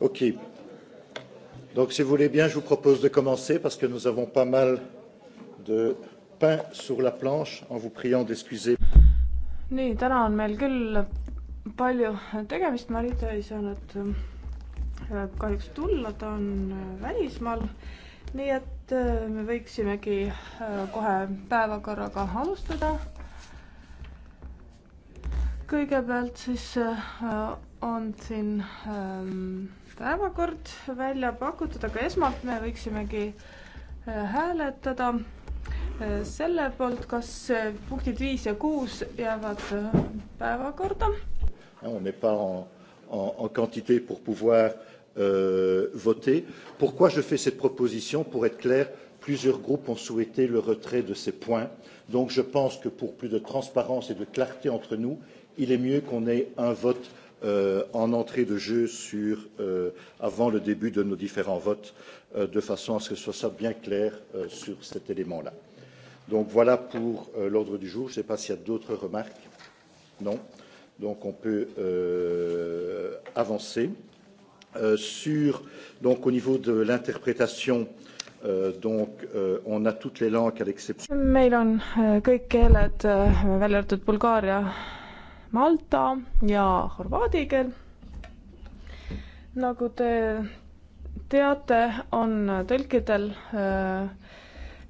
OK. Donc, si vous voulez bien, je vous propose de commencer parce que nous avons pas mal de pain sur la planche en vous priant d'excuser. nii, täna on meil küll palju tegemist, Marita ei saanud äh, kahjuks tulla, ta on äh, välismaal. nii et äh, me võiksimegi kohe päevakorraga alustada. kõigepealt siis on siin ähm, päevakord välja pakutud, aga esmalt me võiksimegi äh, hääletada äh, selle poolt, kas äh, punktid viis ja kuus jäävad päevakorda. Ah, on n'est pas en, en, en quantité pour pouvoir euh, voter. Pourquoi je fais cette proposition Pour être clair, plusieurs groupes ont souhaité le retrait de ces points. Donc je pense que pour plus de transparence et de clarté entre nous, il est mieux qu'on ait un vote euh, euh, en entrée de jeu sur, euh, avant le début de nos différents votes, euh, de façon à ce que ce soit bien clair euh, sur cet élément-là. Donc voilà pour euh, l'ordre du jour. Je ne sais pas s'il y a d'autres remarques. Non. Donc on peut euh, avancer. Euh, sur, donc au niveau de l'interprétation, euh, donc euh, on a toutes les langues à l'exception. meil on euh, kõik keeled, euh, välja arvatud Bulgaaria malta ja horvaadi keel. nagu te teate, on tõlkidel äh,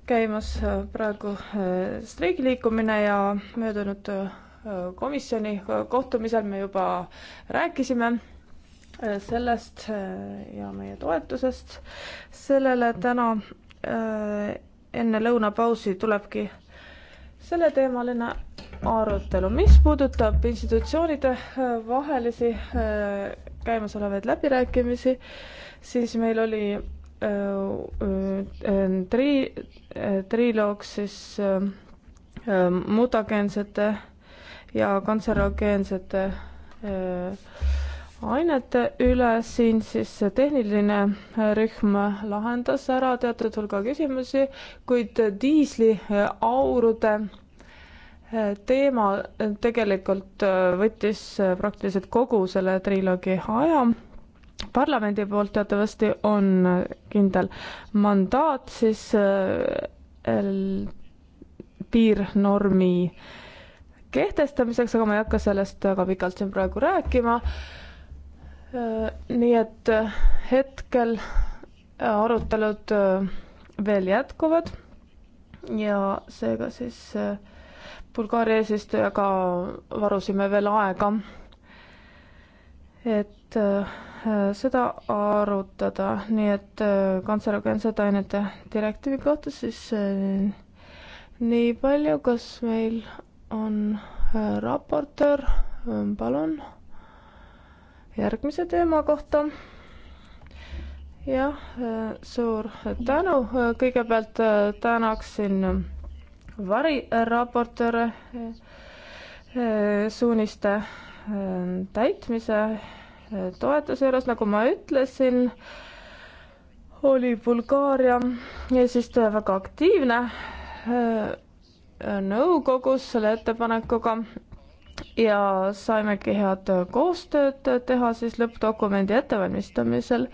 käimas äh, praegu äh, streigiliikumine ja möödunud komisjoni kohtumisel me juba rääkisime sellest ja meie toetusest sellele täna enne lõunapausi tulebki äh, selleteemaline arutelu, mis puudutab institutsioonide äh, vahelisi äh, käimasolevaid läbirääkimisi, siis meil oli äh, tri-, triloogs siis mutageensete ja kantserogeensete ainete üle siin siis tehniline rühm lahendas ära teatud hulga küsimusi, kuid diisliaurude eh, teema tegelikult eh, võttis eh, praktiliselt kogu selle triloogi aja. parlamendi poolt teatavasti on kindel mandaat siis piirnormi kehtestamiseks, aga ma ei hakka sellest väga pikalt siin praegu rääkima Äh, nii et äh, hetkel äh, arutelud veel jätkuvad ja seega siis Bulgaaria eesistujaga varusime veel aega, et seda arutada, nii et kantserogeensete ainete direktiivi kohta siis nii palju, kas meil on raportöör, palun järgmise teema kohta. jah, suur tänu, kõigepealt äh, tänaksin variraportööre äh, suuniste äh, täitmise toetuse juures, nagu ma ütlesin, oli Bulgaaria eesistuja väga aktiivne nõukogus selle ettepanekuga ja saimegi head koostööd teha siis lõppdokumendi ettevalmistamisel.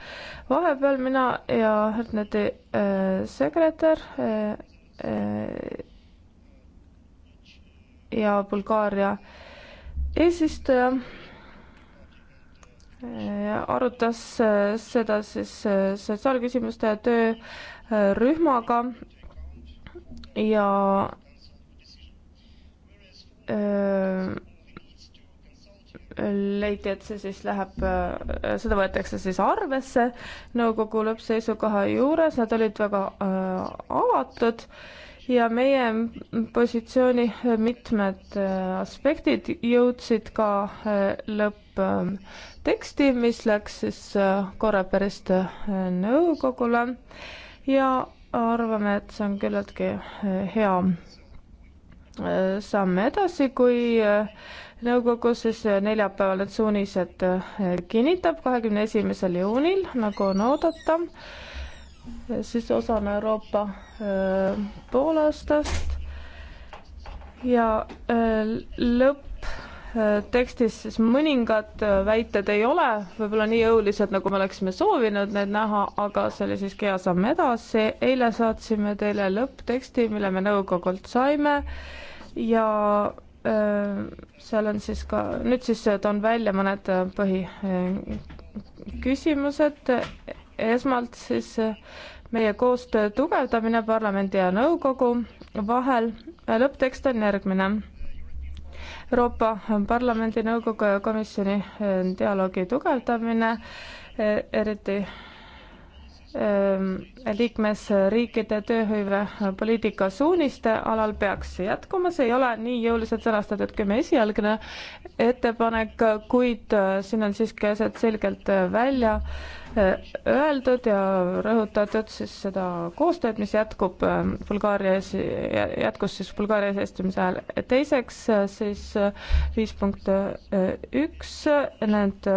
vahepeal mina ja Herneti äh, sekretär äh, äh, ja Bulgaaria eesistuja äh, arutas äh, seda siis äh, sotsiaalküsimuste töörühmaga ja öö, leiti, et see siis läheb, äh, seda võetakse siis arvesse nõukogu lõppseisukoha juures, nad olid väga äh, avatud ja meie positsiooni mitmed äh, aspektid jõudsid ka lõppteksti, mis läks siis korraperist nõukogule ja arvame, et see on küllaltki hea samm edasi, kui nõukogus siis äh, neljapäeval need suunised äh, kinnitab kahekümne esimesel juunil, nagu on oodata, siis osana Euroopa äh, poolaastast ja lõpptekstis siis mõningad väited ei ole võib-olla nii jõulised, nagu me oleksime soovinud need näha, aga see oli siiski hea samm edasi. eile saatsime teile lõppteksti, mille me nõukogult saime ja Äh, seal on siis ka, nüüd siis äh, toon välja mõned äh, põhiküsimused. esmalt siis meie koostöö tugevdamine parlamendi ja nõukogu vahel. lõpptekst on järgmine. Euroopa Parlamendi, Nõukogu ja Komisjoni dialoogi tugevdamine, eriti Ehm, liikmesriikide tööhõivepoliitika suuniste alal peaks jätkuma, see ei ole nii jõuliselt sõnastatud kui meie esialgne ettepanek, kuid äh, siin on siiski asjad selgelt äh, välja äh, öeldud ja rõhutatud siis seda koostööd, mis jätkub ähm, Bulgaarias, jätkus siis Bulgaarias eestimise ajal. teiseks siis viis punkt üks, need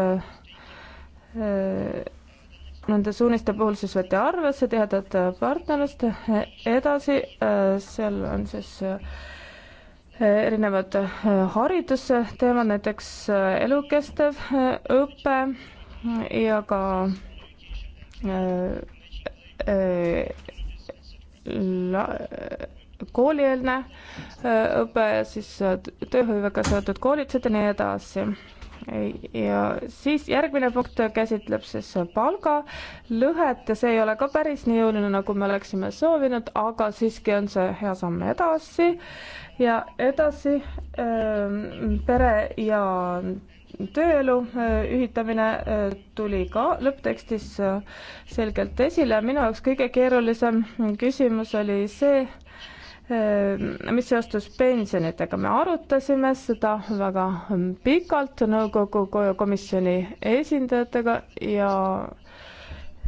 nende suuniste puhul siis võeti arvesse teadet äh, partnerist, äh, edasi äh, seal on siis erinevad haridusteemad, näiteks elukestev õpe ja ka koolieelne õpe ja siis tööhõivega seotud koolitused ja nii edasi ja siis järgmine punkt käsitleb siis palgalõhet ja see ei ole ka päris nii jõuline, nagu me oleksime soovinud, aga siiski on see hea samm edasi. ja edasi ähm, pere ja tööelu äh, ühitamine äh, tuli ka lõpptekstis äh, selgelt esile. minu jaoks kõige keerulisem küsimus oli see, Ehm, mis seostus pensionitega, me arutasime seda väga pikalt nõukogu komisjoni esindajatega ja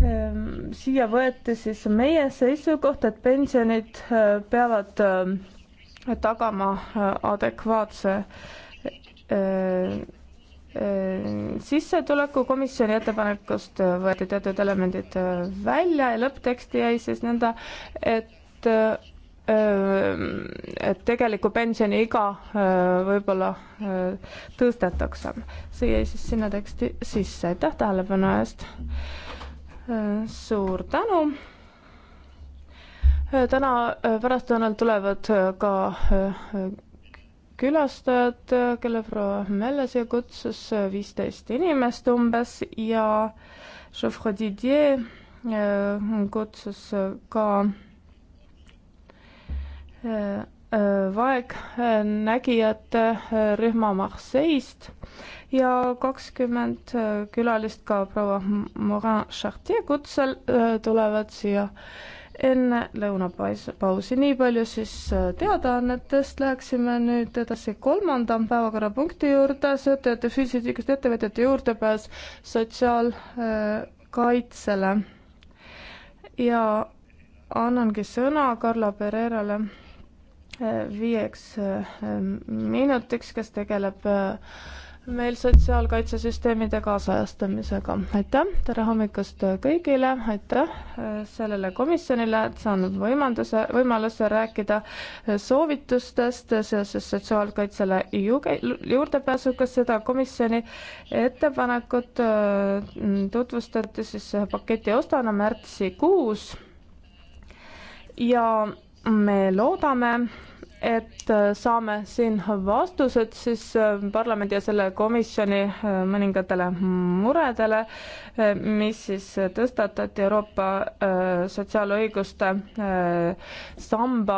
ehm, siia võeti siis meie seisukoht, et pensionid äh, peavad äh, tagama äh, adekvaatse sissetuleku komisjoni ettepanekust võeti teatud elemendid välja ja lõppteksti jäi siis nõnda, et et tegelikku pensioniiga võib-olla tõstetakse. see jäi siis sinna teksti sisse, aitäh tähelepanu eest. suur tänu. täna pärastlõunal tulevad ka külastajad, kelle proua Melle siia kutsus, viisteist inimest umbes ja kutsus ka Äh, äh, vaegnägijate äh, rühma Marseille'st ja kakskümmend külalist ka proua Morin Chartier kutsel tulevad siia enne lõunapausi. nii palju siis teadaannetest, läheksime nüüd edasi kolmanda päevakorrapunkti juurde, sõltujate füüsilisest ettevõtjate juurdepääs sotsiaalkaitsele. ja annangi sõna Carla Pererale viieks äh, minutiks, kes tegeleb äh, meil sotsiaalkaitsesüsteemide kaasajastamisega. aitäh, tere hommikust kõigile, aitäh äh, sellele komisjonile, et saanud võimalduse, võimaluse rääkida soovitustest seoses sotsiaalkaitsele juurdepääsuga. seda komisjoni ettepanekut tutvustati siis paketi osana märtsikuus ja me loodame, et äh, saame siin vastused siis äh, parlamendi ja selle komisjoni äh, mõningatele muredele, mis siis tõstatati Euroopa sotsiaalõiguste samba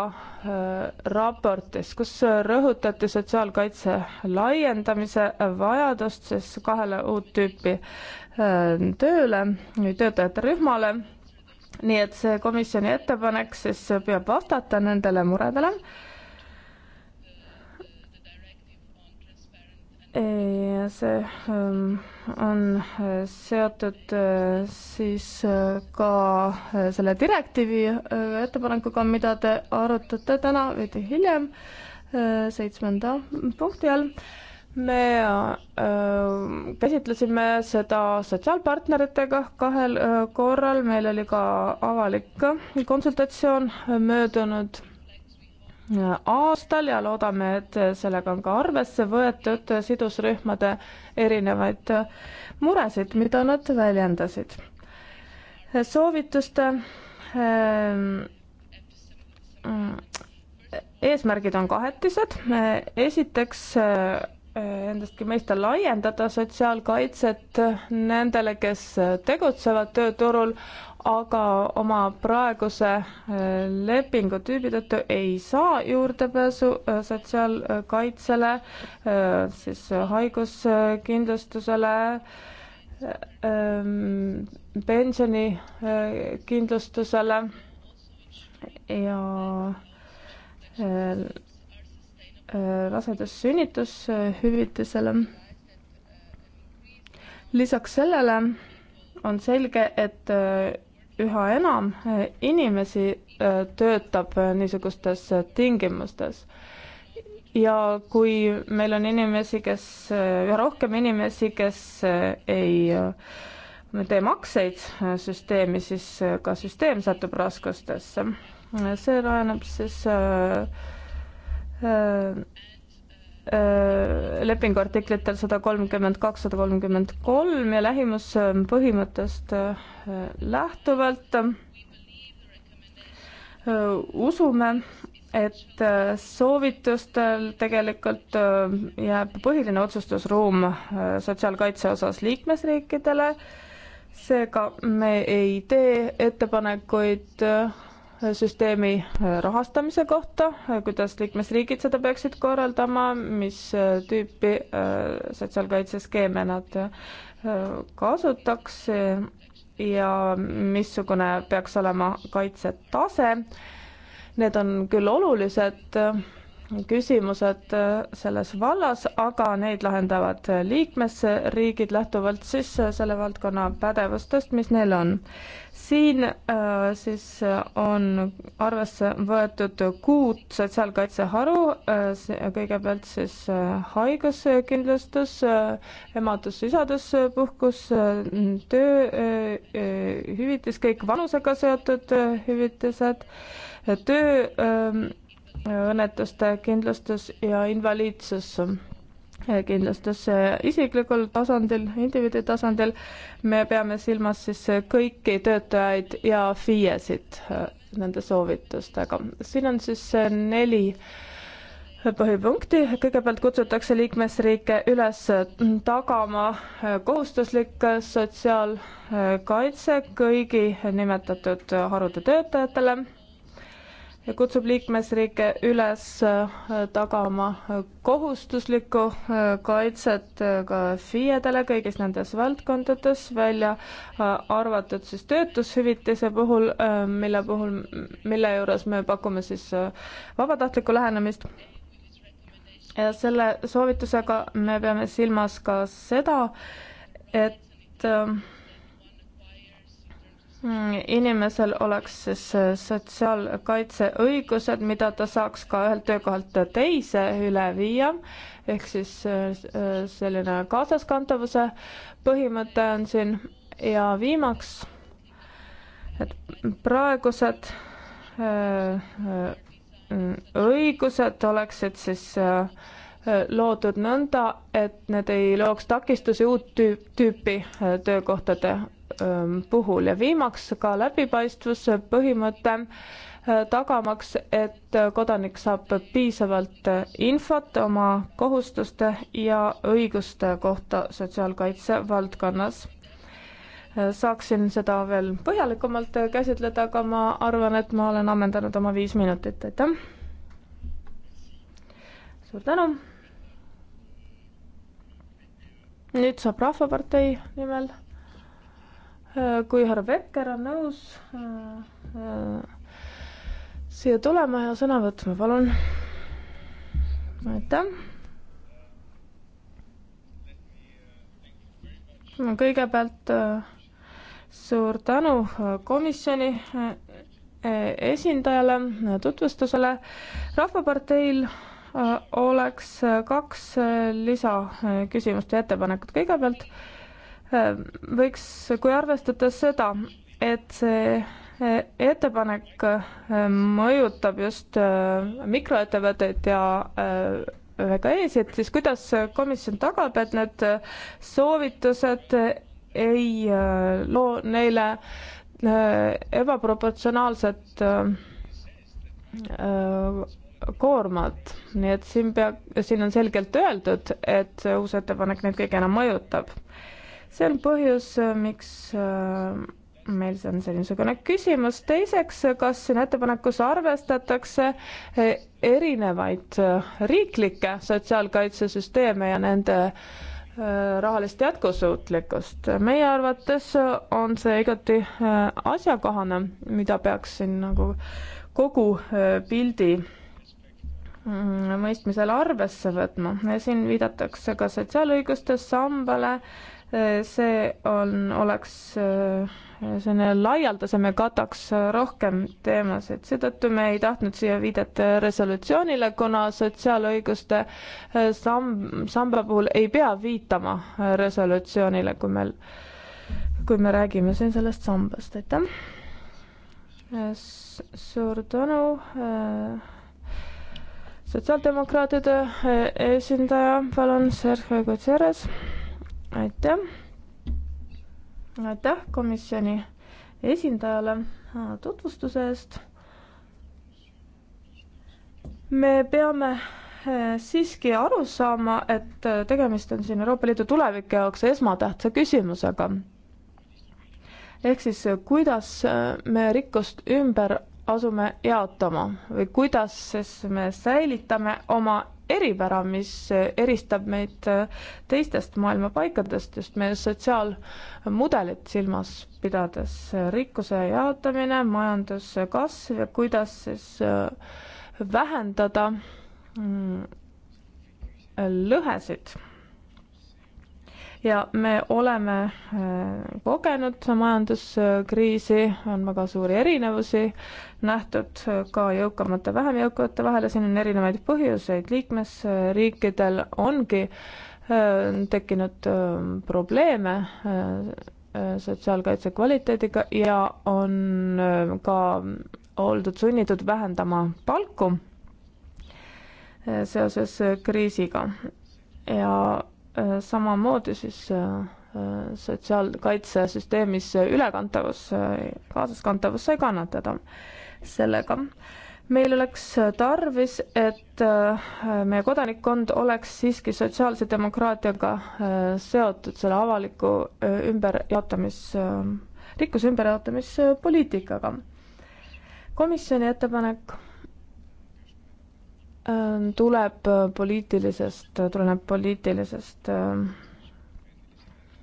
raportis, kus rõhutati sotsiaalkaitse laiendamise vajadust siis kahele uut tüüpi tööle, töötajate rühmale nii et see komisjoni ettepanek siis püüab vastata nendele muredele. ja see ähm, on äh, seotud äh, siis äh, ka selle direktiivi ettepanekuga, mida te arutate täna veidi hiljem, seitsmenda punkti all me öö, äh, käsitlesime seda sotsiaalpartneritega kahel öö, äh, korral, meil oli ka avalik konsultatsioon möödunud äh, aastal ja loodame, et sellega on ka arvesse võetud sidusrühmade erinevaid muresid, mida nad väljendasid. soovituste mm, eesmärgid on kahetised, esiteks endastki meist laiendada sotsiaalkaitset nendele, kes tegutsevad tööturul, aga oma praeguse äh, lepingutüübi tõttu ei saa juurdepääsu äh, sotsiaalkaitsele, äh, siis haiguskindlustusele, ähm, pensionikindlustusele ja rasedus-sünnitushüvitisele. lisaks sellele on selge, et äh, üha enam äh, inimesi äh, töötab niisugustes tingimustes. ja kui meil on inimesi, kes, üha rohkem inimesi, kes ei tee makseid süsteemi, siis ka süsteem satub raskustesse. see rajaneb siis äh, Äh, äh, lepingu artiklitel sada kolmkümmend kaks, sada kolmkümmend kolm ja lähimuspõhimõttest äh, lähtuvalt usume, et soovitustel tegelikult jääb põhiline otsustusruum sotsiaalkaitse osas liikmesriikidele, seega me ei tee ettepanekuid süsteemi äh, rahastamise kohta, äh, kuidas liikmesriigid seda peaksid korraldama, mis äh, tüüpi sotsiaalkaitseskeeme nad kasutaks ja missugune peaks olema kaitsetase. Need on küll olulised küsimused selles vallas, aga neid lahendavad liikmesriigid lähtuvalt siis selle valdkonna pädevustest, mis neil on siin äh, siis äh, on arvesse võetud kuut sotsiaalkaitseharu äh,, kõigepealt siis äh, haiguskindlustus äh,, emadus-isaduspuhkus äh,, tööhüvitis äh,, äh kõik vanusega seotud äh, hüvitised, töö äh, õnnetuste kindlustus ja invaliidsus äh, Eh, kindlustusse isiklikul tasandil, indiviidi tasandil. me peame silmas siis eh, kõiki töötajaid ja FIE-sid eh, nende soovitustega. siin on siis neli põhipunkti, kõigepealt kutsutakse liikmesriike üles mm, tagama kohustuslik sotsiaalkaitse kõigi nimetatud harude töötajatele kutsub liikmesriike üles äh, tagama äh, kohustuslikku äh, kaitset ka FIE-dele kõigis nendes valdkondades, välja arvatud siis töötushüvitise puhul, mille puhul, mille juures me pakume siis vabatahtlikku lähenemist. ja selle soovitusega me peame silmas ka seda, et Mm, inimesel oleks siis äh, sotsiaalkaitseõigused, mida ta saaks ka ühelt töökohalt teise üle viia, ehk siis äh, äh, selline kaasaskantavuse põhimõte on siin ja viimaks, et praegused õigused oleksid siis loodud nõnda, et need ei looks takistusi uut tüüpi töökohtade Ähm, puhul ja viimaks ka läbipaistvuse põhimõte, äh, tagamaks, et äh, kodanik saab piisavalt äh, infot oma kohustuste ja õiguste kohta sotsiaalkaitse valdkonnas saaksin seda veel põhjalikumalt käsitleda, aga ma arvan, et ma olen ammendanud oma viis minutit, aitäh. suur tänu. nüüd saab Rahvapartei nimel Äh, kui härra Vekker on nõus äh, äh, siia tulema ja sõna võtma, palun. aitäh. ma kõigepealt suur tänu komisjoni esindajale tutvustusele. rahvaparteil oleks kaks lisaküsimust ja ettepanekut. kõigepealt äh, võiks, kui arvestada seda, et see e, ettepanek e, mõjutab just e, mikroettevõtteid ja VKE-sid, siis kuidas komisjon tagab, et need soovitused ei loo neile ebaproportsionaalset koormat, nii et siin pea, siin on selgelt öeldud, et see uus ettepanek neid kõige enam mõjutab see on põhjus, äh, miks äh, meil see on selline küsimus. teiseks, äh, kas siin ettepanekus arvestatakse erinevaid riiklikke sotsiaalkaitsesüsteeme ja nende rahalist jätkusuutlikkust. meie arvates on see igati asjakohane, mida peaks siin nagu kogu pildi mm, mõistmisel arvesse võtma ja siin viidatakse ka sotsiaalõiguste sambale see on, oleks selline laialdasem ja kataks rohkem teemasid, seetõttu me ei tahtnud siia viidet resolutsioonile, kuna sotsiaalõiguste eh, sam-, samba puhul ei pea viitama resolutsioonile, kui meil, kui me räägime siin sellest sambast, aitäh. suur tänu eh, sotsiaaldemokraatide eh, esindaja, palun, Sergei Gutierrez aitäh. aitäh komisjoni esindajale äh, tutvustuse eest. me peame äh, siiski aru saama, et äh, tegemist on siin Euroopa Liidu tuleviku jaoks esmatähtsa küsimusega. ehk siis, kuidas me rikkust ümber asume jaotama või kuidas siis me säilitame oma eripära, mis äh, eristab meid äh, teistest maailma paikadest just meie sotsiaalmudelit silmas pidades. rikkuse jaotamine, majanduskasv ja kuidas siis äh, vähendada mm, lõhesid ja me oleme äh, kogenud majanduskriisi, on väga suuri erinevusi nähtud äh, ka jõukamate, vähem jõukamate vahel ja siin on erinevaid põhjuseid, liikmesriikidel ongi äh, tekkinud probleeme sotsiaalkaitse kvaliteediga ja on ka oldud sunnitud vähendama palku seoses kriisiga ja Äh, samamoodi siis äh, äh, sotsiaalkaitsesüsteemis ülekantavus, kaasaskantavus sai kannatada sellega. meil oleks tarvis, et meie kodanikkond oleks siiski sotsiaalse demokraatiaga seotud selle avaliku ümberjaotamis, rikkuse ümberjaotamispoliitikaga. komisjoni ettepanek Ähm, tuleb äh, poliitilisest, äh, tuleneb poliitilisest ähm,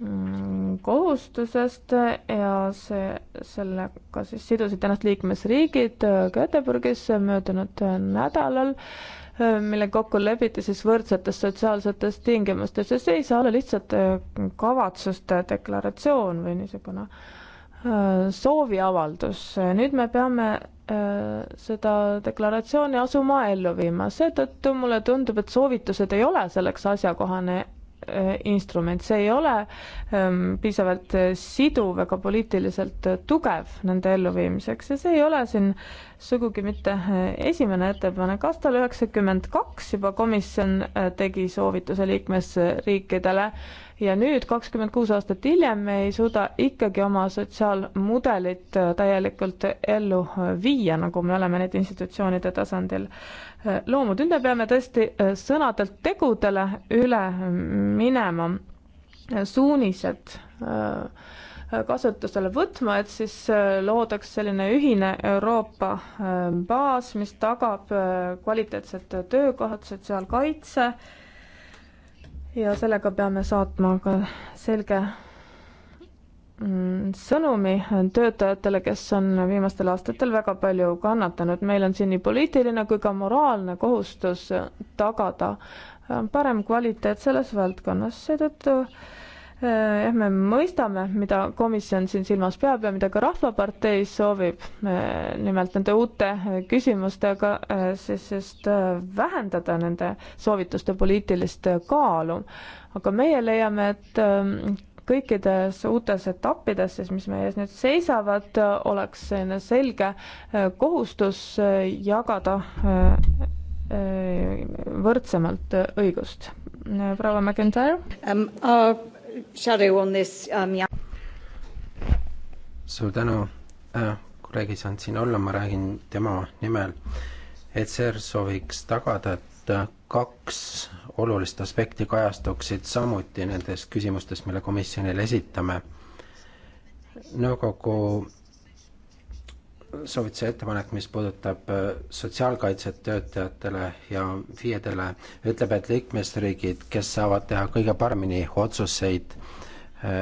mm, kohustusest äh, ja see, sellega siis sidusid ennast liikmesriigid Göteborgis möödunud nädalal, mille kokku lepiti siis võrdsetes sotsiaalsetes tingimustes ja see ei saa olla lihtsalt kavatsuste deklaratsioon või niisugune äh, Äh, sooviavaldus, nüüd me peame äh, seda deklaratsiooni asuma ellu viima, seetõttu mulle tundub, et soovitused ei ole selleks asjakohane äh, instrument, see ei ole ähm, piisavalt siduv ega poliitiliselt tugev nende elluviimiseks ja see ei ole siin sugugi mitte esimene ettepanek, aastal üheksakümmend kaks juba komisjon tegi soovituse liikmesriikidele äh, ja nüüd, kakskümmend kuus aastat hiljem, me ei suuda ikkagi oma sotsiaalmudelit äh, täielikult ellu viia, nagu me oleme neid institutsioonide tasandil äh, loomud. nüüd me peame tõesti äh, sõnadelt tegudele üle minema, suunised kasutusele võtma, et siis loodaks selline ühine Euroopa baas, mis tagab kvaliteetsed töökohad, sotsiaalkaitse ja sellega peame saatma ka selge mm, sõnumi töötajatele, kes on viimastel aastatel väga palju kannatanud. meil on siin nii poliitiline kui ka moraalne kohustus tagada äh, parem kvaliteet selles valdkonnas, seetõttu Äh, jah, me mõistame, mida komisjon siin silmas peab ja mida ka Rahvapartei soovib, äh, nimelt nende uute äh, küsimustega siis just vähendada nende soovituste poliitilist kaalu. aga meie leiame, et kõikides uutes etappides siis, mis meie ees nüüd seisavad, oleks selline selge kohustus jagada võrdsemalt õigust. proua McIntyre um,. Uh shadow on this um, yeah.. suur tänu äh,, kolleeg ei saanud siin olla, ma räägin tema nimel. ECR sooviks tagada, et äh, kaks olulist aspekti kajastuksid samuti nendes küsimustes, mille komisjonile esitame. nõukogu soovitus ja ettepanek, mis puudutab äh, sotsiaalkaitset töötajatele ja FIE-dele, ütleb, et liikmesriigid, kes saavad teha kõige paremini otsuseid äh,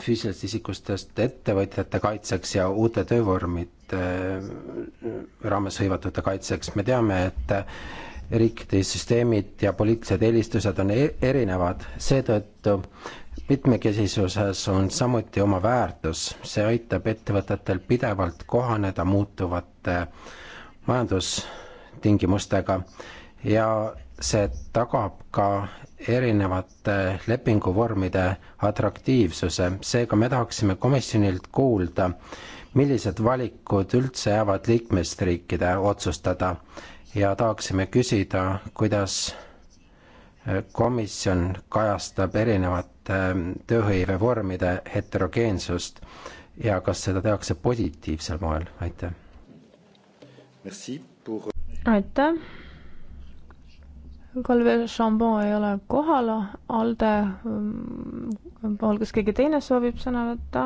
füüsilisest isikustest ettevõtjate kaitseks ja uute töövormide äh, raames hõivatute kaitseks, me teame, et riikide süsteemid ja poliitilised eelistused on e-, erinevad, seetõttu mitmekesisuses on samuti oma väärtus, see aitab ettevõtetel pidevalt kohaneda muutuvate majandustingimustega ja see tagab ka erinevate lepinguvormide atraktiivsuse, seega me tahaksime komisjonilt kuulda, millised valikud üldse jäävad liikmesriikide otsustada ja tahaksime küsida, kuidas komisjon kajastab erinevat Ähm, tööhõivevormide heterogeensust ja kas seda tehakse positiivsel moel, aitäh. Pour... aitäh. Kalvi Šambon ei ole kohal, Alde ähm, pool, kas keegi teine soovib sõna võtta?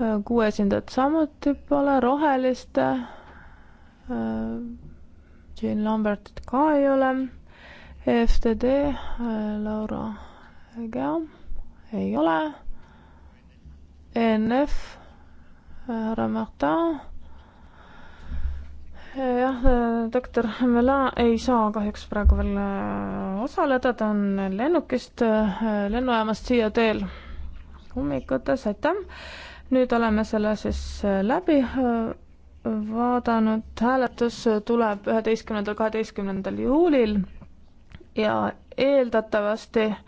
Äh, kuue esindajat samuti pole, roheliste äh, Jean Lambertit ka ei ole, EFTD äh, Laura Ega ei ole. ENF, härra Martin. jah, doktor Mela ei saa kahjuks praegu veel äh, osaleda, ta on lennukist, äh, lennujaamast siia teel hommikutes, aitäh. nüüd oleme selle siis äh, läbi vaadanud, hääletus tuleb üheteistkümnendal, kaheteistkümnendal juulil ja eeldatavasti äh,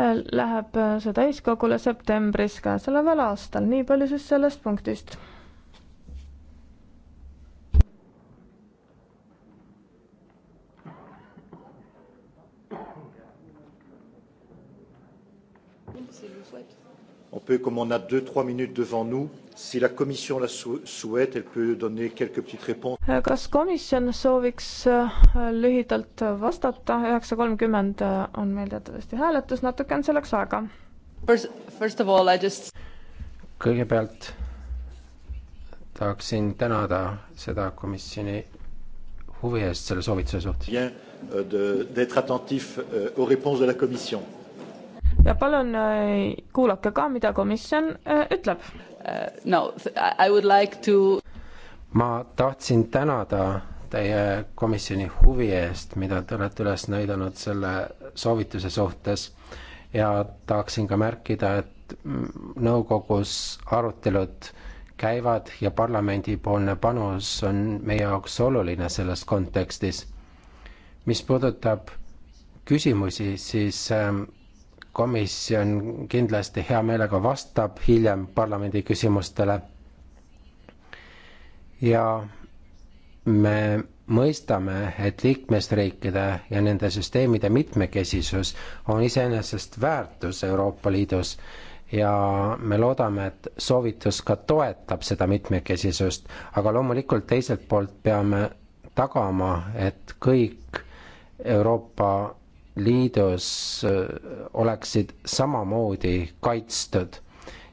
Äh, läheb äh, see täiskogule septembris käesoleval aastal. nii palju siis sellest punktist On peut, comme on a deux, trois minutes devant nous, si la commission la sou souhaite, elle peut donner quelques petites réponses. Euh, kas komisjon sooviks äh, lühidalt vastata, üheksa kolmkümmend äh, on meil teatavasti hääletus, natuke on selleks aega. First, first of all I just kõigepealt tahaksin tänada seda komisjoni huvi eest selle soovituse suhtes. Bien euh, d'être attentif euh, aux réponses de la commission ja palun äh, kuulake ka, mida komisjon äh, ütleb. Uh, no I would like to. ma tahtsin tänada teie komisjoni huvi eest, mida te olete üles näidanud selle soovituse suhtes ja tahaksin ka märkida, et nõukogus arutelud käivad ja parlamendipoolne panus on meie jaoks oluline selles kontekstis. mis puudutab küsimusi, siis ähm, komisjon kindlasti hea meelega vastab hiljem parlamendi küsimustele. ja me mõistame, et liikmesriikide ja nende süsteemide mitmekesisus on iseenesest väärtus Euroopa Liidus ja me loodame, et soovitus ka toetab seda mitmekesisust, aga loomulikult teiselt poolt peame tagama, et kõik Euroopa Liidus äh, oleksid samamoodi kaitstud.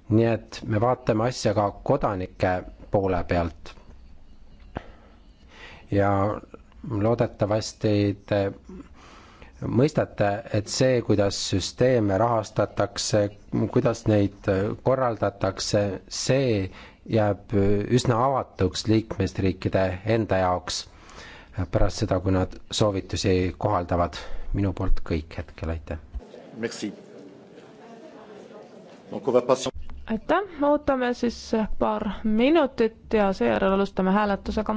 nii et me vaatame asja ka kodanike poole pealt. ja loodetavasti te mõistate, et see, kuidas süsteeme rahastatakse, kuidas neid äh, korraldatakse, see jääb äh, üsna avatuks liikmesriikide enda jaoks pärast seda, kui nad soovitusi kohaldavad minu poolt kõik hetkel, aitäh. aitäh, ootame siis paar minutit ja seejärel alustame hääletusega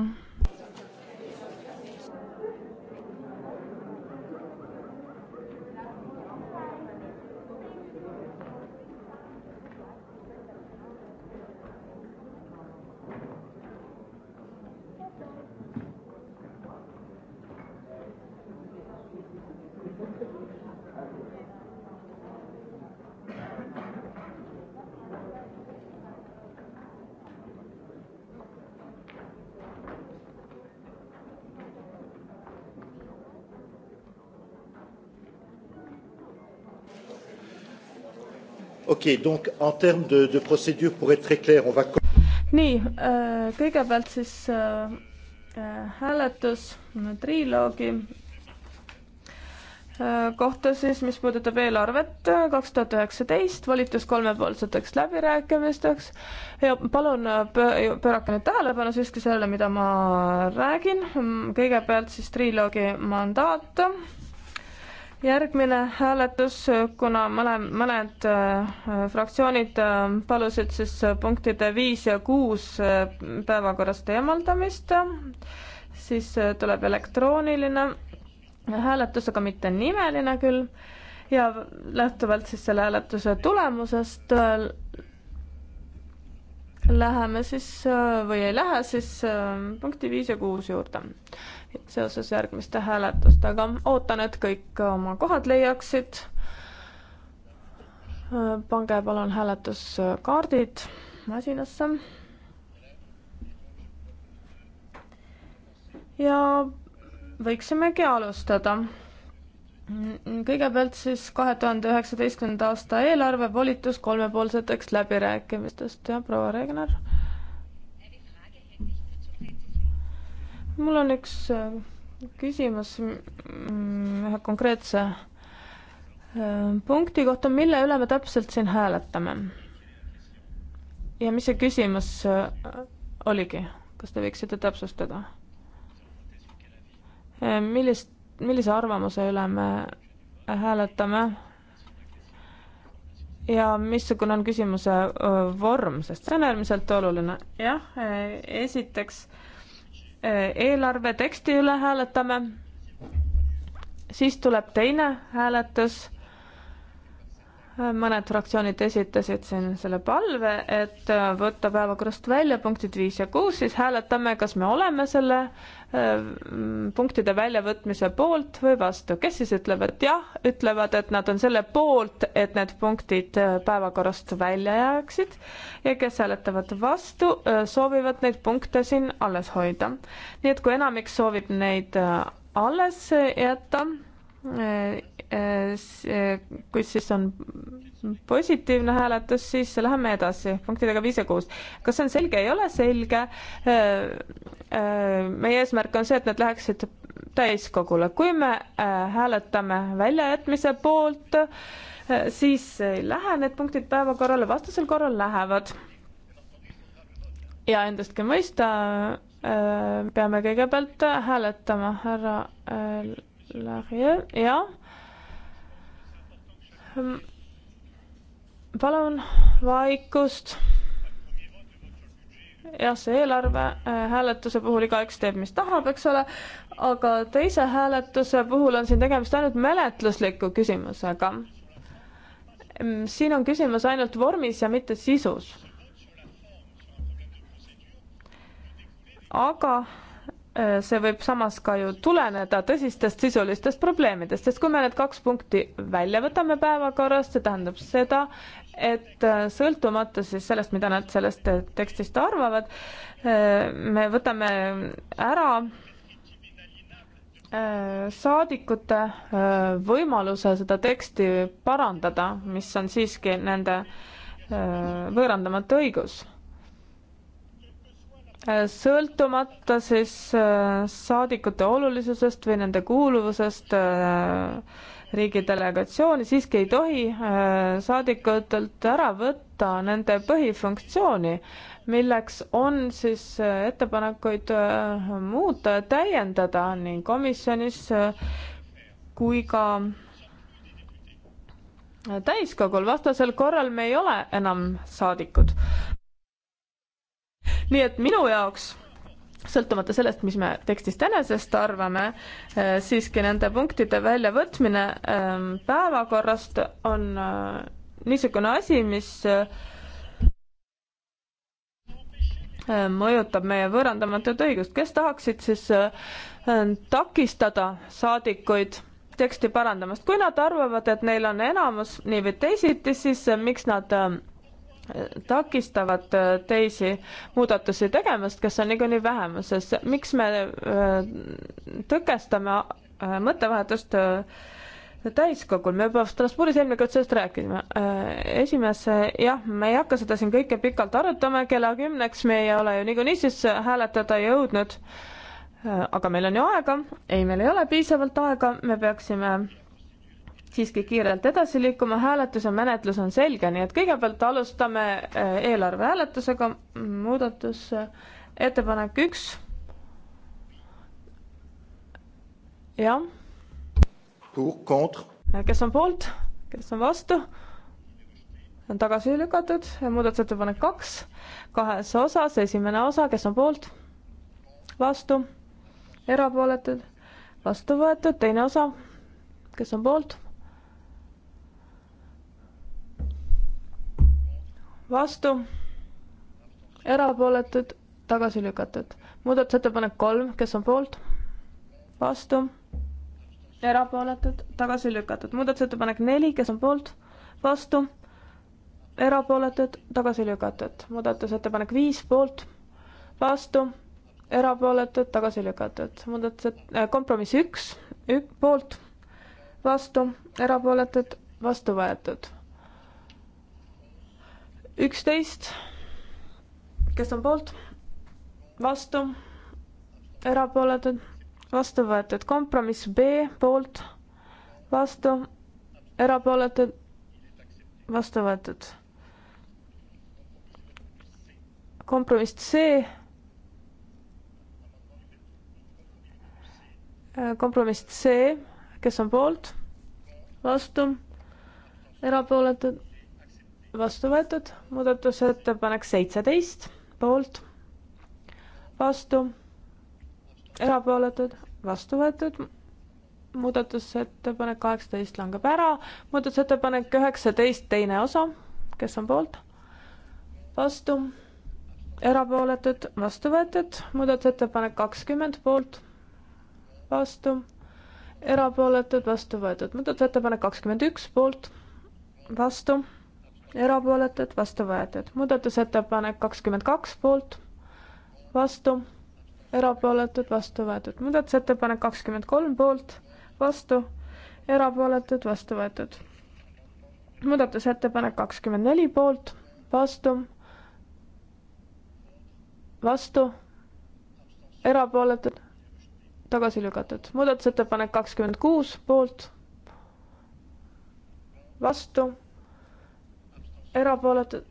okei okay,, donc en termes de, de procédure pour être très clair, on va. nii äh,, kõigepealt siis äh, äh, hääletus triloogi äh, kohta siis, mis puudutab eelarvet äh, kaks tuhat üheksateist, volitus kolmepoolseteks läbirääkimisteks ja palun äh, pöörake nüüd tähelepanu siiski sellele, mida ma räägin. Mm, kõigepealt siis triloogi mandaat järgmine hääletus, kuna mõle, mõned äh, fraktsioonid äh, palusid siis äh, punktide viis ja kuus päevakorrast eemaldamist, siis tuleb elektrooniline hääletus, aga mitte nimeline küll, ja lähtuvalt siis selle hääletuse tulemusest läheme siis või ei lähe siis punkti viis ja kuus juurde seoses järgmiste hääletustega. ootan, et kõik oma kohad leiaksid. pange palun hääletuskaardid masinasse. ja võiksimegi alustada kõigepealt siis kahe tuhande üheksateistkümnenda aasta eelarve volitus kolmepoolseteks läbirääkimistest ja proua Regner mul on üks äh, küsimus ühe konkreetse äh, punkti kohta, mille üle me täpselt siin hääletame? ja mis see küsimus äh, oligi, kas te võiksite täpsustada? millist, millise arvamuse üle me hääletame? ja missugune on küsimuse vorm, sest see on äärmiselt oluline. jah, esiteks äh, eelarve teksti üle hääletame, siis tuleb teine hääletus. mõned fraktsioonid esitasid siin selle palve, et võtta päevakorrast välja punktid viis ja kuus, siis hääletame, kas me oleme selle Äh, punktide väljavõtmise poolt või vastu, kes siis ütlevad jah, ütlevad, et nad on selle poolt, et need punktid äh, päevakorrast välja jääksid ja kes hääletavad vastu, äh, soovivad neid punkte siin alles hoida. nii et kui enamik soovib neid alles jätta kui siis on positiivne hääletus, siis läheme edasi punktidega viis ja kuus. kas see on selge, ei ole selge? meie eesmärk on see, et need läheksid täiskogule, kui me äh, hääletame väljajätmise poolt, äh, siis ei lähe need punktid päevakorrale, vastasel korral lähevad. ja endastki mõista äh, peame kõigepealt hääletama härra jah. palun vaikust. jah, see eelarve äh, hääletuse puhul igaüks teeb, mis tahab, eks ole, aga teise hääletuse puhul on siin tegemist ainult menetlusliku küsimusega. siin on küsimus ainult vormis ja mitte sisus. aga Äh, see võib samas ka ju tuleneda tõsistest sisulistest probleemidest, sest kui me need kaks punkti välja võtame päevakorrast, see tähendab seda, et äh, sõltumata siis sellest, mida nad sellest tekstist arvavad, äh, me võtame ära saadikute võimaluse seda teksti parandada, mis on siiski nende võõrandamatu õigus Äh, sõltumata siis äh, saadikute olulisusest või nende kuuluvusest äh, riigi delegatsiooni, siiski ei tohi saadikutelt ära võtta nende põhifunktsiooni, milleks on siis ettepanekuid muuta ja täiendada nii komisjonis kui ka täiskogul, vastasel korral me ei ole enam saadikud nii et minu jaoks sõltumata sellest, mis me tekstist enesest arvame, eh, siiski nende punktide väljavõtmine ehm, päevakorrast on eh, niisugune asi, mis eh, mõjutab meie võõrandamatut õigust, kes tahaksid siis takistada saadikuid teksti parandamast, kui nad arvavad, et neil on enamus nii või teisiti, siis miks nad ehm, takistavad äh, teisi muudatusi tegemast, kes on niikuinii vähemuses. miks me äh, tõkestame äh, mõttevahetust täiskogul, me juba Strasbourgis eelmine kord sellest rääkisime. esimees, jah, me ei hakka seda siin kõike pikalt arutama, kella kümneks me ei ole ju niikuinii siis hääletada jõudnud. aga meil on ju aega, ei, meil ei ole piisavalt aega, me peaksime siiski kiirelt edasi liikuma, hääletuse menetlus on selge, nii et kõigepealt alustame äh, eelarve hääletusega, muudatus, äh, ettepanek üks. jah. kes on poolt, kes on vastu? on tagasi lükatud, muudatusettepanek kaks, kahes osas, esimene osa, kes on poolt, vastu, erapooletud, vastu võetud, teine osa, kes on poolt vastu, erapooletud, tagasi lükatud. muudatusettepanek kolm, kes on poolt? vastu, erapooletud, tagasi lükatud. muudatusettepanek neli, kes on poolt? vastu, erapooletud, tagasi lükatud. muudatusettepanek viis, poolt, vastu, erapooletud, tagasi lükatud. muudatused äh,, kompromiss üks, poolt, vastu, erapooletud, vastu võetud üksteist, kes on poolt, vastu, erapooletud, vastu võetud, kompromiss B poolt, vastu, erapooletud, vastu võetud. kompromiss C. kompromiss C, kes on poolt, vastu, erapooletud vastu võetud, muudatusettepanek seitseteist, poolt, vastu, erapooletud, vastu võetud, muudatusettepanek kaheksateist langeb ära, muudatusettepanek üheksateist, teine osa, kes on poolt, vastu, erapooletud, vastu võetud, muudatusettepanek kakskümmend, poolt, vastu, erapooletud, vastu võetud, muudatusettepanek kakskümmend üks, poolt, vastu erapooletud, vastu võetud. muudatusettepanek kakskümmend kaks poolt, vastu, erapooletud, vastu võetud. muudatusettepanek kakskümmend kolm poolt, vastu, erapooletud, vastu võetud. muudatusettepanek kakskümmend neli poolt, vastu, vastu, erapooletud, tagasi lükatud. muudatusettepanek kakskümmend kuus poolt, vastu erapooletud,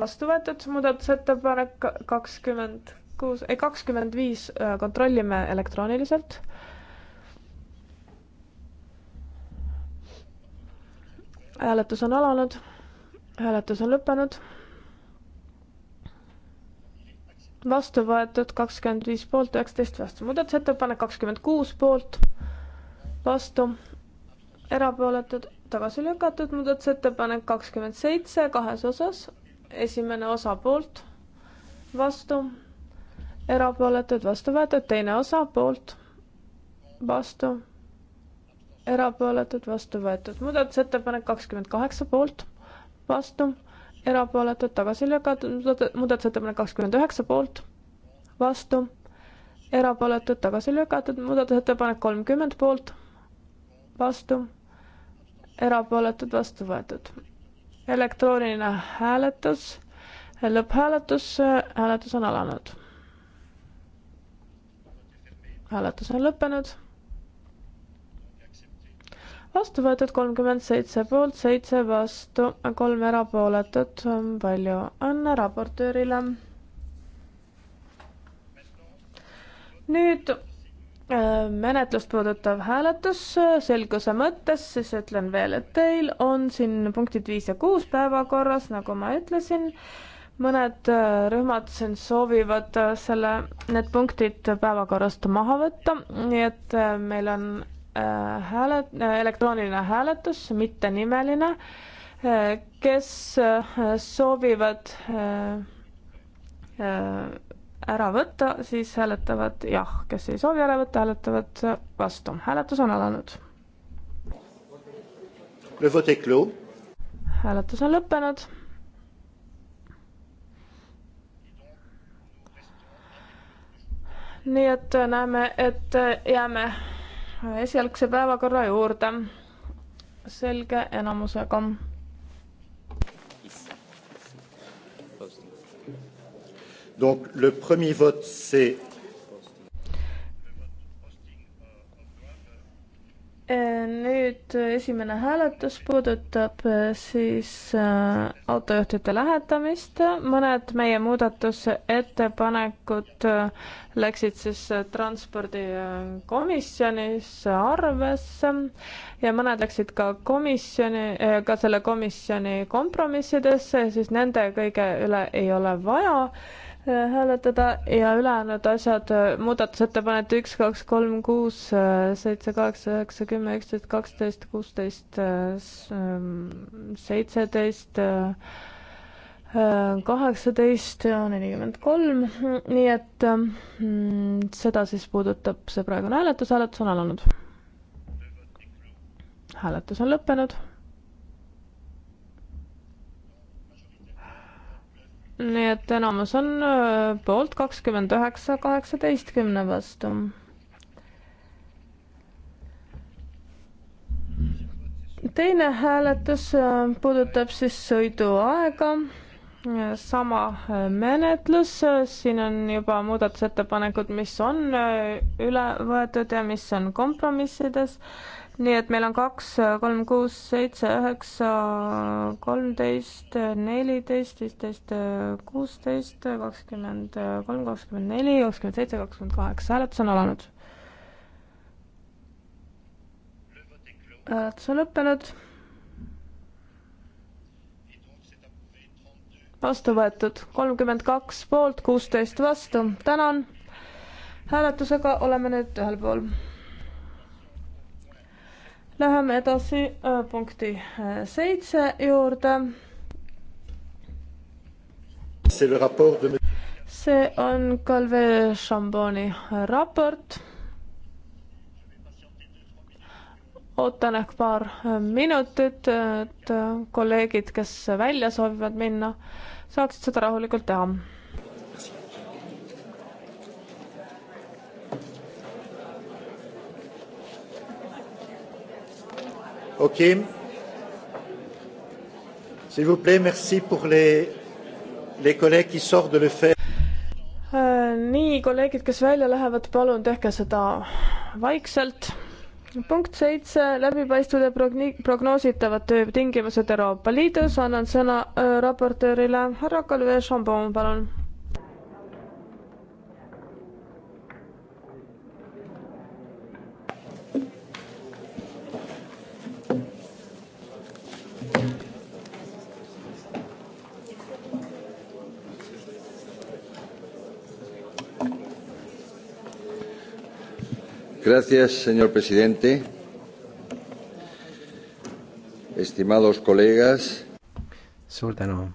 vastu võetud, muudatusettepanek kakskümmend kuus, ei kakskümmend viis, äh, kontrollime elektrooniliselt. hääletus on alanud, hääletus on lõppenud. vastu võetud kakskümmend viis poolt, üheksateist vastu, muudatusettepanek kakskümmend kuus poolt, vastu, erapooletud, tagasi lükatud muudatusettepanek kakskümmend seitse kahes osas. esimene osa poolt, vastu, erapooletud, vastu võetud, teine osa poolt, vastu, erapooletud, vastu võetud. muudatusettepanek kakskümmend kaheksa poolt, vastu, erapooletud, tagasi lükatud, muudatusettepanek kakskümmend üheksa poolt, vastu, erapooletud, tagasi lükatud, muudatusettepanek kolmkümmend poolt, vastu erapooletud, vastu võetud. elektrooniline hääletus, lõpphääletus, hääletus on alanud. hääletus on lõppenud. vastu võetud kolmkümmend seitse poolt, seitse vastu, kolm erapooletut, palju õnne raportöörile. nüüd Äh, menetlust puudutav hääletus äh, selguse mõttes, siis ütlen veel, et teil on siin punktid viis ja kuus päevakorras, nagu ma ütlesin. mõned äh, rühmad siin soovivad selle, need punktid päevakorrast maha võtta, nii et meil on hääle, elektrooniline hääletus, mitte nimeline. kes soovivad ära võtta, siis hääletavad jah, kes ei soovi ära võtta, hääletavad vastu. hääletus on alanud. hääletus on lõppenud. nii et näeme, et jääme esialgse päevakorra juurde selge enamusega Donc le premier vote, c'est euh, nüüd euh, esimene hääletus puudutab euh, siis autojuhtide lähetamist. mõned meie muudatusettepanekud läksid siis transpordikomisjonis arvesse ja mõned läksid ka komisjoni, äh, ka selle komisjoni kompromissidesse, siis nende kõige üle ei ole vaja hääletada ja ülejäänud asjad, muudatusettepanekud üks, kaks, kolm, kuus, seitse, kaheksa, üheksa, kümme, üksteist, kaksteist, kuusteist, seitseteist, kaheksateist ja nelikümmend kolm, nii et mm, seda siis puudutab see praegune hääletus, hääletus on alanud. hääletus on lõppenud nii et enamus on äh, poolt kakskümmend üheksa kaheksateistkümne vastu. teine hääletus äh, puudutab siis sõiduaega. Äh, sama menetlus, siin on juba muudatusettepanekud, mis on üle võetud ja mis on kompromissides nii et meil on kaks, kolm, kuus, seitse, üheksa, kolmteist, neliteist, viisteist, kuusteist, kakskümmend kolm, kakskümmend neli, kakskümmend seitse, kakskümmend kaheksa, hääletus on alanud. hääletus on lõppenud. vastu võetud kolmkümmend kaks poolt, kuusteist vastu, tänan. hääletusega oleme nüüd ühel pool Läheme edasi äh, punkti äh, seitse juurde. see on Calvee Šamboni äh, raport. ootan ehk paar minutit, et kolleegid, kes välja soovivad minna, saaksid seda rahulikult teha. Ok. S'il vous plaît, merci pour les, les collègues qui sortent de le faire. Äh, nii, kolleegid, kes välja lähevad, palun tehke seda vaikselt. punkt seitse, läbipaistvad ja progni-, prognoositavad töötingimused Euroopa Liidus, annan sõna äh, raportöörile härra Kalvi Šambon, palun Gracias, señor presidente. Estimados colegas. suur tänu,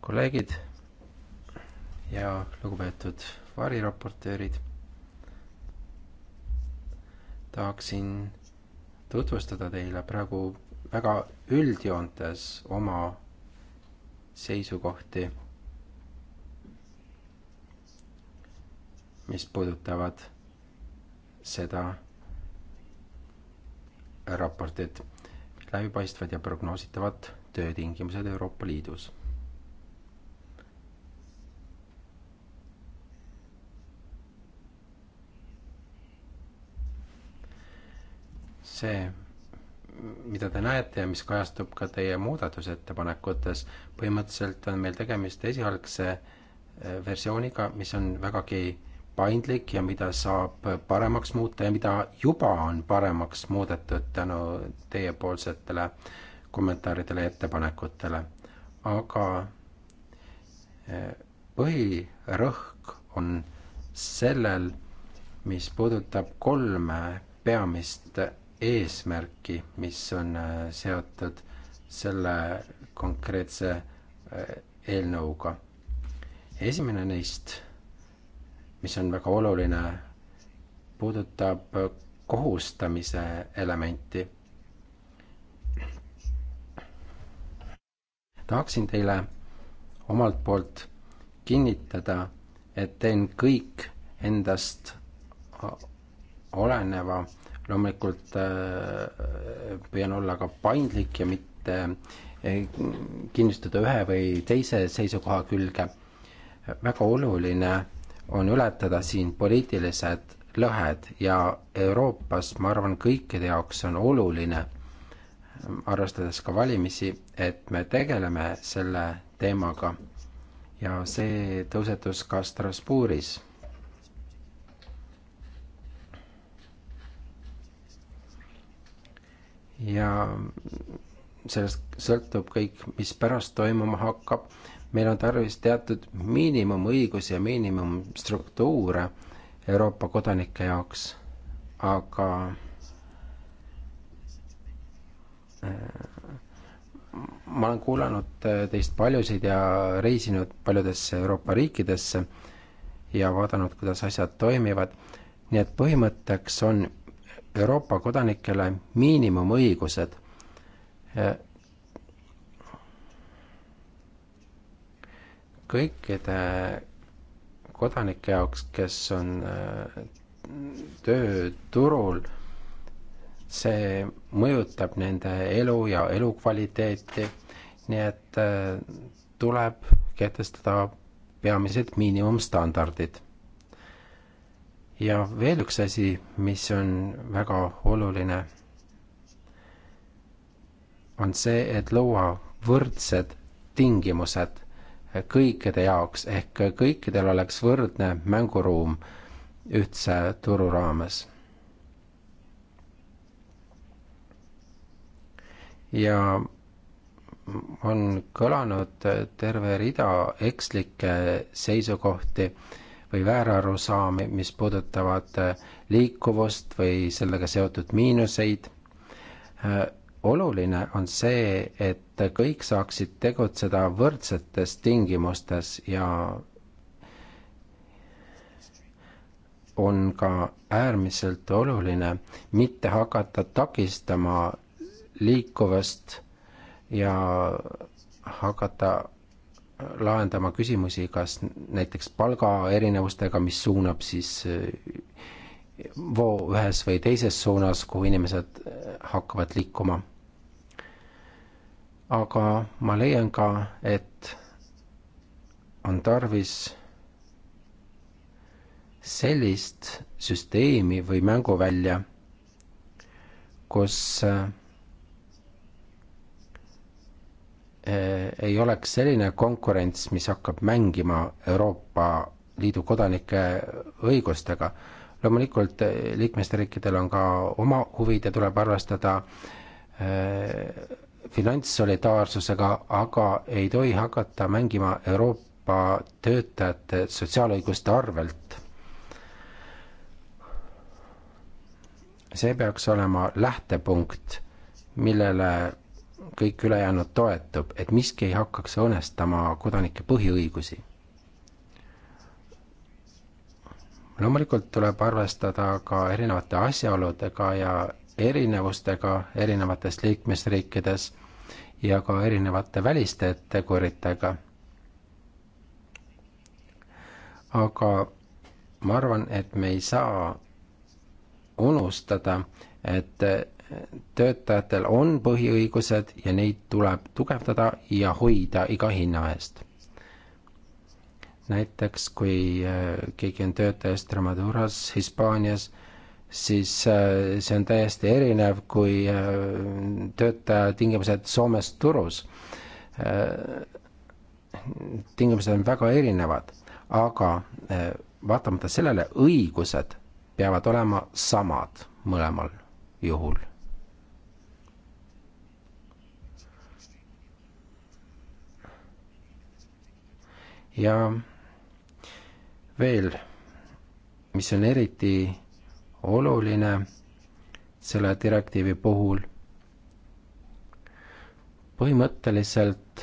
kolleegid ja lugupeetud variraportöörid. tahaksin tutvustada teile praegu väga üldjoontes oma seisukohti mis puudutavad seda raportit, läbipaistvad ja prognoositavad töötingimused Euroopa Liidus see, mida te näete ja mis kajastub ka teie muudatusettepanekutes, põhimõtteliselt on meil tegemist esialgse eh, versiooniga, mis on vägagi paindlik ja mida saab paremaks muuta ja mida juba on paremaks muudetud tänu teiepoolsetele kommentaaridele ja ettepanekutele. aga eh, põhirõhk on sellel, mis puudutab kolme peamist eesmärki, mis on eh, seotud selle konkreetse eh, eelnõuga. esimene neist mis on väga oluline, puudutab kohustamise elementi. tahaksin teile omalt poolt kinnitada, et teen kõik endast oleneva, loomulikult äh, püüan olla ka paindlik ja mitte äh, kinnistuda ühe või teise seisukoha külge. väga oluline on ületada siin poliitilised lõhed ja Euroopas, ma arvan, kõikide jaoks on oluline, arvestades ka valimisi, et me tegeleme selle teemaga ja see tõusetus ka Strasbourgis. ja sellest sõltub kõik, mis pärast toimuma hakkab, meil on tarvis teatud miinimumõigusi ja miinimumstruktuure Euroopa kodanike jaoks, aga äh, ma olen kuulanud äh, teist paljusid ja reisinud paljudesse Euroopa riikidesse ja vaadanud, kuidas asjad toimivad. nii et põhimõtteks on Euroopa kodanikele miinimumõigused äh, kõikide kodanike jaoks, kes on äh, tööturul, see mõjutab nende elu ja elukvaliteeti, nii et äh, tuleb kehtestada peamised miinimumstandardid. ja veel üks asi, mis on väga oluline, on see, et luua võrdsed tingimused kõikide jaoks ehk kõikidel oleks võrdne mänguruum ühtse turu raames. ja on kõlanud terve rida ekslikke seisukohti või väärarusaami, mis puudutavad liikuvust või sellega seotud miinuseid oluline on see, et kõik saaksid tegutseda võrdsetes tingimustes ja on ka äärmiselt oluline mitte hakata takistama liikuvust ja hakata lahendama küsimusi, kas näiteks palgaerinevustega, mis suunab siis äh, voo ühes või teises suunas, kuhu inimesed hakkavad liikuma aga ma leian ka, et on tarvis sellist süsteemi või mänguvälja, kus eh, ei oleks selline konkurents, mis hakkab mängima Euroopa Liidu kodanike õigustega. loomulikult eh, liikmesriikidel on ka oma huvid ja tuleb arvestada eh, finantssolidaarsusega, aga ei tohi hakata mängima Euroopa töötajate sotsiaalõiguste arvelt. see peaks olema lähtepunkt, millele kõik ülejäänud toetub, et miski ei hakkaks õõnestama kodanike põhiõigusi. loomulikult tuleb arvestada ka erinevate asjaoludega ja erinevustega erinevates liikmesriikides ja ka erinevate väliste teguritega. aga ma arvan, et me ei saa unustada, et töötajatel on põhiõigused ja neid tuleb tugevdada ja hoida iga hinna eest. näiteks kui äh, keegi on töötaja Estramaduras Hispaanias siis äh, see on täiesti erinev kui äh, töötaja tingimused Soomes turus. Äh, tingimused on väga erinevad, aga vaatamata sellele õigused peavad olema samad mõlemal juhul ja veel, mis on eriti oluline selle direktiivi puhul. põhimõtteliselt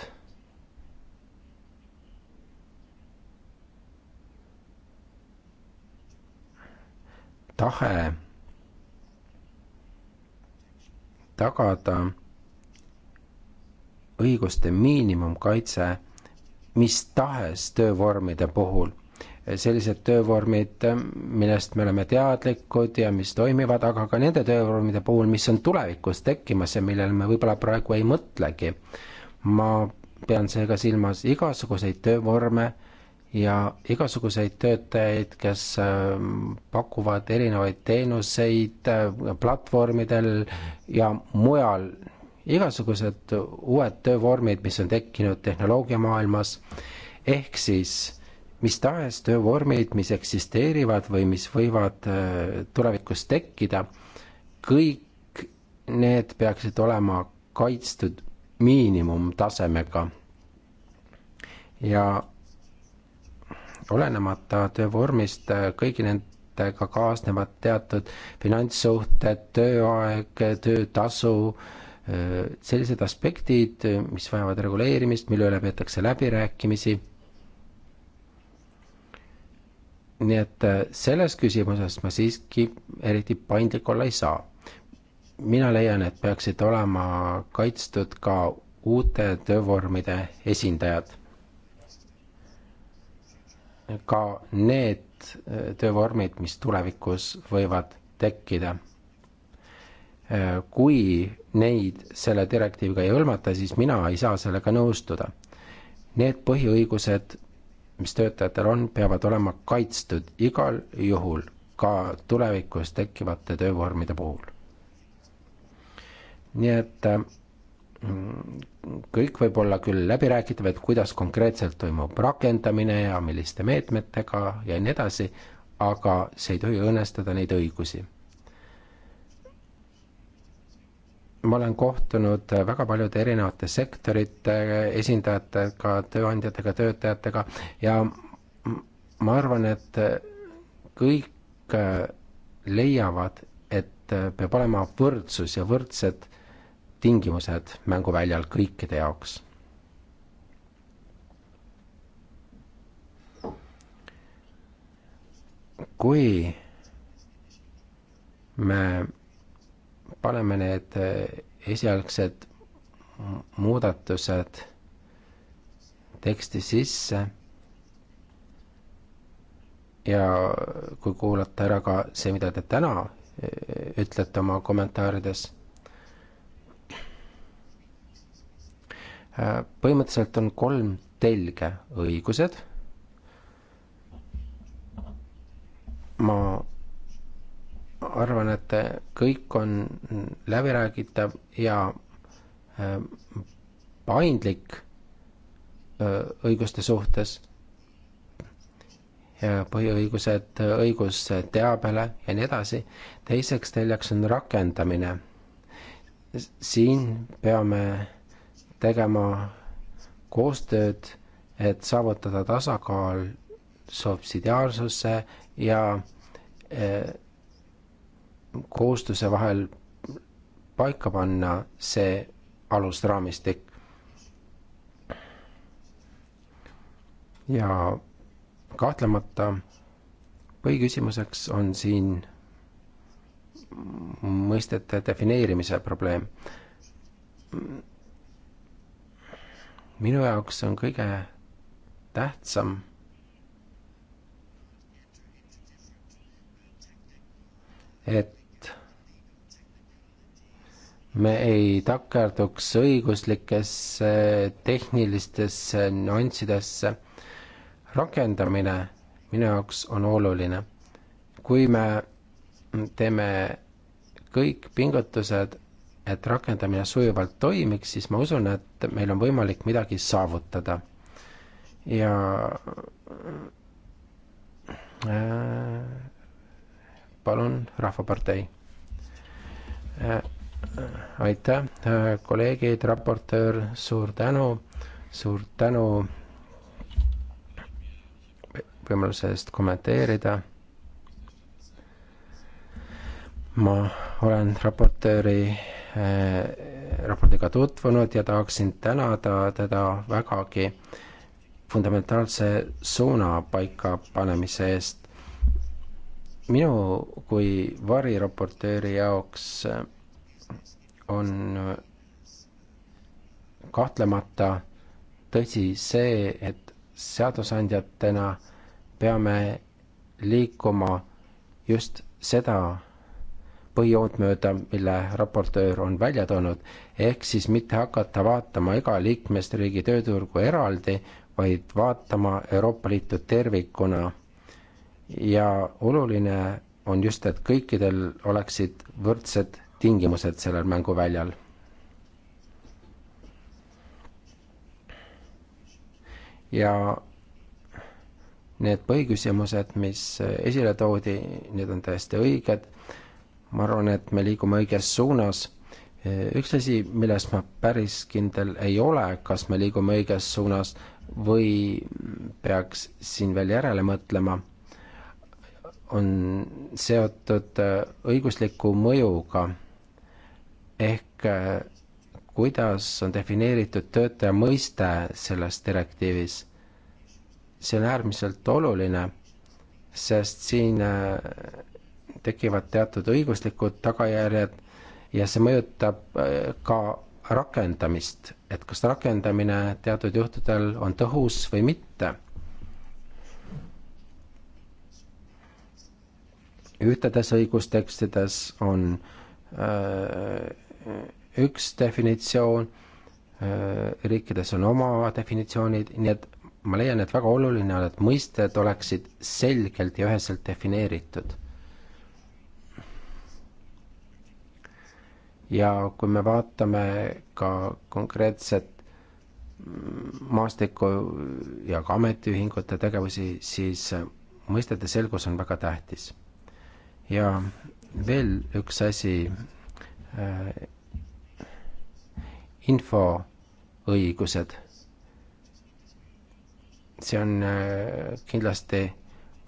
tahe tagada õiguste miinimumkaitse mis tahes töövormide puhul sellised töövormid, millest me oleme teadlikud ja mis toimivad, aga ka nende töövormide puhul, mis on tulevikus tekkimas ja millele me võib-olla praegu ei mõtlegi. ma pean seega silmas igasuguseid töövorme ja igasuguseid töötajaid, kes ähm, pakuvad erinevaid teenuseid äh, platvormidel ja mujal, igasugused uued töövormid, mis on tekkinud tehnoloogiamaailmas, ehk siis mis tahes töövormid, mis eksisteerivad või mis võivad äh, tulevikus tekkida, kõik need peaksid olema kaitstud miinimumtasemega. ja olenemata töövormist äh, kõigi nendega kaasnevad teatud finantssuhted, tööaeg, töötasu, äh, sellised aspektid, mis vajavad reguleerimist, mille üle peetakse läbirääkimisi nii et äh, selles küsimuses ma siiski eriti paindlik olla ei saa. mina leian, et peaksid olema kaitstud ka uute töövormide esindajad. ka need äh, töövormid, mis tulevikus võivad tekkida. Äh, kui neid selle direktiiviga ei hõlmata, siis mina ei saa sellega nõustuda. Need põhiõigused mis töötajatel on, peavad olema kaitstud igal juhul, ka tulevikus tekkivate töövormide puhul. nii et mm, kõik võib olla küll läbiräägitav, et kuidas konkreetselt toimub rakendamine ja milliste meetmetega ja nii edasi, aga see ei tohi õõnestada neid õigusi ma olen kohtunud väga paljude erinevate sektorite esindajatega, tööandjatega, töötajatega ja ma arvan, et kõik leiavad, et peab olema võrdsus ja võrdsed tingimused mänguväljal kõikide jaoks. kui me paneme need äh, esialgsed muudatused teksti sisse ja kui kuulata ära ka see, mida te täna äh, ütlete oma kommentaarides, äh, põhimõtteliselt on kolm telge õigused, ma arvan, et kõik on läbiräägitav ja ähm, paindlik äh, õiguste suhtes. põhiõigused, õigus teabele ja nii edasi. teiseks teljaks on rakendamine. siin peame tegema koostööd, et saavutada tasakaal subsidiaarsuse ja äh, koostuse vahel paika panna see alusraamistik. ja kahtlemata põhiküsimuseks on siin mõistete defineerimise probleem. minu jaoks on kõige tähtsam et me ei takerduks õiguslikesse tehnilistesse nüanssidesse. rakendamine minu jaoks on oluline. kui me teeme kõik pingutused, et rakendamine sujuvalt toimiks, siis ma usun, et meil on võimalik midagi saavutada. ja äh, palun, Rahvapartei aitäh, äh, kolleegid, raportöör, suur tänu, suur tänu võimaluse eest kommenteerida. ma olen raportööri äh, raportiga tutvunud ja tahaksin tänada teda vägagi fundamentaalse suuna paikapanemise eest. minu kui variraportööri jaoks on kahtlemata tõsi see, et seadusandjatena peame liikuma just seda põhijoont mööda, mille raportöör on välja toonud, ehk siis mitte hakata vaatama iga liikmesriigi tööturgu eraldi, vaid vaatama Euroopa Liitu tervikuna. ja oluline on just, et kõikidel oleksid võrdsed tingimused sellel mänguväljal. ja need põhiküsimused, mis esile toodi, need on täiesti õiged. ma arvan, et me liigume õiges suunas. üks asi, milles ma päris kindel ei ole, kas me liigume õiges suunas või peaks siin veel järele mõtlema, on seotud õigusliku mõjuga ehk äh, kuidas on defineeritud töötaja mõiste selles direktiivis. see on äärmiselt oluline, sest siin äh, tekivad teatud õiguslikud tagajärjed ja see mõjutab äh, ka rakendamist, et kas rakendamine teatud juhtudel on tõhus või mitte ühtedes õigustekstides on öö, üks definitsioon, äh, riikides on oma definitsioonid, nii et ma leian, et väga oluline on, et mõisted oleksid selgelt ja üheselt defineeritud. ja kui me vaatame ka konkreetset maastiku ja ka ametiühingute tegevusi, siis mõistete selgus on väga tähtis. ja veel üks asi Äh, infoõigused. see on äh, kindlasti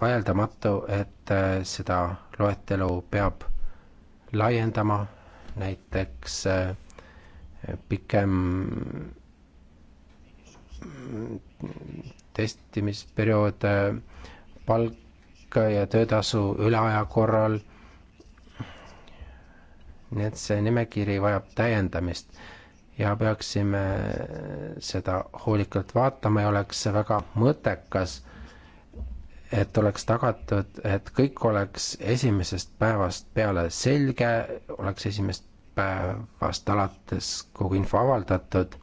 vaieldamatu, et äh, seda loetelu peab laiendama, näiteks pikem testimisperiood, palk ja töötasu üleaja korral nii et see nimekiri vajab täiendamist ja peaksime seda hoolikalt vaatama ja oleks see väga mõttekas, et oleks tagatud, et kõik oleks esimesest päevast peale selge, oleks esimest päevast alates kogu info avaldatud.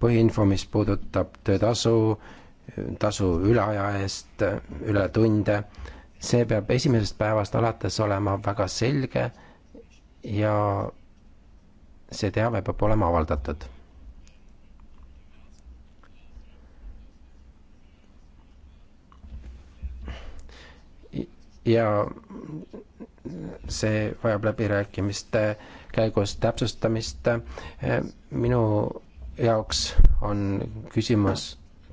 põhiinfo, mis puudutab töötasu, tasu üleaja eest, ületunde see peab esimesest päevast alates olema väga selge ja see teave peab olema avaldatud. ja see vajab läbirääkimiste käigus täpsustamist. minu jaoks on küsimus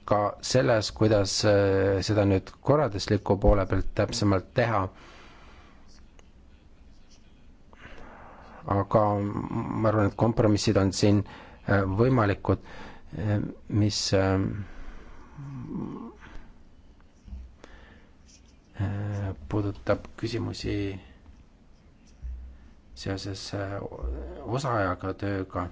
ka selles, kuidas äh, seda nüüd korraldusliku poole pealt täpsemalt teha. aga ma arvan, et kompromissid on siin äh, võimalikud, äh, mis puudutab küsimusi seoses osaajaga tööga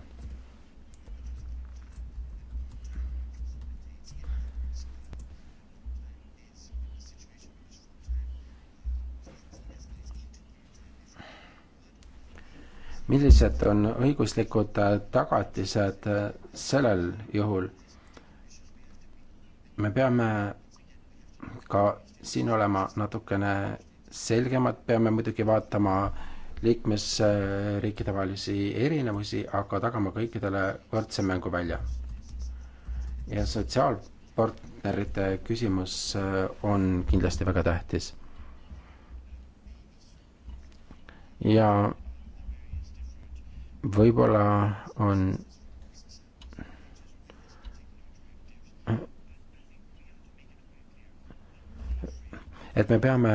millised on õiguslikud äh, tagatised äh, sellel juhul? me peame ka siin olema natukene selgemad, peame muidugi vaatama liikmesriikide vahelisi erinevusi, aga tagama kõikidele võrdse mänguvälja. ja sotsiaalpartnerite küsimus äh, on kindlasti väga tähtis. ja võib-olla on et me peame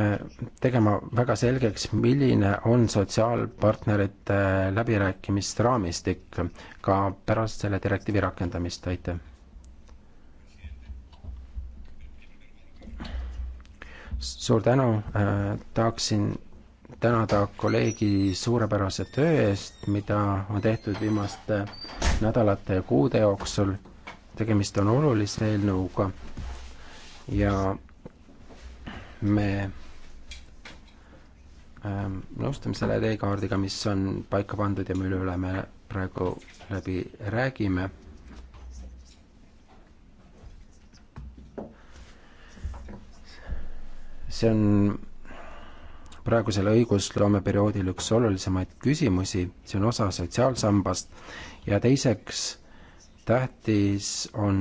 tegema väga selgeks, milline on sotsiaalpartnerite läbirääkimisraamistik ka pärast selle direktiivi rakendamist, aitäh. suur tänu äh,, tahaksin tänada kolleegi suurepärase töö eest, mida on tehtud viimaste nädalate ja kuude jooksul. tegemist on olulise eelnõuga ja me ähm, nõustume selle teekaardiga, mis on paika pandud ja mille üle me praegu läbi räägime. see on praegusel õigusloomeperioodil üks olulisemaid küsimusi, see on osa sotsiaalsambast, ja teiseks tähtis on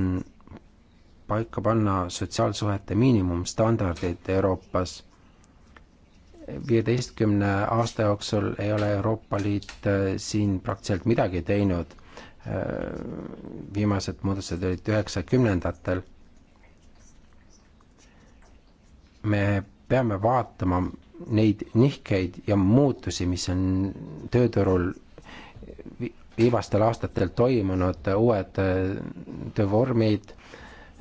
paika panna sotsiaalsuhete miinimumstandardid Euroopas. viieteistkümne aasta jooksul ei ole Euroopa Liit äh, siin praktiliselt midagi teinud. Äh, viimased muudatused olid üheksakümnendatel. me peame vaatama, neid nihkeid ja muutusi, mis on tööturul viimastel aastatel toimunud, uued äh, töövormid,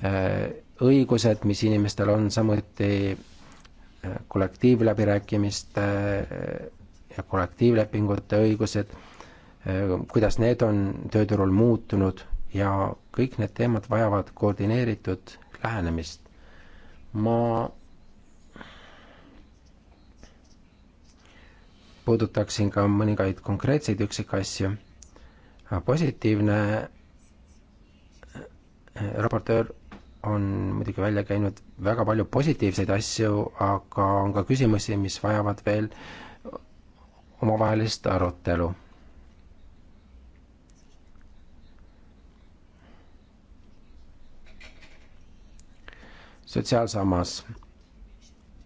äh, õigused, mis inimestel on, samuti äh, kollektiivläbirääkimiste ja kollektiivlepingute õigused, kuidas need on tööturul muutunud ja kõik need teemad vajavad koordineeritud lähenemist. ma puudutaksin ka mõningaid konkreetseid üksikasju. positiivne eh, raportöör on muidugi välja käinud väga palju positiivseid asju, aga on ka küsimusi, mis vajavad veel omavahelist arutelu. sotsiaalsammas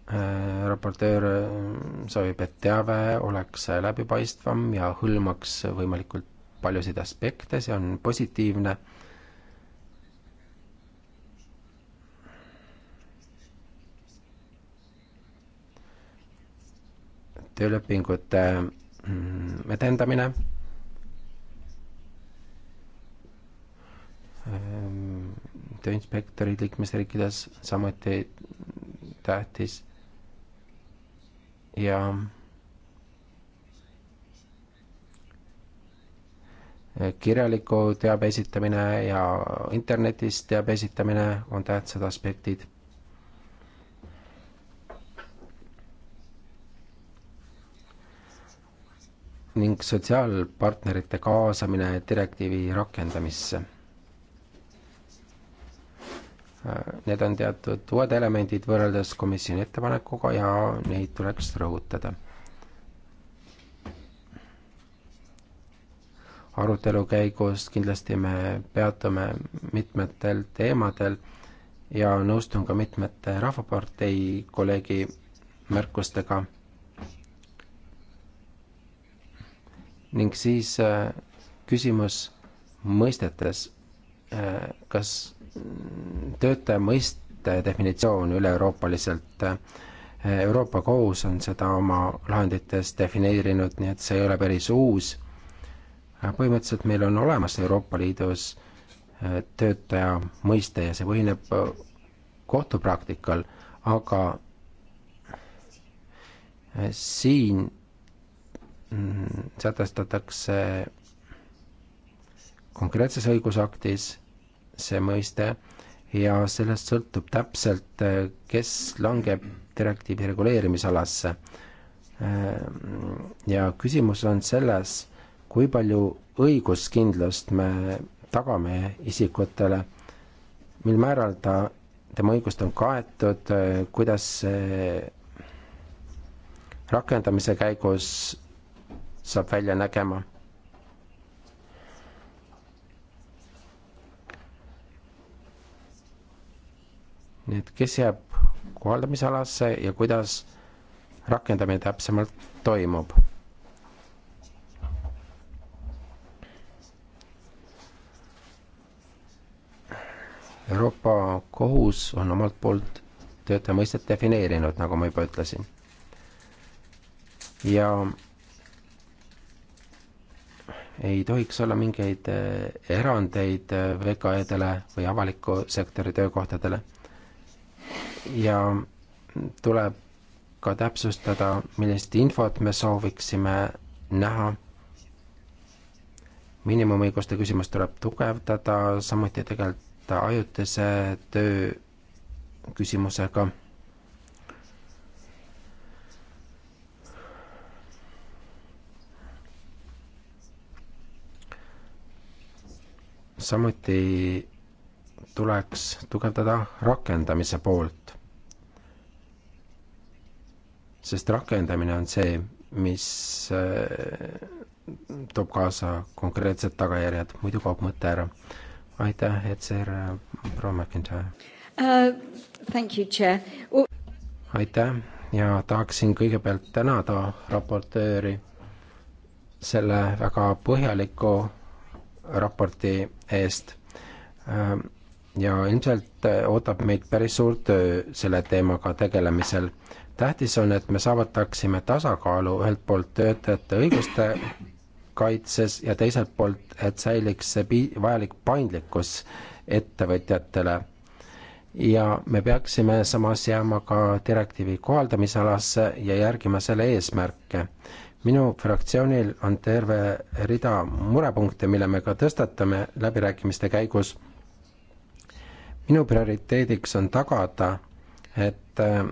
Äh, raportöör äh, soovib, et teave oleks äh, läbipaistvam ja hõlmaks võimalikult paljusid aspekte, see on positiivne. töölepingute mm, edendamine. Ähm, tööinspektorid liikmesriikides samuti tähtis ja kirjaliku teabe esitamine ja internetis teabe esitamine on tähtsad aspektid ning sotsiaalpartnerite kaasamine direktiivi rakendamisse. Need on teatud uued elemendid võrreldes komisjoni ettepanekuga ja neid tuleks rõhutada. arutelu käigus kindlasti me peatume mitmetel teemadel ja nõustun ka mitmete Rahvapartei kolleegi märkustega. ning siis äh, küsimus mõistetes, äh, kas töötaja mõiste definitsioon üle-euroopaliselt. Euroopa Kohus on seda oma lahendites defineerinud, nii et see ei ole päris uus. põhimõtteliselt meil on olemas Euroopa Liidus äh, töötaja mõiste ja see põhineb äh, kohtupraktikal, aga äh, siin mm, sätestatakse konkreetses õigusaktis see mõiste ja sellest sõltub täpselt, kes langeb direktiivi reguleerimisalasse. ja küsimus on selles, kui palju õiguskindlust me tagame isikutele, mil määral ta, tema õigust on kaetud, kuidas rakendamise käigus saab välja nägema nii et kes jääb kohaldamisalasse ja kuidas rakendamine täpsemalt toimub. Euroopa Kohus on omalt poolt töötaja mõistet defineerinud, nagu ma juba ütlesin. ja ei tohiks olla mingeid eh, erandeid eh, VKE-dele või avaliku sektori töökohtadele ja tuleb ka täpsustada, millist infot me sooviksime näha. miinimumõiguste küsimust tuleb tugevdada, samuti tegeleda ajutise töö küsimusega samuti tuleks tugevdada rakendamise poolt. sest rakendamine on see, mis äh, toob kaasa konkreetsed tagajärjed, muidu kaob mõte ära. aitäh, Etser, proua McIntyre uh,. Thank you, chair uh. aitäh ja tahaksin kõigepealt tänada raportööri selle väga põhjaliku raporti eest. Äh, ja ilmselt äh, ootab meid päris suur töö selle teemaga tegelemisel. tähtis on, et me saavutaksime tasakaalu ühelt poolt töötajate õiguste kaitses ja teiselt poolt, et säiliks see pi-, vajalik paindlikkus ettevõtjatele. ja me peaksime samas jääma ka direktiivi kohaldamisalasse ja järgima selle eesmärke minu fraktsioonil on terve rida murepunkte, mille me ka tõstatame läbirääkimiste käigus minu prioriteediks on tagada, et äh,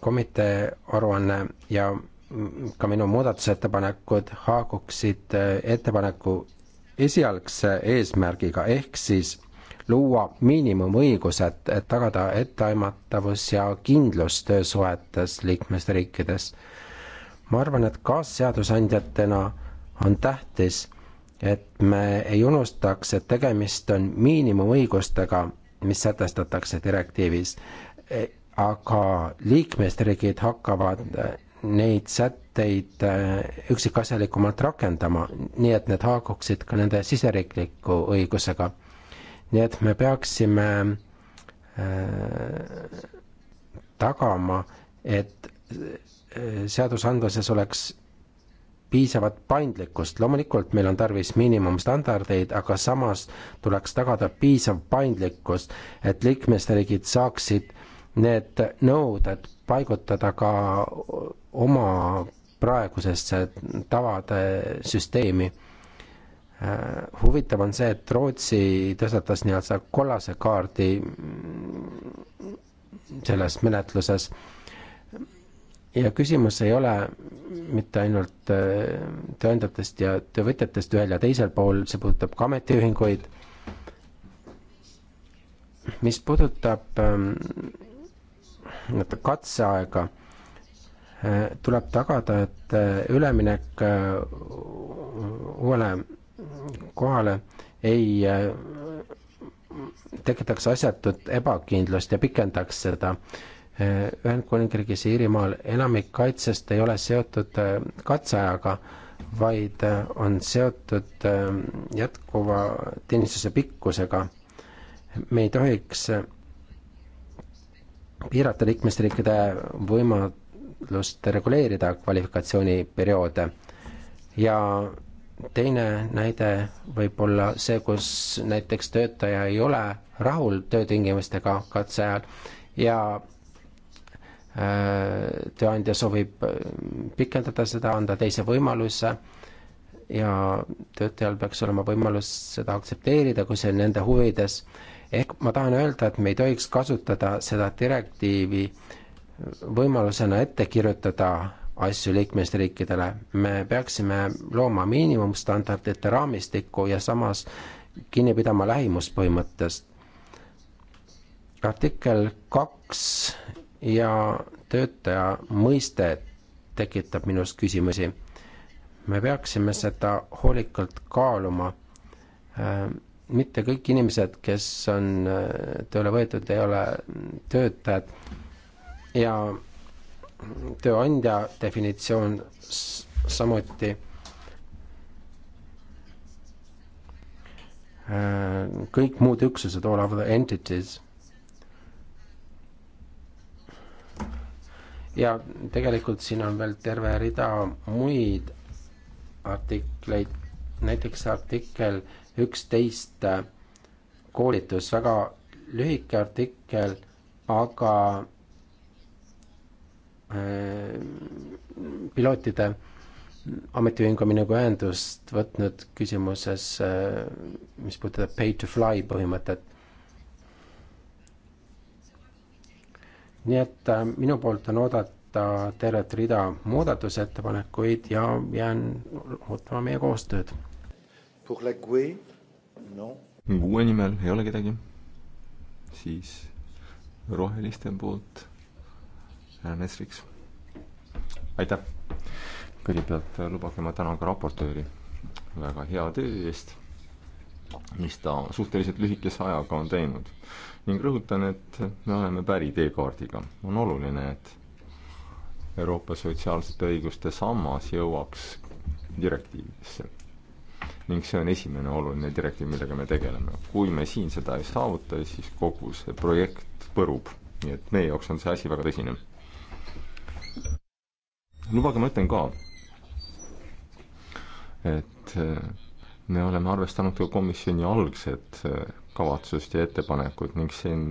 komitee aruanne ja mm, ka minu muudatusettepanekud haakuksid äh, ettepaneku esialgse eesmärgiga, ehk siis luua miinimumõigused, et tagada etteaimatavus ja kindlus töösuhetes liikmesriikides. ma arvan, et kaasseadusandjatena on tähtis, et me ei unustaks, et tegemist on miinimumõigustega mis sätestatakse direktiivis, aga liikmesriigid hakkavad neid sätteid äh, üksikasjalikumalt rakendama, nii et need haakuksid ka nende siseriikliku õigusega. nii et me peaksime äh, tagama, et äh, seadusandluses oleks piisavat paindlikkust, loomulikult meil on tarvis miinimumstandardeid, aga samas tuleks tagada piisav paindlikkus, et liikmesriigid saaksid need nõuded paigutada ka oma praegusesse tavade süsteemi. Äh, huvitav on see, et Rootsi tõstatas nii-öelda kollase kaardi selles menetluses ja küsimus ei ole mitte ainult äh, tööandjatest ja töövõtjatest ühel ja teisel pool, see puudutab ka ametiühinguid. mis puudutab ähm, nii-öelda katseaega, äh, tuleb tagada, et äh, üleminek uuele kohale ei tekitaks asjatut ebakindlust ja pikendaks seda äh, Ühendkuningriigis ja Iirimaal enamik kaitsest ei ole seotud äh, katseajaga, vaid äh, on seotud äh, jätkuva teenistuse pikkusega. me ei tohiks piirata liikmesriikide võimalust reguleerida kvalifikatsiooniperioode ja teine näide võib olla see, kus näiteks töötaja ei ole rahul töötingimustega katse ajal ja Äh, tööandja soovib äh, pikendada seda, anda teise võimaluse ja töötajal peaks olema võimalus seda aktsepteerida, kui see on nende huvides. ehk ma tahan öelda, et me ei tohiks kasutada seda direktiivi võimalusena ette kirjutada asju liikmesriikidele. me peaksime looma miinimumstandardite raamistikku ja samas kinni pidama lähimuspõhimõttest. artikkel kaks ja töötaja mõiste tekitab minus küsimusi. me peaksime seda hoolikalt kaaluma. Äh, mitte kõik inimesed, kes on äh, tööle võetud, ei ole töötajad ja tööandja definitsioon samuti äh, kõik muud üksused, all other entities ja tegelikult siin on veel terve rida muid artikleid, näiteks artikkel üksteist äh, koolitus, väga lühike artikkel, aga äh, pilootide ametiühing on minuga ühendust võtnud küsimuses, äh, mis puudutab pay to fly põhimõtet nii et äh, minu poolt on oodata tervet rida muudatusettepanekuid ja jään ootama meie koostööd. kuue hm, e nimel ei ole kedagi, siis roheliste poolt härra Nesriks. aitäh! kõigepealt äh, lubage, ma tänan ka raportööri väga hea töö eest, mis ta suhteliselt lühikese ajaga on teinud ning rõhutan, et me oleme päri teekaardiga. on oluline, et Euroopa sotsiaalsete õiguste sammas jõuaks direktiividesse. ning see on esimene oluline direktiiv, millega me tegeleme. kui me siin seda ei saavuta, siis kogu see projekt põrub. nii et meie jaoks on see asi väga tõsine. lubage, ma ütlen ka, et me oleme arvestanud ka komisjoni algset äh, kavatsust ja ettepanekut ning siin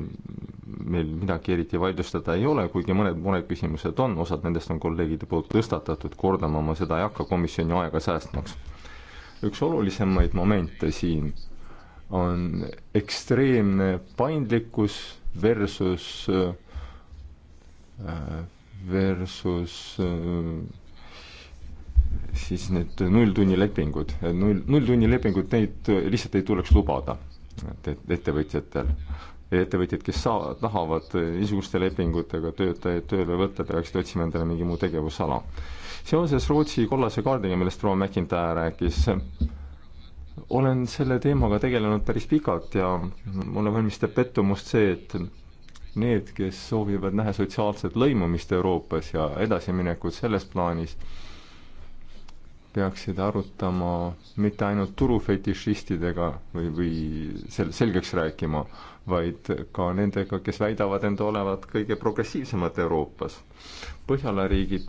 meil midagi eriti vaidlustada ei ole, kuigi mõned mured küsimused on, osad nendest on kolleegide poolt tõstatatud, kordama ma seda ei hakka komisjoni aega säästmaks. üks olulisemaid momente siin on ekstreemne paindlikkus versus äh, versus äh, siis need nulltunnilepingud, null, nulltunnilepingud, neid äh, lihtsalt ei tuleks lubada, et, et ettevõtjatel. ettevõtjad, kes saa-, tahavad äh, niisuguste lepingutega töötajaid tööle võtta, peaksid otsima endale mingi muu tegevusala. seoses Rootsi kollase kaardiga, millest proua McIntyre rääkis, olen selle teemaga tegelenud päris pikalt ja mulle valmistab pettumust see, et need, kes soovivad näha sotsiaalset lõimumist Euroopas ja edasiminekut selles plaanis, peaksid arutama mitte ainult turufetišistidega või, või sel-, selgeks rääkima, vaid ka nendega, kes väidavad end olevat kõige progressiivsemad Euroopas. Põhjala riigid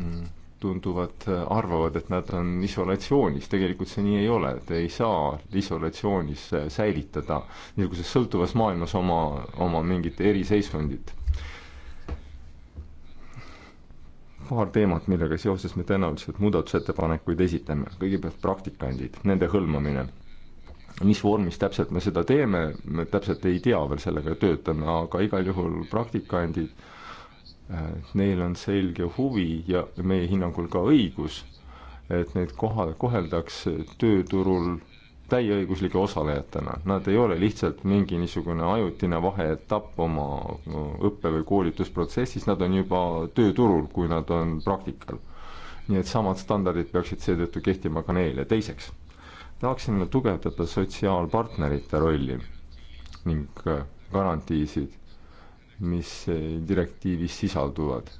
mm, tunduvad, arvavad, et nad on isolatsioonis, tegelikult see nii ei ole, te ei saa isolatsioonis säilitada niisuguses sõltuvas maailmas oma, oma mingit eriseisundit paar teemat, millega seoses me tõenäoliselt muudatusettepanekuid esitame. kõigepealt praktikandid, nende hõlmamine. mis vormis täpselt me seda teeme, me täpselt ei tea veel, sellega töötame, aga igal juhul praktikandid, eh, neil on selge huvi ja meie hinnangul ka õigus, et neid koha, koheldaks tööturul täieõiguslike osalejatena, nad ei ole lihtsalt mingi niisugune ajutine vaheetapp oma õppe- või koolitusprotsessis, nad on juba tööturul, kui nad on praktikal. nii et samad standardid peaksid seetõttu kehtima ka neile, teiseks tahaksime tugevdada sotsiaalpartnerite rolli ning äh, garantiisid, mis äh, direktiivis sisalduvad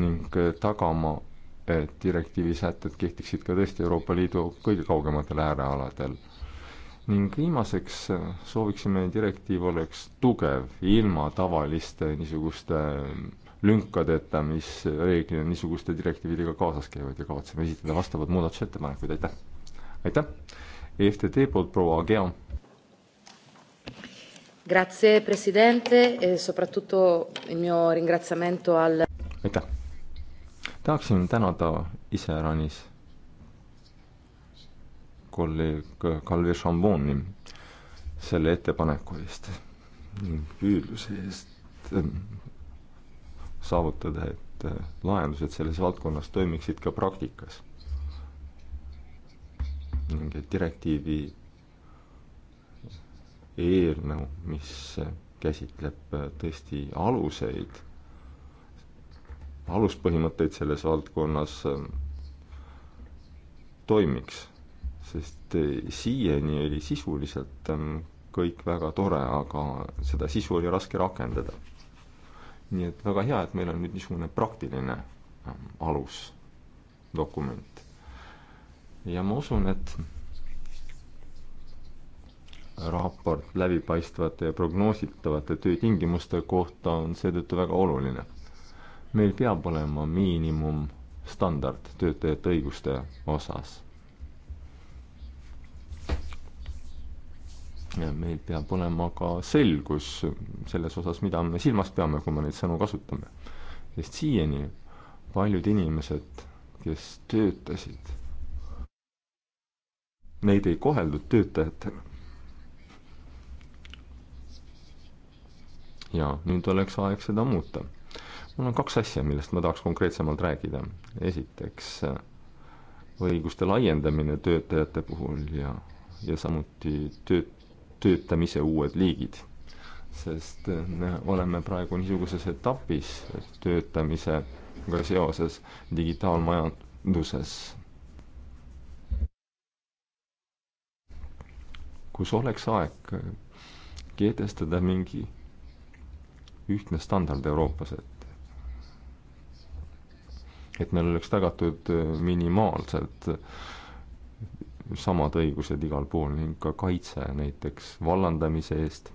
ning äh, tagama et direktiivi sätted kehtiksid ka tõesti Euroopa Liidu kõige kaugematel äärealadel. ning viimaseks äh, sooviksime, direktiiv oleks tugev, ilma tavaliste niisuguste lünkadeta, mis reeglina niisuguste direktiividega kaasas käivad ja kavatseme esitada vastavad muudatusettepanekud, aitäh! aitäh! EFTT poolt proua Agea. Grazie Presidente e soprattutto il mio ringraziamento al aitäh! tahaksin tänada iseäranis kolleeg Kalvi Šamboni selle ettepaneku eest ning püüdluse eest ehm, saavutada, et eh, lahendused selles valdkonnas toimiksid ka praktikas. ning et direktiivi eelnõu, mis käsitleb eh, tõesti aluseid aluspõhimõtteid selles valdkonnas ähm, toimiks. sest äh, siiani oli sisuliselt ähm, kõik väga tore, aga seda sisu oli raske rakendada. nii et väga hea, et meil on nüüd niisugune praktiline ähm, alusdokument. ja ma usun, et raport läbipaistvate ja prognoositavate töötingimuste kohta on seetõttu väga oluline meil peab olema miinimumstandard töötajate õiguste osas. ja meil peab olema ka selgus selles osas, mida me silmas peame, kui me neid sõnu kasutame. sest siiani paljud inimesed, kes töötasid, neid ei koheldud töötajatena. ja nüüd oleks aeg seda muuta mul on kaks asja, millest ma tahaks konkreetsemalt rääkida. esiteks õiguste laiendamine töötajate puhul ja, ja samuti töö, töötamise uued liigid. sest me äh, oleme praegu niisuguses etapis töötamisega seoses digitaalmajanduses, kus oleks aeg kehtestada mingi ühtne standard Euroopas, et et meil oleks tagatud äh, minimaalselt äh, samad õigused igal pool ning ka kaitse näiteks vallandamise eest.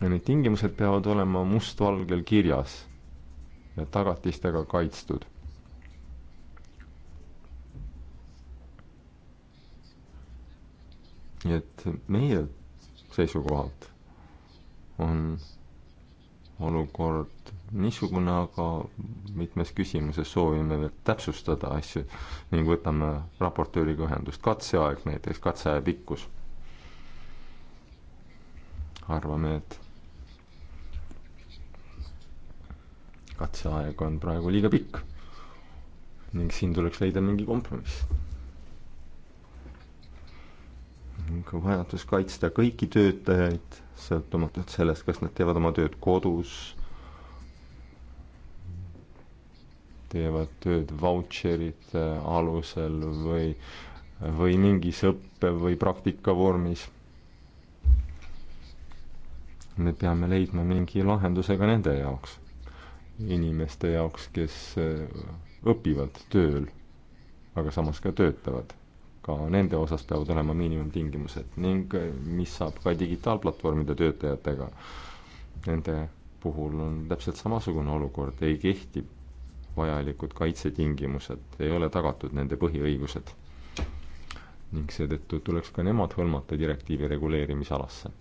ja need tingimused peavad olema mustvalgel kirjas ja tagatistega kaitstud. nii et meie seisukohalt on olukord niisugune, aga mitmes küsimuses soovime veel täpsustada asju ning võtame raportööriga ühendust. katseaeg näiteks, katseaja pikkus. arvame, et katseaeg on praegu liiga pikk ning siin tuleks leida mingi kompromiss vajadus kaitsta kõiki töötajaid, sõltumatult sellest, kas nad teevad oma tööd kodus, teevad tööd vautšerite alusel või, või mingis õppe- või praktika vormis. me peame leidma mingi lahenduse ka nende jaoks, inimeste jaoks, kes õpivad tööl, aga samas ka töötavad ka nende osas peavad olema miinimumtingimused ning äh, mis saab ka digitaalplatvormide töötajatega. Nende puhul on täpselt samasugune olukord, ei kehti vajalikud kaitsetingimused, ei ole tagatud nende põhiõigused. ning seetõttu tuleks ka nemad hõlmata direktiivi reguleerimisalasse.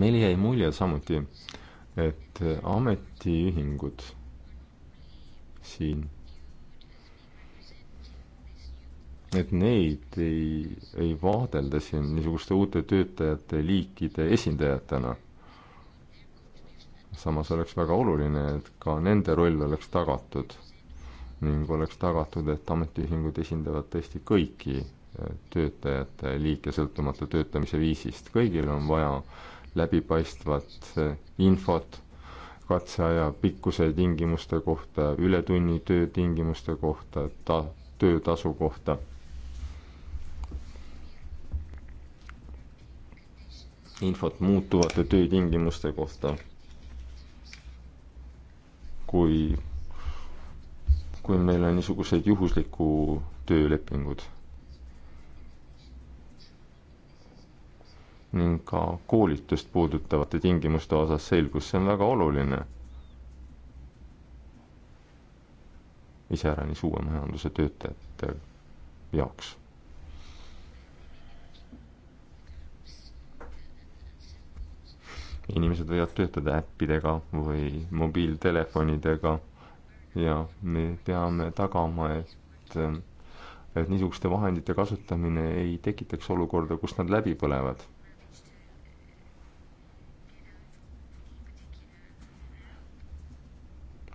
meile jäi mulje samuti, et ametiühingud siin. et neid ei, ei vaadelda siin niisuguste uute töötajate liikide esindajatena. samas oleks väga oluline, et ka nende roll oleks tagatud ning oleks tagatud, et ametiühingud esindavad tõesti kõiki eh, töötajate liike, sõltumata töötamise viisist. kõigil on vaja läbipaistvat eh, infot katseaja pikkuse tingimuste kohta, ületunnitöö tingimuste kohta, ta-, töötasu kohta. infot muutuvate töötingimuste kohta. kui, kui meil on niisugused juhusliku töölepingud ning ka koolitust puudutavate tingimuste osas selgus, see on väga oluline. iseäranis uue majanduse töötajate jaoks inimesed võivad töötada äppidega või mobiiltelefonidega ja me peame tagama, et, et niisuguste vahendite kasutamine ei tekitaks olukorda, kus nad läbi põlevad.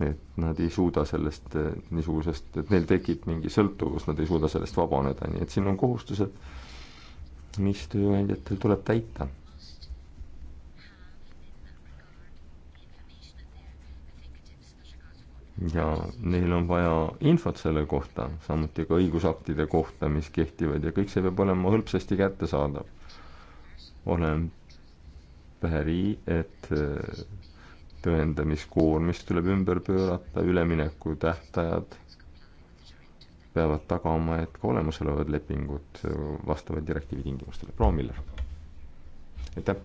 et nad ei suuda sellest eh, niisugusest, et neil tekib mingi sõltuvus, nad ei suuda sellest vabaneda, nii et siin on kohustused, mis tööandjatel tuleb täita. ja neil on vaja infot selle kohta, samuti ka õigusaktide kohta, mis kehtivad ja kõik see peab olema hõlpsasti kättesaadav. olen päri, et eh, tõendamiskoormist tuleb ümber pöörata, ülemineku tähtajad peavad tagama, et ka olemasolevad lepingud vastavad direktiivi tingimustele. proua Miller. aitäh,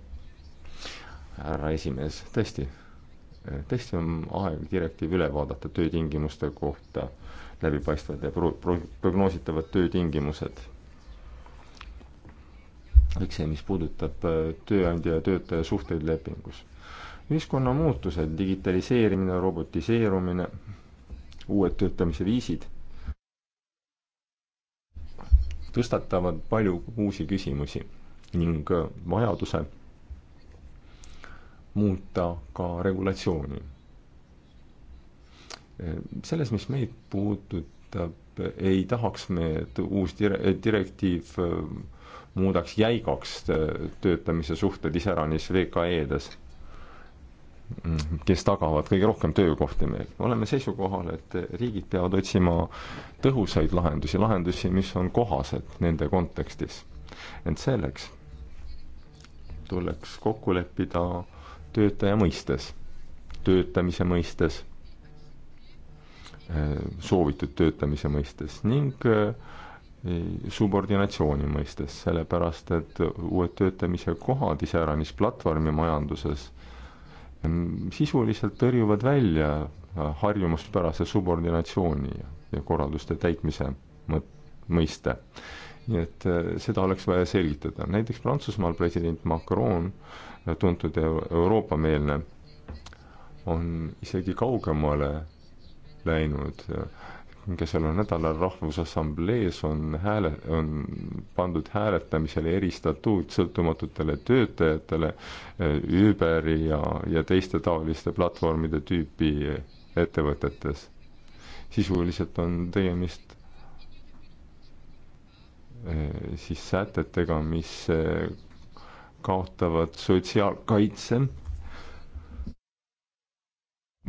härra esimees, tõesti, tõesti on aeg direktiiv üle vaadata töötingimuste kohta, läbipaistvad ja pro-, pro-, prognoositavad töötingimused kõik see, mis puudutab äh, tööandja ja töötaja suhteid lepingus ühiskonna muutused, digitaliseerimine, robotiseerumine, uued töötamise viisid tõstatavad palju uusi küsimusi ning äh, vajaduse muuta ka regulatsiooni. Äh, selles, mis meid puudutab, ei tahaks me, et uus dire-, direktiiv äh, muudaks jäigaks töötamise suhted iseäranis VKE-des Mhm. kes tagavad kõige rohkem töökohti meil. oleme seisukohal, et riigid peavad otsima tõhusaid lahendusi, lahendusi, mis on kohased nende kontekstis. ent selleks tuleks kokku leppida töötaja mõistes, töötamise mõistes, eh, soovitud töötamise mõistes ning eh, subordinatsiooni mõistes, sellepärast et uued töötamise kohad iseäranis platvormimajanduses sisuliselt tõrjuvad välja harjumuspärase subordinatsiooni ja korralduste täitmise mõt-, mõiste. nii et äh, seda oleks vaja selgitada, näiteks Prantsusmaal president Macron, äh, tuntud Euroopa-meelne, on isegi kaugemale läinud äh, kes sellel nädalal Rahvusassamblees on hääle, on pandud hääletamisele eristatuut sõltumatutele töötajatele eh, Uberi ja, ja teiste taoliste platvormide tüüpi ettevõtetes. sisuliselt on tegemist eh, siis sätetega, mis eh, kaotavad sotsiaalkaitse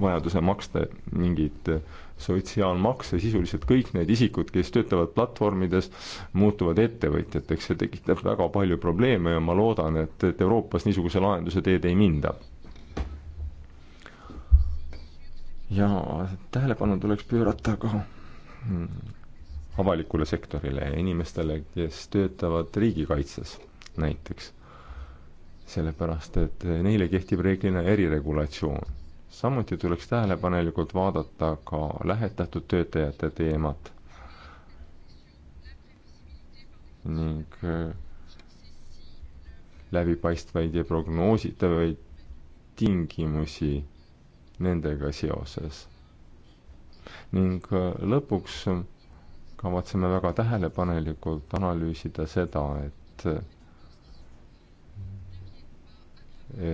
vajaduse maksta mingeid äh, sotsiaalmakse, sisuliselt kõik need isikud, kes töötavad platvormides, muutuvad ettevõtjateks, see tekitab väga palju probleeme ja ma loodan, et, et Euroopas niisuguse lahenduse teed ei minda. ja tähelepanu tuleks pöörata ka hmm, avalikule sektorile ja inimestele, kes töötavad riigikaitses näiteks. sellepärast, et neile kehtib reeglina eriregulatsioon samuti tuleks tähelepanelikult vaadata ka lähetatud töötajate teemat ning äh, läbipaistvaid ja prognoositavaid tingimusi nendega seoses. ning äh, lõpuks kavatseme väga tähelepanelikult analüüsida seda, et äh,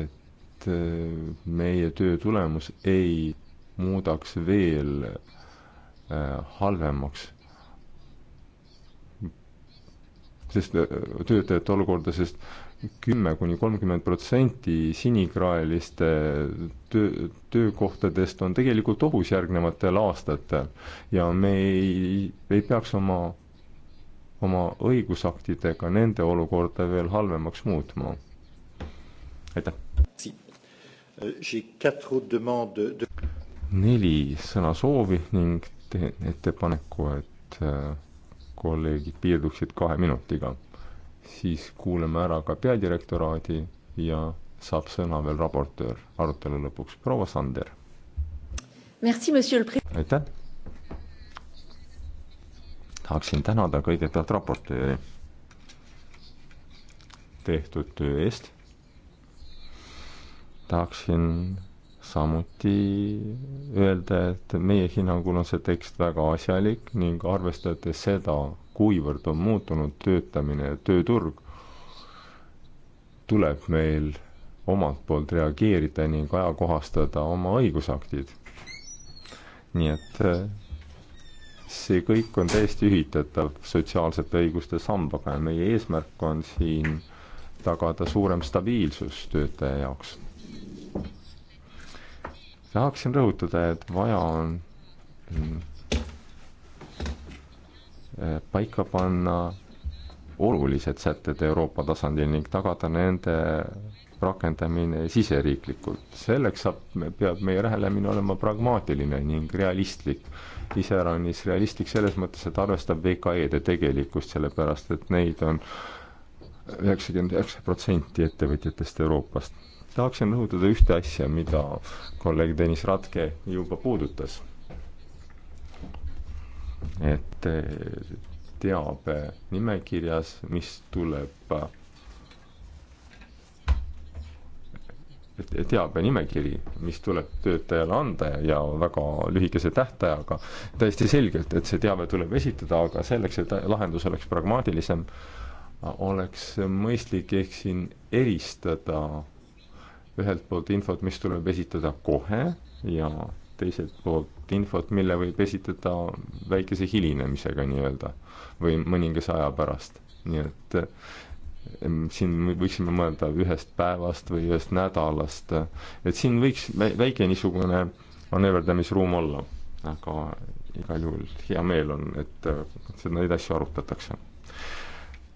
et et äh, meie töö tulemus ei muudaks veel äh, halvemaks sest äh, töötajate olukorda, sest kümme kuni kolmkümmend protsenti sinikraeliste töö, töökohtadest on tegelikult ohus järgnevatel aastatel. ja me ei, ei peaks oma, oma õigusaktidega nende olukorda veel halvemaks muutma. aitäh! Euh, neli sõnasoovi ning teen ettepaneku, et äh, kolleegid piirduksid kahe minutiga. siis kuulame ära ka peadirektoraadi ja saab sõna veel raportöör arutelu lõpuks, proua Sander. aitäh! tahaksin tänada kõigepealt raportööri tehtud töö eest tahaksin samuti öelda, et meie hinnangul on see tekst väga asjalik ning arvestades seda, kuivõrd on muutunud töötamine ja tööturg, tuleb meil omalt poolt reageerida ning ajakohastada oma õigusaktid. nii et eh, see kõik on täiesti ühitatav sotsiaalsete õiguste sambaga ja meie eesmärk on siin tagada suurem stabiilsus töötaja jaoks tahaksin rõhutada, et vaja on mm, eh, paika panna olulised sätted Euroopa tasandil ning tagada nende rakendamine siseriiklikult. selleks saab, peab meie lähenemine olema pragmaatiline ning realistlik. iseäranis realistlik selles mõttes, et arvestab VKE-de tegelikkust, sellepärast et neid on üheksakümmend üheksa protsenti ettevõtjatest Euroopast tahaksin rõhutada ühte asja, mida kolleeg Deniss Ratke juba puudutas. et eh, teabe nimekirjas, mis tuleb eh, teabenimekiri, mis tuleb töötajale anda ja väga lühikese tähtajaga, täiesti selgelt, et see teave tuleb esitada, aga selleks, et lahendus oleks pragmaatilisem, oleks mõistlik ehk siin eristada ühelt poolt infot, mis tuleb esitada kohe ja teiselt poolt infot, mille võib esitada väikese hilinemisega nii-öelda või mõningase aja pärast. nii et siin võiksime mõelda ühest päevast või ühest nädalast, et siin võiks väike niisugune manööverdamisruum olla, aga igal juhul hea meel on, et seda, neid asju arutatakse.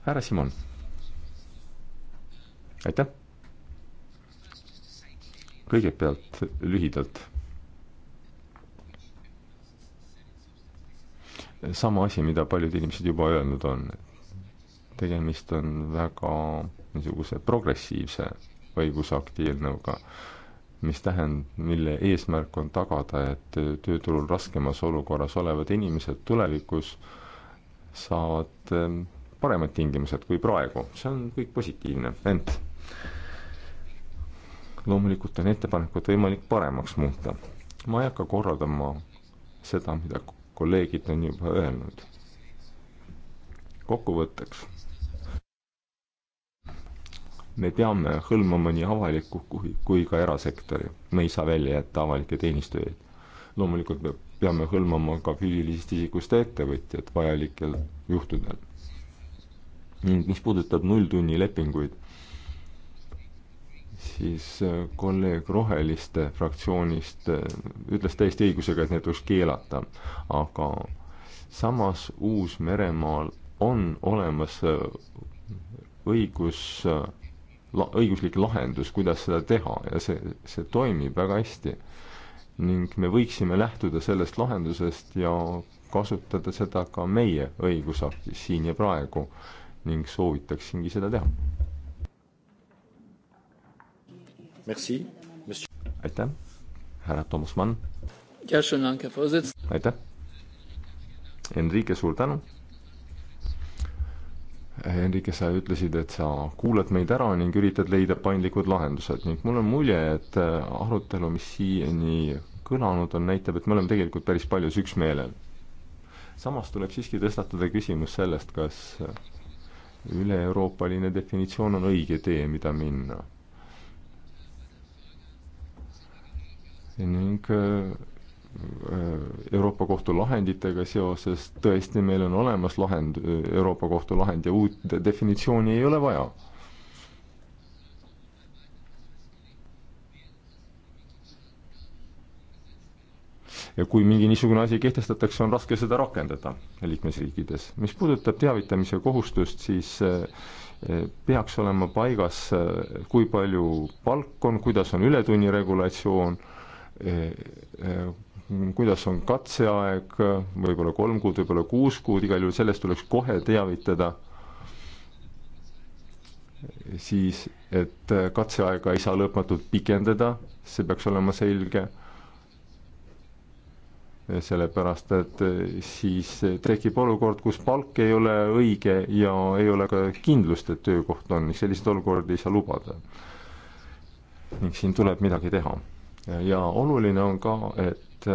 härra Simon. aitäh kõigepealt lühidalt. sama asi, mida paljud inimesed juba öelnud on. tegemist on väga niisuguse progressiivse õigusakti eelnõuga, mis tähend-, mille eesmärk on tagada, et tööturul raskemas olukorras olevad inimesed tulevikus saavad eh, paremad tingimused kui praegu, see on kõik positiivne, ent loomulikult on ettepanekut võimalik paremaks muuta. ma ei hakka korraldama seda, mida kolleegid on juba öelnud. kokkuvõtteks. me peame hõlmama nii avalikku kui, kui ka erasektori, me ei saa välja jätta avalikke teenistujaid. loomulikult me peame hõlmama ka füüsilisest isikust ettevõtjad vajalikel juhtudel. ning mis puudutab nulltunnilepinguid siis äh, kolleeg Roheliste fraktsioonist äh, ütles täiesti õigusega, et need tuleks keelata. aga samas Uus-Meremaal on olemas äh, õigus, õiguslik lahendus, kuidas seda teha ja see, see toimib väga hästi. ning me võiksime lähtuda sellest lahendusest ja kasutada seda ka meie õigusaktis siin ja praegu ning soovitaksingi seda teha aitäh, härra Toomas Mann. aitäh. Enrique, suur tänu. Enrique, sa ütlesid, et sa kuulad meid ära ning üritad leida paindlikud lahendused ning mul on mulje, et äh, arutelu, mis siiani kõlanud on, näitab, et me oleme tegelikult päris paljus üksmeelel. samas tuleb siiski tõstatada küsimus sellest, kas äh, üle-euroopaline definitsioon on õige tee, mida minna ning äh, äh, Euroopa Kohtu lahenditega seoses tõesti meil on olemas lahend, äh, Euroopa Kohtu lahend ja uut definitsiooni ei ole vaja. ja kui mingi niisugune asi kehtestatakse, on raske seda rakendada liikmesriikides. mis puudutab teavitamise kohustust, siis peaks olema paigas, kui palju palk on, kuidas on ületunniregulatsioon Äh, äh, kuidas on katseaeg, võib-olla kolm kuud, võib-olla kuus kuud, igal juhul sellest tuleks kohe teavitada, siis et äh, katseaega ei saa lõpmatult pikendada, see peaks olema selge, sellepärast et siis tekib olukord, kus palk ei ole õige ja ei ole ka kindlust, et töökoht on, selliseid olukordi ei saa lubada. ning siin tuleb midagi teha ja oluline on ka, et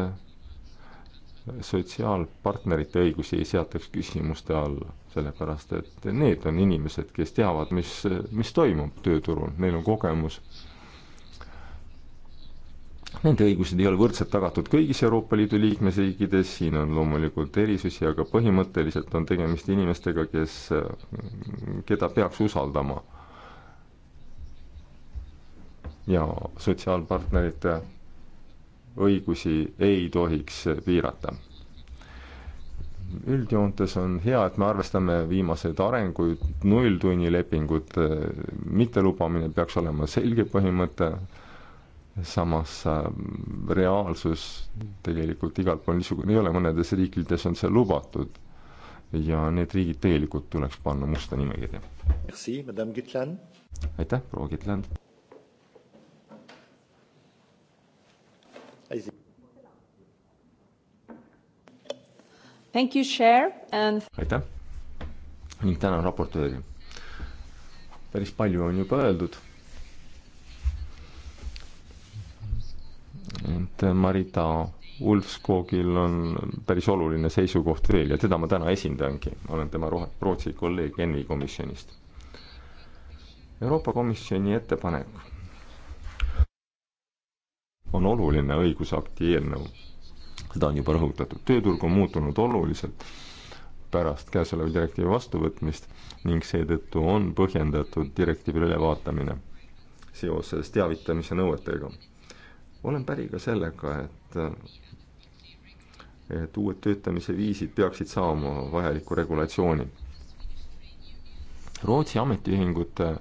sotsiaalpartnerite õigusi ei seataks küsimuste alla, sellepärast et need on inimesed, kes teavad, mis, mis toimub tööturul, neil on kogemus. Nende õigused ei ole võrdselt tagatud kõigis Euroopa Liidu liikmesriikides, siin on loomulikult erisusi, aga põhimõtteliselt on tegemist inimestega, kes, keda peaks usaldama ja sotsiaalpartnerite õigusi ei tohiks piirata. üldjoontes on hea, et me arvestame viimaseid arenguid, nulltunnilepingud, mittelubamine peaks olema selge põhimõte, samas äh, reaalsus tegelikult igal pool niisugune ei ole, mõnedes riikides on see lubatud ja need riigid tegelikult tuleks panna musta nimekirja. aitäh, proua Kitland! And... aitäh ning tänan raportööri. päris palju on juba öeldud. et Marita Ulfskogil on päris oluline seisukoht veel ja teda ma täna esindangi, olen tema Rootsi kolleeg ENVI komisjonist. Euroopa Komisjoni ettepanek on oluline õigusakti eelnõu seda on juba rõhutatud, tööturg on muutunud oluliselt pärast käesoleva direktiivi vastuvõtmist ning seetõttu on põhjendatud direktiivi ülevaatamine seoses teavitamise nõuetega. olen päri ka sellega, et et uued töötamise viisid peaksid saama vajaliku regulatsiooni. Rootsi ametiühingute äh,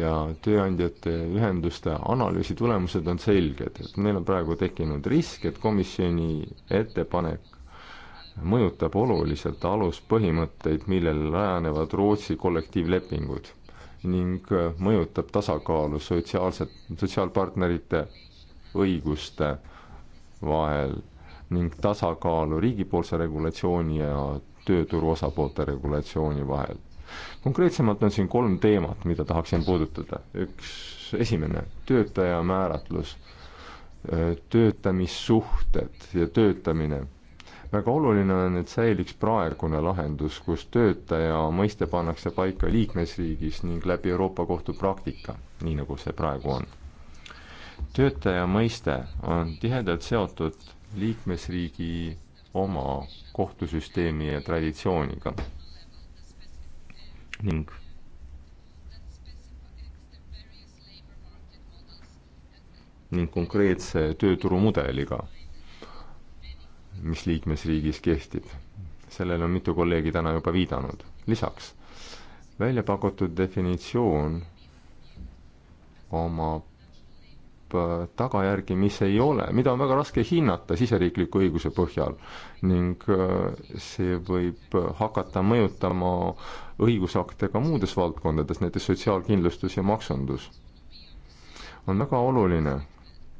ja tööandjate ühenduste analüüsi tulemused on selged, et meil on praegu tekkinud risk, et komisjoni ettepanek mõjutab oluliselt aluspõhimõtteid, millel rajanevad Rootsi kollektiivlepingud ning mõjutab tasakaalu sotsiaalset, sotsiaalpartnerite õiguste vahel ning tasakaalu riigipoolse regulatsiooni ja tööturu osapoolte regulatsiooni vahel konkreetsemalt on siin kolm teemat, mida tahaksin puudutada. üks, esimene, töötaja määratlus, töötamissuhted ja töötamine. väga oluline on, et säiliks praegune lahendus, kus töötaja mõiste pannakse paika liikmesriigis ning läbi Euroopa Kohtu praktika, nii nagu see praegu on. töötaja mõiste on tihedalt seotud liikmesriigi oma kohtusüsteemi ja traditsiooniga ning ning konkreetse tööturumudeliga, mis liikmesriigis kehtib. sellele on mitu kolleegi täna juba viidanud. lisaks, välja pakutud definitsioon omab äh, tagajärgi, mis ei ole, mida on väga raske hinnata siseriikliku õiguse põhjal ning äh, see võib hakata mõjutama äh, õigusakte ka muudes valdkondades, näiteks sotsiaalkindlustus ja maksundus. on väga oluline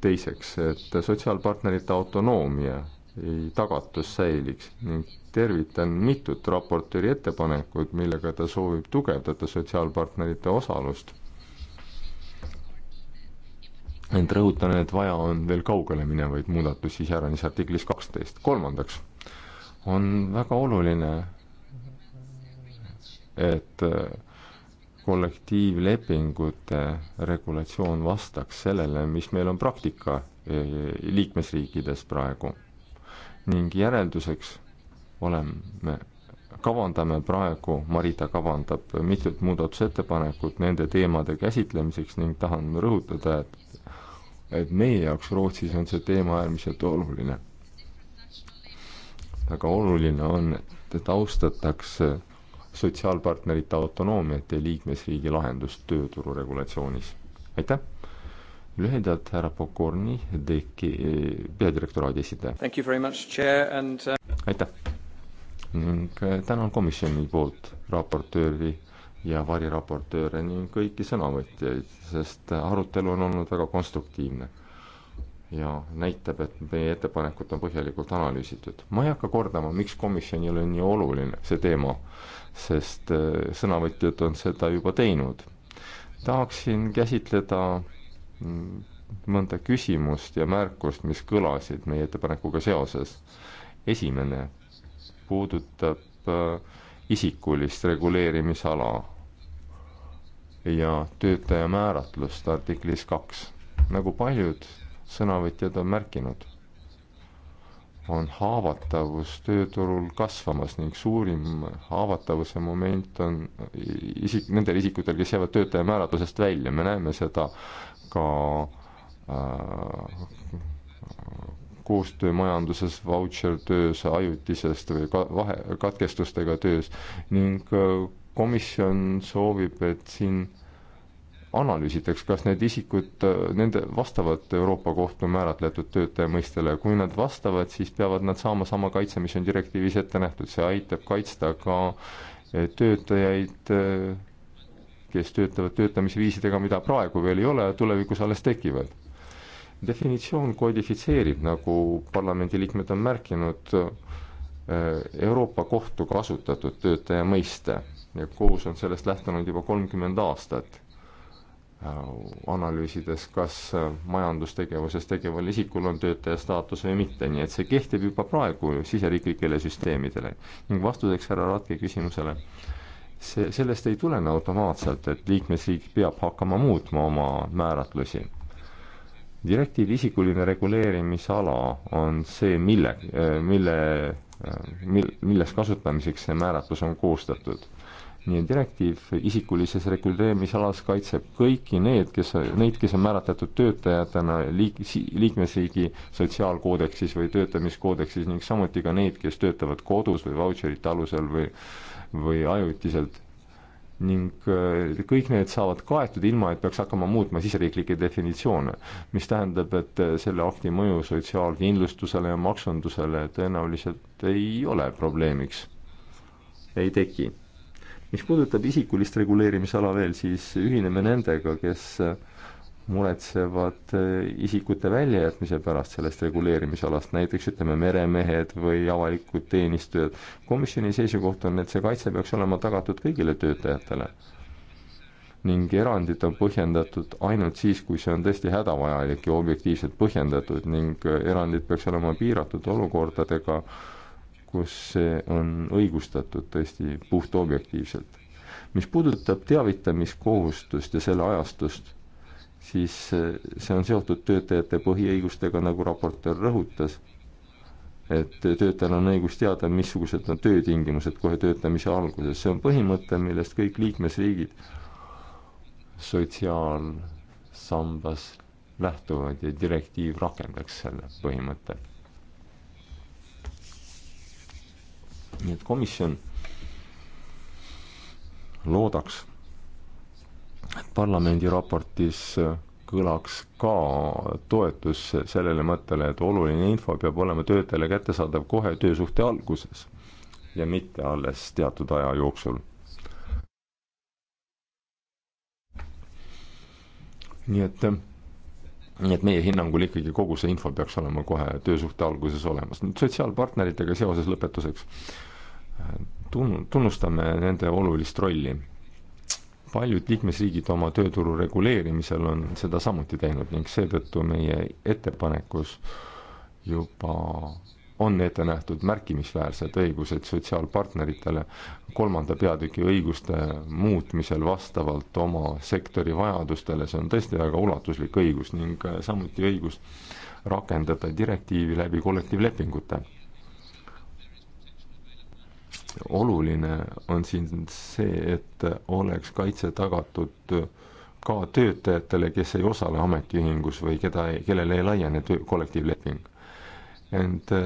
teiseks, et sotsiaalpartnerite autonoomia tagatus säiliks ning tervitan mitut raportööri ettepanekut, millega ta soovib tugevdada sotsiaalpartnerite osalust. ent rõhutan, et vaja on veel kaugele minevaid muudatusi iseäranis artiklis kaksteist. kolmandaks on väga oluline et äh, kollektiivlepingute regulatsioon vastaks sellele, mis meil on praktika äh, liikmesriikides praegu. ning järelduseks oleme, kavandame praegu, Marita kavandab mitut muudatusettepanekut nende teemade käsitlemiseks ning tahan rõhutada, et et meie jaoks Rootsis on see teema äärmiselt oluline. väga oluline on, et, et austatakse sotsiaalpartnerite autonoomiat ja liikmesriigi lahendust tööturu regulatsioonis. aitäh! lühidalt härra Pokorni, teki-, peadirektoraadi esindaja. And... Uh, aitäh! ning äh, tänan komisjoni poolt raportööri ja variraportööre ning kõiki sõnavõtjaid, sest arutelu on olnud väga konstruktiivne. ja näitab, et meie ettepanekut on põhjalikult analüüsitud. ma ei hakka kordama, miks komisjonile on nii oluline see teema sest äh, sõnavõtjad on seda juba teinud. tahaksin käsitleda mm, mõnda küsimust ja märkust, mis kõlasid meie ettepanekuga seoses. esimene puudutab äh, isikulist reguleerimisala ja töötaja määratlust artiklis kaks. nagu paljud sõnavõtjad on märkinud, on haavatavus tööturul kasvamas ning suurim haavatavuse moment on isik, nendel isikutel, kes jäävad töötaja määratlusest välja, me näeme seda ka äh, koostöömajanduses, vautšertöös, ajutisest või ka vahe, katkestustega töös ning äh, komisjon soovib, et siin analüüsitaks, kas need isikud, äh, nende vastavad Euroopa Kohtu määratletud töötaja mõistele, kui nad vastavad, siis peavad nad saama sama kaitse, mis on direktiivis ette nähtud, see aitab kaitsta ka äh, töötajaid, äh, kes töötavad töötamisviisidega, mida praegu veel ei ole, tulevikus alles tekivad. definitsioon kodifitseerib, nagu parlamendiliikmed on märkinud, Euroopa Kohtu kasutatud töötaja mõiste ja kohus on sellest lähtunud juba kolmkümmend aastat Äh, analüüsides, kas äh, majandustegevuses tegeval isikul on töötaja staatus või mitte, nii et see kehtib juba praegu siseriiklikele süsteemidele. ning vastuseks härra Ratke küsimusele, see, sellest ei tulene automaatselt, et liikmesriik peab hakkama muutma oma määratlusi. direktiivi isikuline reguleerimisala on see, mille, äh, mille, mil-, milles kasutamiseks see määratlus on koostatud nii direktiiv isikulises reguleerimisalas kaitseb kõiki need, kes, neid, kes on määratletud töötajatena liik-, liikmesriigi sotsiaalkoodeksis või töötamiskoodeksis ning samuti ka neid, kes töötavad kodus või vautšerite alusel või, või ajutiselt. ning äh, kõik need saavad kaetud, ilma et peaks hakkama muutma siseriiklikke definitsioone, mis tähendab, et äh, selle akti mõju sotsiaalkindlustusele ja maksundusele tõenäoliselt ei ole probleemiks, ei teki mis puudutab isikulist reguleerimisala veel, siis ühineme nendega, kes äh, muretsevad äh, isikute väljajätmise pärast sellest reguleerimisalast, näiteks ütleme, meremehed või avalikud teenistujad. komisjoni seisukoht on, et see kaitse peaks olema tagatud kõigile töötajatele. ning erandid on põhjendatud ainult siis, kui see on tõesti hädavajalik ja objektiivselt põhjendatud ning äh, erandid peaks olema piiratud olukordadega, kus see on õigustatud tõesti puhtobjektiivselt. mis puudutab teavitamiskohustust ja selle ajastust, siis eh, see on seotud töötajate põhiõigustega, nagu raportöör rõhutas, et töötajal on õigus teada, missugused on töötingimused kohe töötamise alguses, see on põhimõte, millest kõik liikmesriigid sotsiaalsambas lähtuvad ja direktiiv rakendaks selle põhimõtte nii et komisjon loodaks, et parlamendi raportis kõlaks ka toetus sellele mõttele, et oluline info peab olema töötajale kättesaadav kohe töösuhte alguses ja mitte alles teatud aja jooksul. nii et, nii et meie hinnangul ikkagi kogu see info peaks olema kohe töösuhte alguses olemas. nüüd sotsiaalpartneritega seoses lõpetuseks tun-, tunnustame nende olulist rolli. paljud liikmesriigid oma tööturu reguleerimisel on seda samuti teinud ning seetõttu meie ettepanekus juba on ette nähtud märkimisväärsed õigused sotsiaalpartneritele kolmanda peatüki õiguste muutmisel vastavalt oma sektori vajadustele, see on tõesti väga ulatuslik õigus ning samuti õigus rakendada direktiivi läbi kollektiivlepingute oluline on siin see, et oleks kaitse tagatud ka töötajatele, kes ei osale ametiühingus või keda, kellele ei laiene töö, kollektiivleping. ent äh,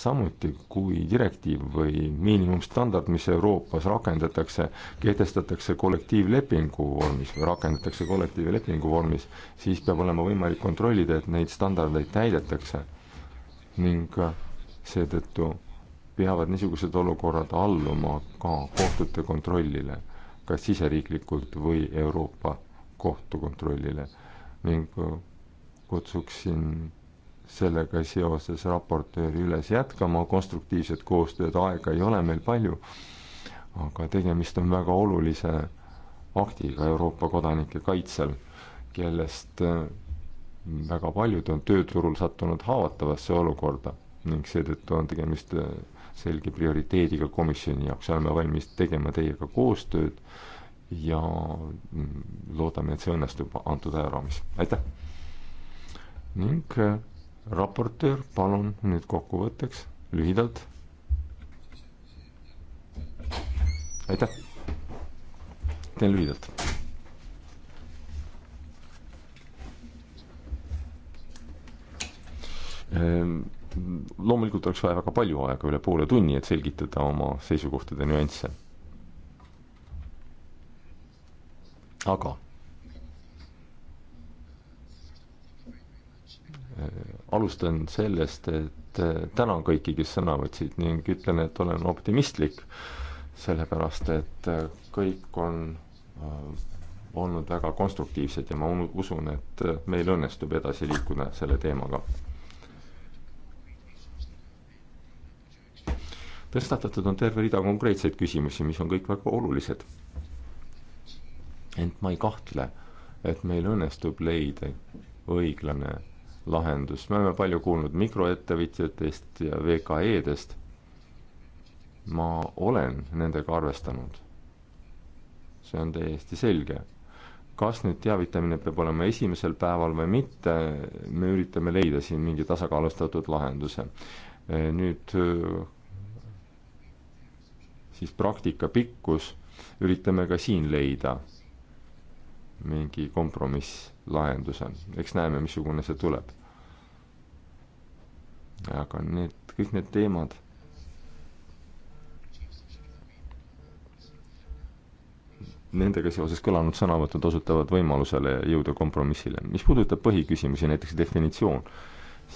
samuti, kui direktiiv või miinimumstandard, mis Euroopas rakendatakse, kehtestatakse kollektiivlepingu vormis või rakendatakse kollektiivlepingu vormis, siis peab olema võimalik kontrollida, et neid standardeid täidetakse ning äh, seetõttu peavad niisugused olukorrad alluma ka kohtute kontrollile, kas siseriiklikult või Euroopa kohtu kontrollile ning äh, kutsuksin sellega seoses raportööri üles jätkama konstruktiivset koostööd, aega ei ole meil palju, aga tegemist on väga olulise aktiga Euroopa kodanike kaitsel, kellest äh, väga paljud on tööturul sattunud haavatavasse olukorda ning seetõttu on tegemist äh, selge prioriteediga komisjoni jaoks, oleme valmis tegema teiega koostööd ja mm, loodame, et see õnnestub antud ajaraamis, aitäh! ning äh, raportöör, palun nüüd kokkuvõtteks lühidalt. aitäh, teen lühidalt. Um... Ähm et loomulikult oleks vaja väga palju aega, üle poole tunni, et selgitada oma seisukohtade nüansse. aga äh, alustan sellest, et äh, tänan kõiki, kes sõna võtsid ning ütlen, et olen optimistlik, sellepärast et äh, kõik on olnud väga konstruktiivsed ja ma usun, et meil õnnestub edasi liikuda selle teemaga. tõstatatud on terve rida konkreetseid küsimusi, mis on kõik väga olulised. ent ma ei kahtle, et meil õnnestub leida õiglane lahendus, me oleme palju kuulnud mikroettevõtjatest ja VKE-dest. ma olen nendega arvestanud. see on täiesti selge kas nüüd teavitamine peab olema esimesel päeval või mitte, me üritame leida siin mingi tasakaalustatud lahenduse. nüüd siis praktika pikkus, üritame ka siin leida mingi kompromisslahenduse, eks näeme, missugune see tuleb. aga need, kõik need teemad nendega seoses kõlanud sõnavõtud osutavad võimalusele jõuda kompromissile. mis puudutab põhiküsimusi, näiteks definitsioon,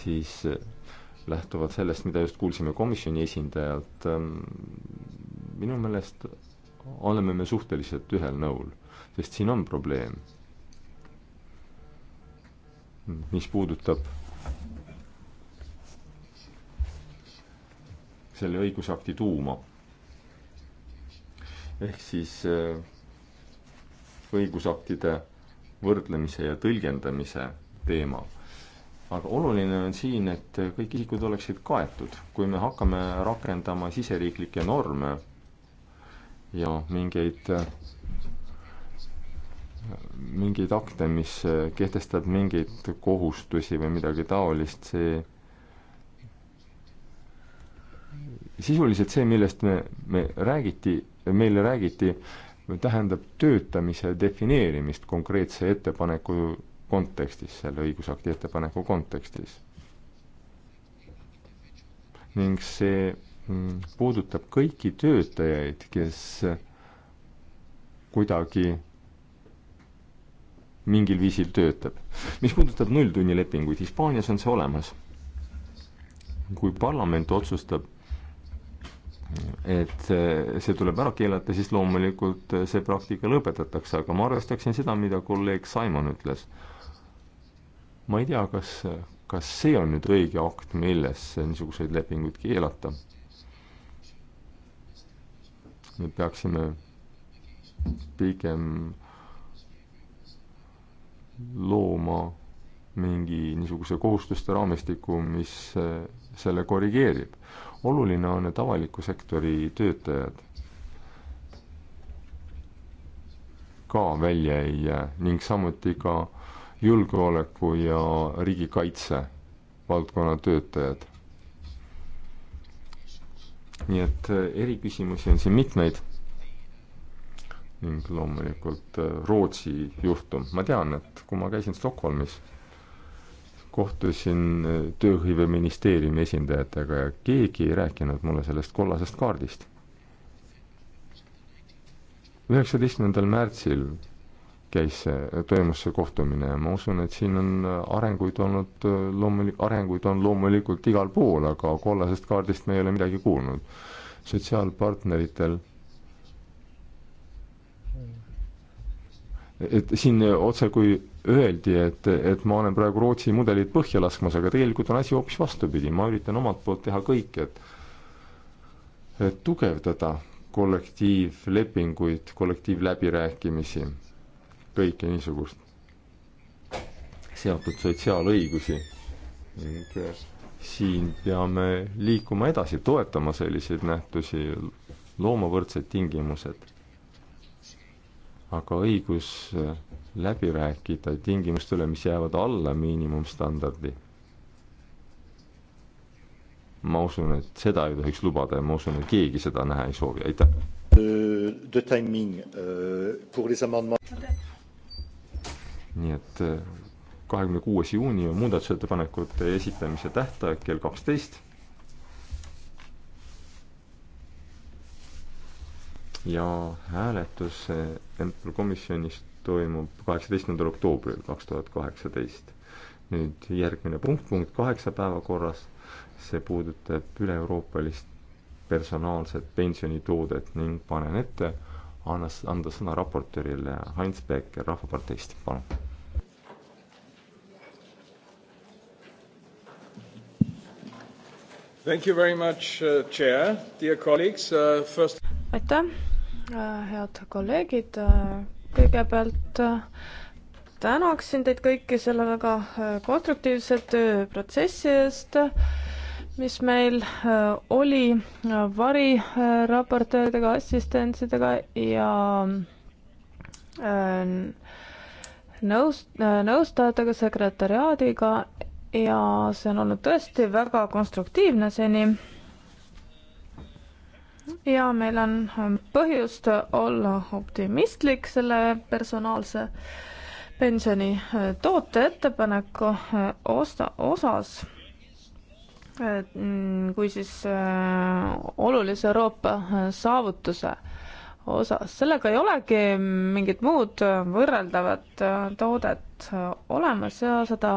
siis lähtuvalt sellest, mida just kuulsime komisjoni esindajalt, ähm, minu meelest oleme me suhteliselt ühel nõul, sest siin on probleem, mis puudutab selle õigusakti tuuma. ehk siis äh, õigusaktide võrdlemise ja tõlgendamise teema aga oluline on siin, et kõik isikud oleksid kaetud. kui me hakkame rakendama siseriiklikke norme ja mingeid, mingeid akte, mis kehtestab mingeid kohustusi või midagi taolist, see sisuliselt see, millest me, me räägiti, meile räägiti, tähendab töötamise defineerimist konkreetse ettepaneku kontekstis, selle õigusakti ettepaneku kontekstis. ning see mm, puudutab kõiki töötajaid, kes kuidagi mingil viisil töötab. mis puudutab nulltunnilepinguid, Hispaanias on see olemas. kui parlament otsustab, et see tuleb ära keelata, siis loomulikult see praktika lõpetatakse, aga ma arvestaksin seda, mida kolleeg Simon ütles ma ei tea, kas, kas see on nüüd õige akt, milles niisuguseid lepinguid keelata. me peaksime pigem looma mingi niisuguse kohustuste raamistiku, mis selle korrigeerib. oluline on, et avaliku sektori töötajad ka välja ei jää ning samuti ka äh, julgeoleku ja riigikaitse valdkonna töötajad. nii et äh, eriküsimusi on siin mitmeid ning loomulikult äh, Rootsi juhtum, ma tean, et kui ma käisin Stockholmis, kohtusin äh, tööhõiveministeeriumi esindajatega ja keegi ei rääkinud mulle sellest kollasest kaardist. üheksateistkümnendal märtsil käis see, toimus see kohtumine ja ma usun, et siin on äh, arenguid olnud äh, loomulik, arenguid on loomulikult igal pool, aga kollasest kaardist me ei ole midagi kuulnud. sotsiaalpartneritel et siin otsekui öeldi, et, et ma olen praegu Rootsi mudelit põhja laskmas, aga tegelikult on asi hoopis vastupidi, ma üritan omalt poolt teha kõik, et et tugevdada kollektiivlepinguid, kollektiivläbirääkimisi kõike niisugust seatud sotsiaalõigusi ning äh, siin peame liikuma edasi, toetama selliseid nähtusi, looma võrdsed tingimused. aga õigus äh, läbi rääkida tingimuste üle, mis jäävad alla miinimumstandardi. ma usun, et seda ei tohiks lubada ja ma usun, et keegi seda näha ei soovi, aitäh. De timing euh, pour les amendements nii et eh, kahekümne kuues juuni on muudatusettepanekute esitamise tähtaeg kell kaksteist. ja hääletus MPL eh, komisjonis toimub kaheksateistkümnendal oktoobril kaks tuhat kaheksateist. nüüd järgmine punkt, punkt kaheksa päevakorras, see puudutab üle-euroopalist personaalset pensionitoodet ning panen ette anna, anda sõna raportöörile Heinz Becker Rahvaparteist, palun. Thank you very much uh,, chair, dear colleagues uh,, first. aitäh uh,, head kolleegid uh,, kõigepealt uh, tänaksin teid kõiki selle väga uh, konstruktiivse tööprotsessi eest uh, mis meil äh, oli äh, variraportööridega, assistentsidega ja äh, nõus, nõustajatega, sekretäriaadiga ja see on olnud tõesti väga konstruktiivne seni. ja meil on põhjust olla optimistlik selle personaalse pensioni toote ettepaneku osta, osas Mm, kui siis äh, olulise Euroopa äh, saavutuse osas. sellega ei olegi mingit muud äh, võrreldavat toodet olemas ja seda,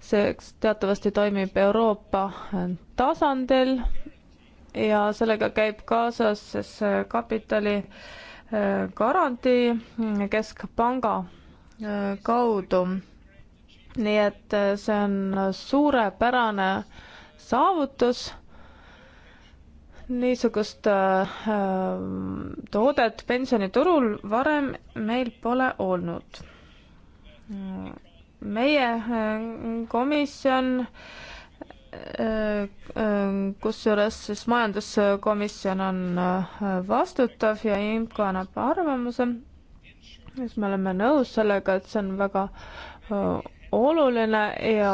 see teatavasti toimib Euroopa tasandil ja sellega käib kaasas siis kapitali garantii keskpanga kaudu. nii et see on suurepärane äh, saavutus. niisugust äh, äh, toodet pensioniturul varem meil pole olnud. meie äh, komisjon äh, kusjuures siis majanduskomisjon on vastutav ja IMCO annab arvamuse, siis me oleme nõus sellega, et see on väga oluline ja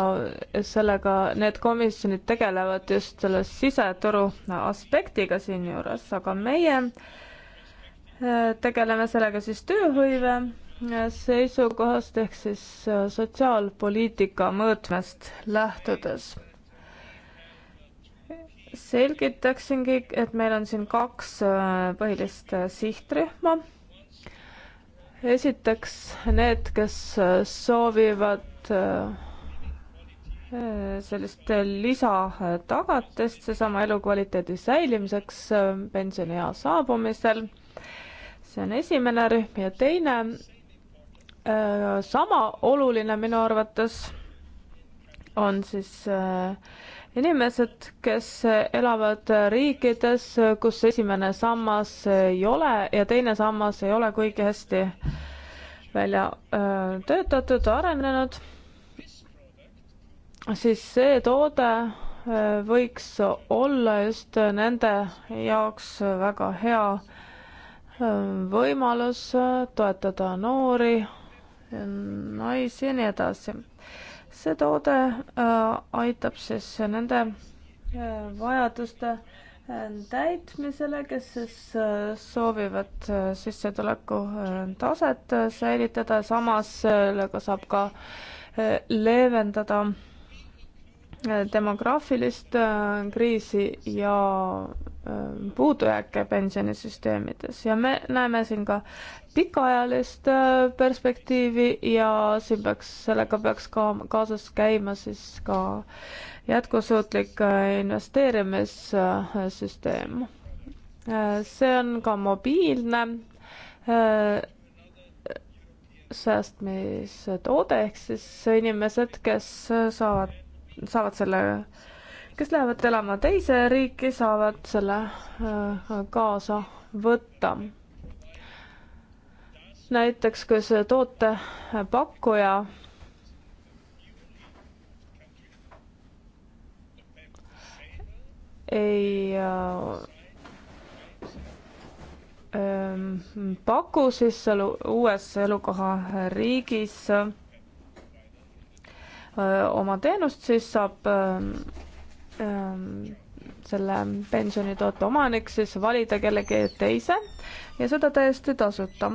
sellega need komisjonid tegelevad just selle siseturu aspektiga siinjuures, aga meie äh, tegeleme sellega siis tööhõive äh, seisukohast ehk siis äh, sotsiaalpoliitika mõõtmest lähtudes. selgitaksingi, et meil on siin kaks põhilist sihtrühma esiteks need, kes soovivad Äh, äh, sellist lisatagatist seesama elukvaliteedi säilimiseks äh, pensioniea saabumisel. see on esimene rühm ja teine, sama oluline minu arvates, on siis inimesed, kes elavad riikides, kus esimene sammas ei ole ja teine sammas ei ole kuigi hästi välja töötatud, arenenud siis see toode äh, võiks olla just nende jaoks väga hea äh, võimalus äh, toetada noori, naisi ja nii edasi. see toode aitab siis nende vajaduste täitmisele, kes siis soovivad sissetuleku taset säilitada, samas sellega saab ka leevendada demograafilist äh, kriisi ja äh, puudujääke pensionisüsteemides ja me näeme siin ka pikaajalist äh, perspektiivi ja siin peaks, sellega peaks ka kaasas käima siis ka jätkusuutlik investeerimissüsteem. see on ka mobiilne säästmistoode ehk siis inimesed, kes saavad saavad selle, kes lähevad elama teise riiki, saavad selle äh, kaasa võtta. näiteks, kui see tootepakkuja ei äh, ähm, paku siis seal uues elukoha riigis oma teenust, siis saab selle pensionitoote omanik siis valida kellegi teise ja seda täiesti tasuta.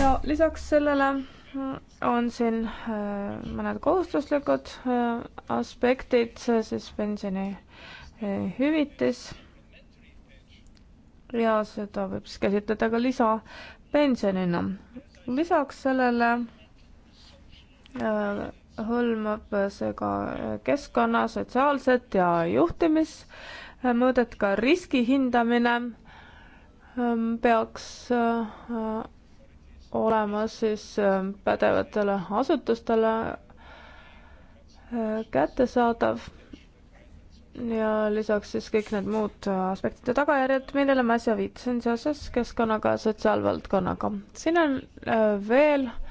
ja lisaks sellele on siin mõned kohustuslikud aspektid, siis pensioni hüvitis ja seda võib siis käsitleda ka lisapensionina. lisaks sellele hõlmab seega keskkonna, sotsiaalset ja juhtimismõõdet, ka riski hindamine ähm, peaks äh, olema siis ähm, pädevatele asutustele äh, kättesaadav ja lisaks siis kõik need muud aspektid ja tagajärjed, millele ma äsja viitasin seoses keskkonnaga ja sotsiaalvaldkonnaga. siin on äh, veel äh,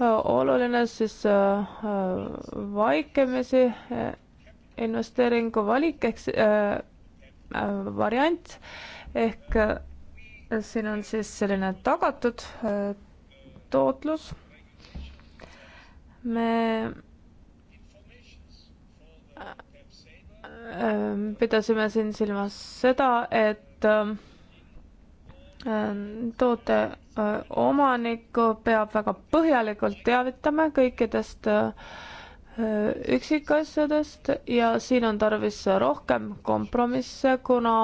oluline siis äh, äh, vaikimisi äh, investeeringu valik ehk variant ehk siin on siis selline tagatud tootlus. me pidasime siin silmas seda, et toote omanikku peab väga põhjalikult teavitama kõikidest üksikasjadest ja siin on tarvis rohkem kompromisse, kuna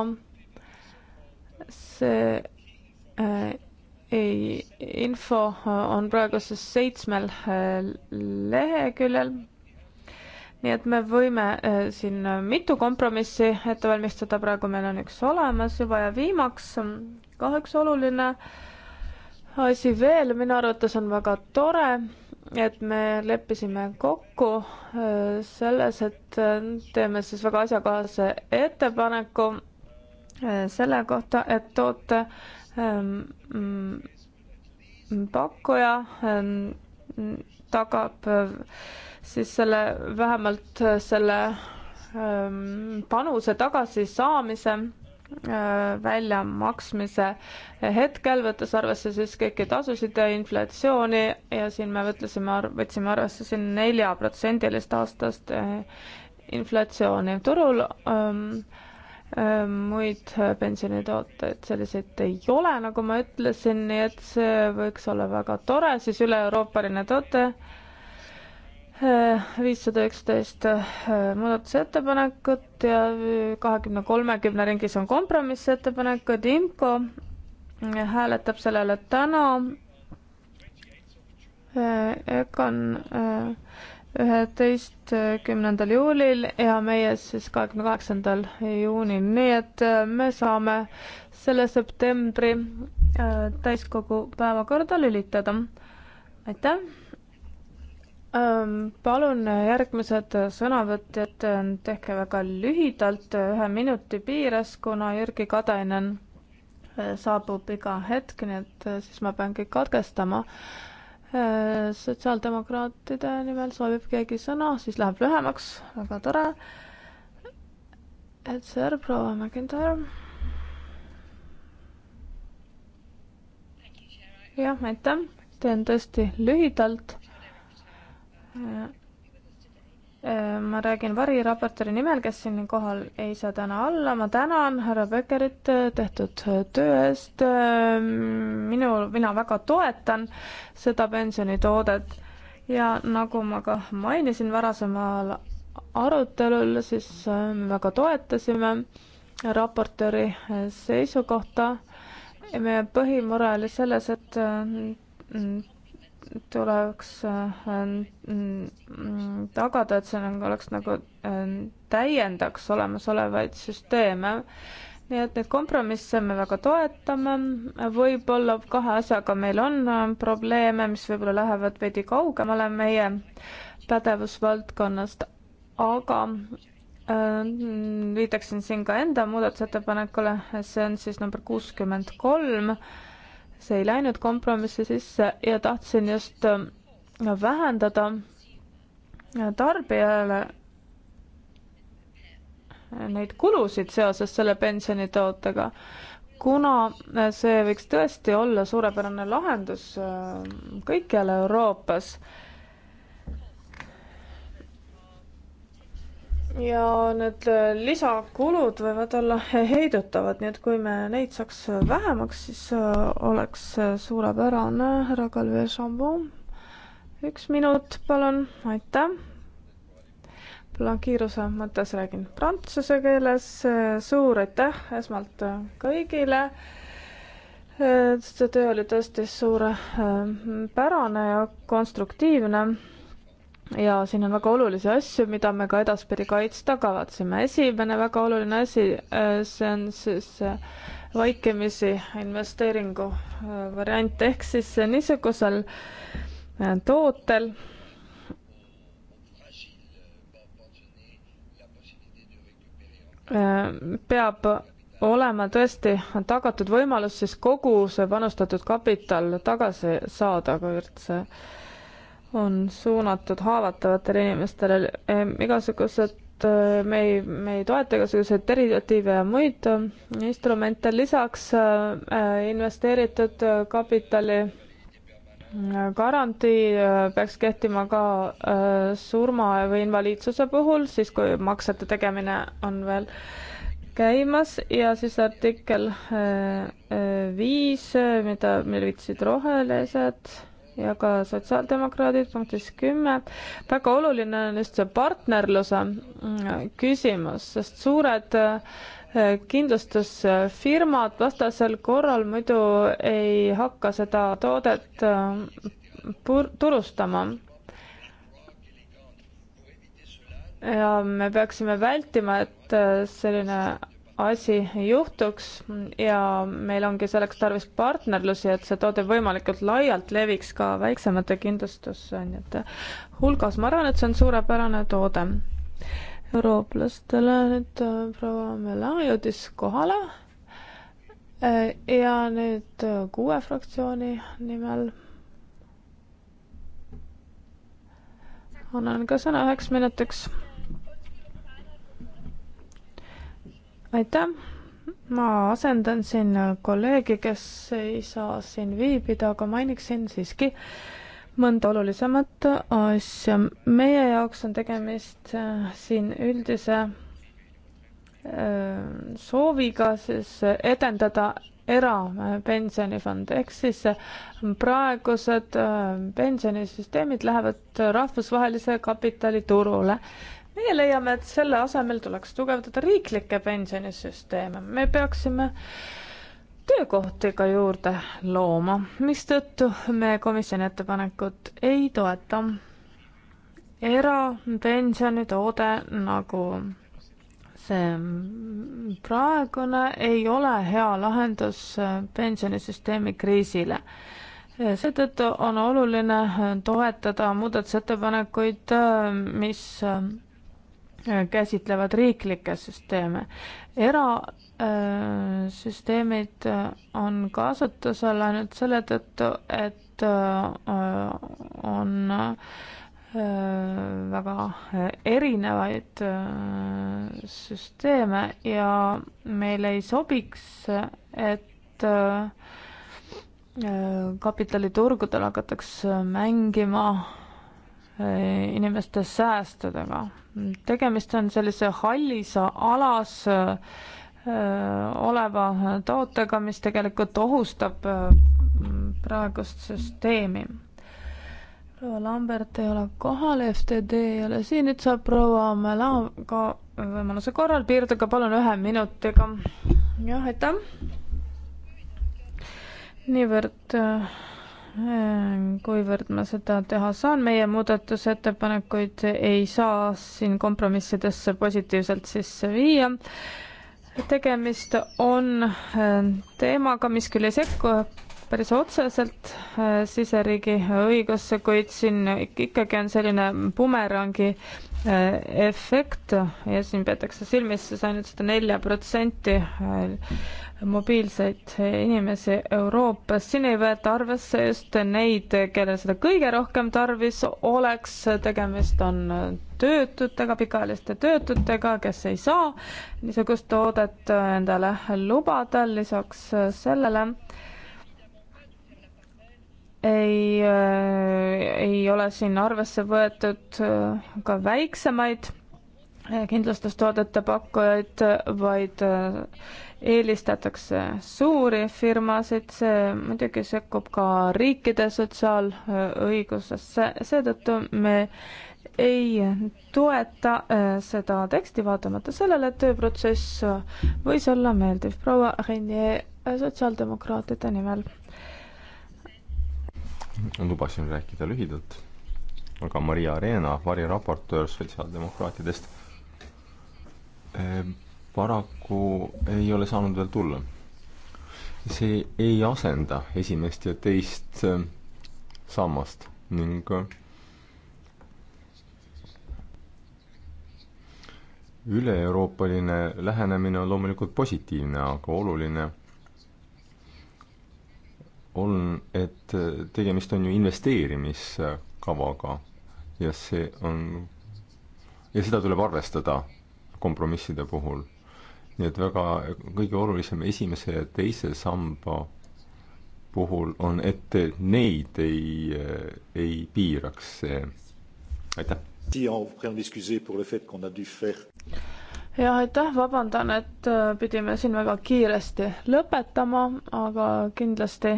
see ei, info on praeguses seitsmel leheküljel. nii et me võime siin mitu kompromissi ette valmistada, praegu meil on üks olemas juba ja viimaks kaheks oluline äh, asi veel, minu arvates on väga tore, et me leppisime kokku äh, selles, et äh, teeme siis väga asjakohase ettepaneku äh, selle kohta, et toote ähm, mm, pakkuja ähm, tagab siis selle, vähemalt selle ähm, panuse tagasisaamise Äh, väljamaksmise hetkel, võttes arvesse siis kõiki tasusid ja inflatsiooni ja siin me võtlesime, võtsime arvesse siin neljaprotsendilist aastast äh, inflatsiooni. turul ähm, äh, muid pensionitooteid selliseid ei ole, nagu ma ütlesin, nii et see võiks olla väga tore, siis üle-euroopaline toote äh, viissada üksteist äh, muudatusettepanekut ja kahekümne, kolmekümne ringis on kompromissettepanekud, IMCO äh, hääletab sellele täna. Äh, EKAN üheteistkümnendal juulil ja meie siis kahekümne kaheksandal juunil, nii et me saame selle septembri täiskogu päevakorda lülitada. aitäh! Ähm, palun äh, järgmised äh, sõnavõtjad, äh, tehke väga lühidalt, ühe minuti piires, kuna Jürgi Katainen saabub iga hetk, nii et siis ma pean kõik katkestama. sotsiaaldemokraatide nimel soovib keegi sõna, siis läheb lühemaks, väga tore. et sõer, proua McIntyre. jah, aitäh, teen tõesti lühidalt Äh, äh, ma räägin variraportööri nimel, kes siin kohal ei saa täna olla, ma tänan härra Beckerit äh, tehtud töö eest, minu, mina väga toetan seda pensionitoodet ja nagu ma ka mainisin varasemal arutelul, siis väga toetasime raportööri seisukohta. meie põhimure oli selles, et tuleks äh, äh, tagada, et see oleks nagu äh, täiendaks olemasolevaid süsteeme nii et neid kompromisse me väga toetame, võib-olla kahe asjaga meil on probleeme, mis võib-olla lähevad veidi kaugemale meie pädevusvaldkonnast, aga äh, viitaksin siin ka enda muudatusettepanekule, see on siis number kuuskümmend kolm, see ei läinud kompromissi sisse ja tahtsin just ähm, vähendada tarbijale neid kulusid seoses selle pensionitootega, kuna see võiks tõesti olla suurepärane lahendus ähm, kõikjal Euroopas ja need äh, lisakulud võivad olla heidutavad, nii et kui me neid saaks äh, vähemaks, siis äh, oleks suurepärane. härra Kalvi Šambon, üks minut, palun, aitäh. kiiruse mõttes räägin prantsuse keeles. suur aitäh esmalt kõigile see töö oli tõesti suurepärane ja konstruktiivne ja siin on väga olulisi asju, mida me ka edaspidi kaitsta kavatseme. esimene väga oluline asi, äh, see on siis äh, vaikimisi investeeringu äh, variant ehk siis niisugusel tootel, peab olema tõesti tagatud võimalus siis kogu see panustatud kapital tagasi saada, kuivõrd see on suunatud haavatavatele inimestele. Ehm, igasugused, ehm, me ei, me ei toeta igasuguseid derivatiive ja muid ehm, instrumente, lisaks investeeritud kapitali garantii peaks kehtima ka surma või invaliidsuse puhul, siis kui maksete tegemine on veel käimas ja siis artikkel viis, mida, mille viitasid rohelised ja ka sotsiaaldemokraadid punktis kümme. väga oluline on just see partnerluse mm, küsimus, sest suured äh, kindlustusfirmad vastasel korral muidu ei hakka seda toodet äh, pur-, turustama. ja me peaksime vältima, et äh, selline asi juhtuks ja meil ongi selleks tarvis partnerlusi, et see toode võimalikult laialt leviks ka väiksemate kindlustusandjate hulgas. ma arvan, et see on suurepärane toode. eurooplastele nüüd äh, proua Mela jõudis kohale äh, ja nüüd äh, kuue fraktsiooni nimel annan ka sõna üheks minutiks aitäh, ma asendan siin kolleegi, kes ei saa siin viibida, aga mainiksin siiski mõnda olulisemat asja. meie jaoks on tegemist äh, siin üldise äh, sooviga siis edendada erapensionifond ehk siis äh, praegused pensionisüsteemid lähevad rahvusvahelise kapitali turule meie leiame, et selle asemel tuleks tugevdada riiklikke pensionisüsteeme, me peaksime töökohti ka juurde looma, mistõttu me komisjoni ettepanekut ei toeta. erapensionitoode nagu see praegune ei ole hea lahendus pensionisüsteemi kriisile seetõttu on oluline toetada muudatusettepanekuid, mis käsitlevad riiklikke süsteeme. erasüsteemid äh, äh, on kasutusel ainult selle tõttu, et äh, on väga erinevaid süsteeme ja meile ei sobiks, et kapitaliturgudel hakatakse mängima äh, Eh, inimeste säästudega. tegemist on sellise hallis alas eh, oleva tootega, mis tegelikult ohustab eh, praegust süsteemi. proua Lambert ei ole kohal, FTD ei ole siin, nüüd saab proua Mäla ka võimaluse korral piirduge palun ühe minutiga. jah, aitäh. niivõrd äh, Äh, kuivõrd ma seda teha saan, meie muudatusettepanekuid ei saa siin kompromissidesse positiivselt sisse viia. tegemist on äh, teemaga, mis küll ei sekku päris otseselt äh, siseriigi õigusse, kuid siin ikkagi on selline bumerangi Äh, efekt ja siin peetakse silmis siis ainult seda nelja protsenti äh, mobiilseid äh, inimesi Euroopas. siin ei võeta arvesse just neid, kellel seda kõige rohkem tarvis oleks, tegemist on töötutega, pikaajaliste töötutega, kes ei saa niisugust toodet endale lubada, lisaks sellele äh, ei, äh, ei ole siin arvesse võetud äh, ka väiksemaid äh, kindlustustoodete pakkujaid, vaid eelistatakse suuri firmasid, see muidugi sekkub ka riikide sotsiaalõigusesse, seetõttu me ei toeta seda teksti, vaatamata sellele, et tööprotsess võis olla meeldiv. proua Renier sotsiaaldemokraatide nimel lubasin rääkida lühidalt, aga Maria Arena, variraportöör sotsiaaldemokraatidest, eh, paraku ei ole saanud veel tulla. see ei asenda esimest ja teist eh, sammast ning eh, üle-euroopaline lähenemine on loomulikult positiivne, aga oluline on, et äh, tegemist on ju investeerimiskavaga ja see on, ja seda tuleb arvestada kompromisside puhul. nii et väga, kõige olulisem esimese ja teise samba puhul on, et neid ei, äh, ei piiraks see, aitäh jah, aitäh, vabandan, et äh, pidime siin väga kiiresti lõpetama, aga kindlasti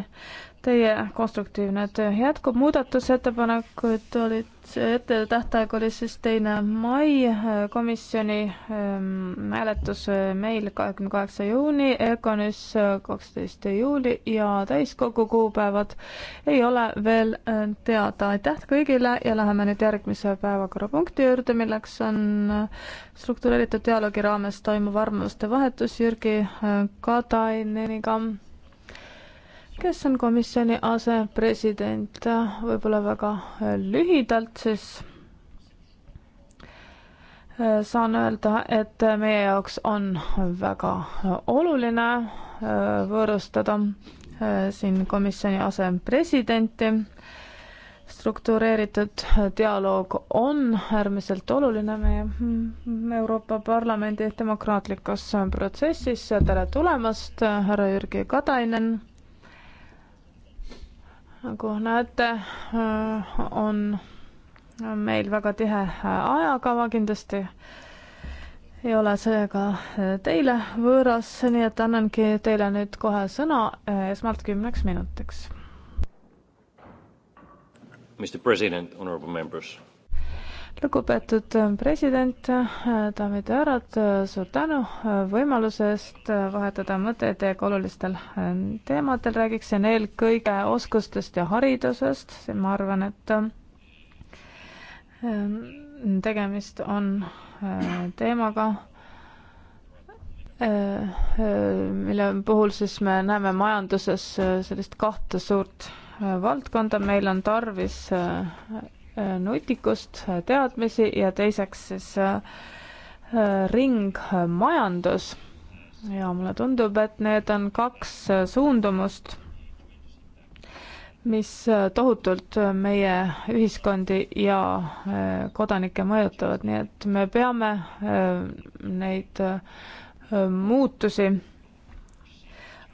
teie konstruktiivne töö jätkub, muudatusettepanekud olid, ette tähtaeg oli siis teine mai, komisjoni ähm, hääletus äh, meil kahekümne kaheksa juuni, EKONis äh, kaksteist juuli ja täiskogu kuupäevad ei ole veel äh, teada. aitäh kõigile ja läheme nüüd järgmise päevakorrapunkti juurde, milleks on struktureeritud dialoogi raames toimuv arvamuste vahetus Jürgi Kataineniga kes on komisjoni asepresident, võib-olla väga lühidalt siis saan öelda, et meie jaoks on väga oluline äh, võõrustada äh, siin komisjoni asepresidenti. struktureeritud dialoog on äärmiselt oluline meie mm, Euroopa Parlamendi demokraatlikus protsessis. tere tulemast, härra Jürgi Katainen nagu näete, äh, on meil väga tihe ajakava kindlasti. ei ole see ka äh, teile võõras, nii et annangi teile nüüd kohe sõna äh, esmalt kümneks minutiks. Mr President, honorable members lugupeetud äh, president, äh, daamid ja härrad, äh, suur tänu võimaluse eest vahetada mõtteid teiega olulistel teemadel, räägiksin eelkõige oskustest ja haridusest, ma arvan, et tegemist on teemaga, mille puhul siis me näeme majanduses sellist kahte suurt valdkonda, meil on tarvis nutikust, teadmisi ja teiseks siis äh, ringmajandus. ja mulle tundub, et need on kaks äh, suundumust, mis äh, tohutult meie ühiskondi ja kodanikke mõjutavad, nii et me peame neid muutusi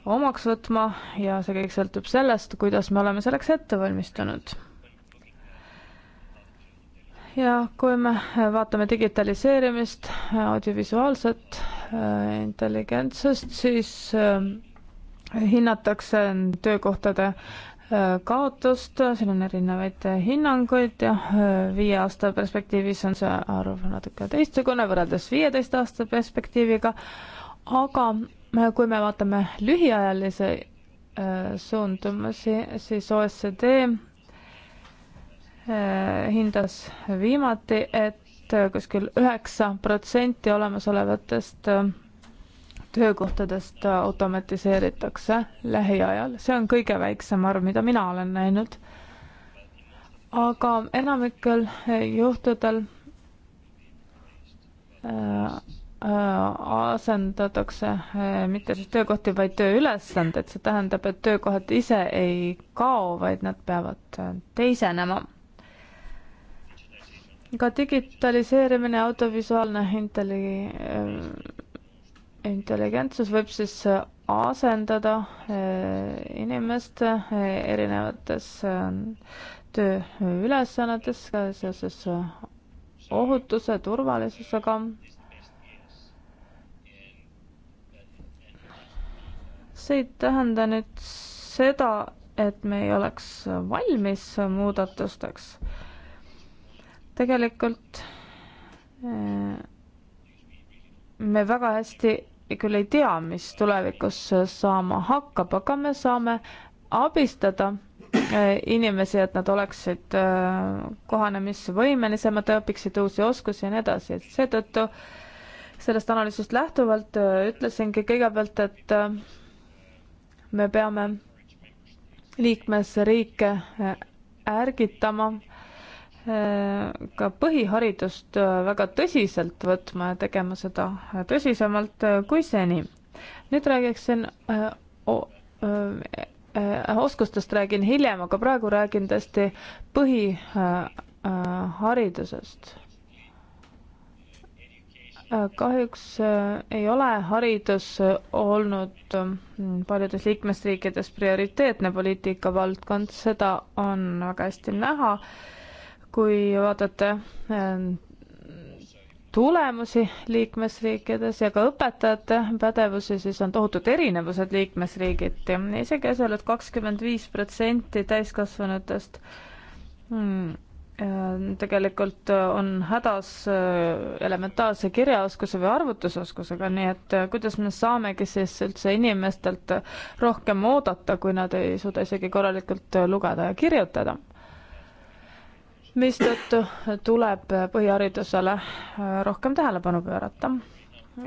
omaks võtma ja see kõik sõltub sellest, kuidas me oleme selleks ette valmistunud ja kui me vaatame digitaliseerimist, audiovisuaalset äh, intelligentsust, siis äh, hinnatakse töökohtade äh, kaotust, siin on erinevaid hinnanguid ja viie aasta perspektiivis on see arv natuke teistsugune võrreldes viieteist aasta perspektiiviga, aga kui me vaatame lühiajalisi suundumusi, siis OECD Äh, hindas viimati, et äh, kuskil üheksa protsenti olemasolevatest äh, töökohtadest automatiseeritakse lähiajal, see on kõige väiksem arv, mida mina olen näinud. aga enamikel juhtudel asendatakse mitte siis töökohti, vaid tööülesanded, see tähendab, et töökohad ise ei kao, vaid nad peavad teisenema ka digitaliseerimine, autovisuaalne intelli-, äh, intelligentsus võib siis asendada äh, inimeste äh, erinevates tööülesannetes seoses ohutuse, turvalisusega. see ei tähenda nüüd seda, et me ei oleks valmis muudatusteks tegelikult äh, me väga hästi küll ei tea, mis tulevikus saama hakkab, aga me saame abistada äh, inimesi, et nad oleksid äh, kohanemisvõimelisemad, õpiksid uusi oskusi ja nii edasi, et seetõttu sellest analüüsist lähtuvalt ütlesingi kõigepealt, et me peame liikmesriike ärgitama ka põhiharidust äh, väga tõsiselt võtma ja tegema seda äh, tõsisemalt äh, kui seni. nüüd räägiksin oskustest räägin hiljem, aga praegu räägin tõesti põhiharidusest. kahjuks ei ole haridus olnud paljudes liikmesriikides prioriteetne poliitikavaldkond, seda on väga hästi näha kui vaatate ähm, tulemusi liikmesriikides ja ka õpetajate pädevusi, siis on tohutud erinevused liikmesriigiti. isegi asjaolu, et kakskümmend viis protsenti täiskasvanutest mm, äh, tegelikult on hädas äh, elementaarse kirjaoskuse või arvutusoskusega, nii et äh, kuidas me saamegi siis üldse inimestelt rohkem oodata, kui nad ei suuda isegi korralikult lugeda ja kirjutada mistõttu tuleb põhiharidusele äh, rohkem tähelepanu pöörata.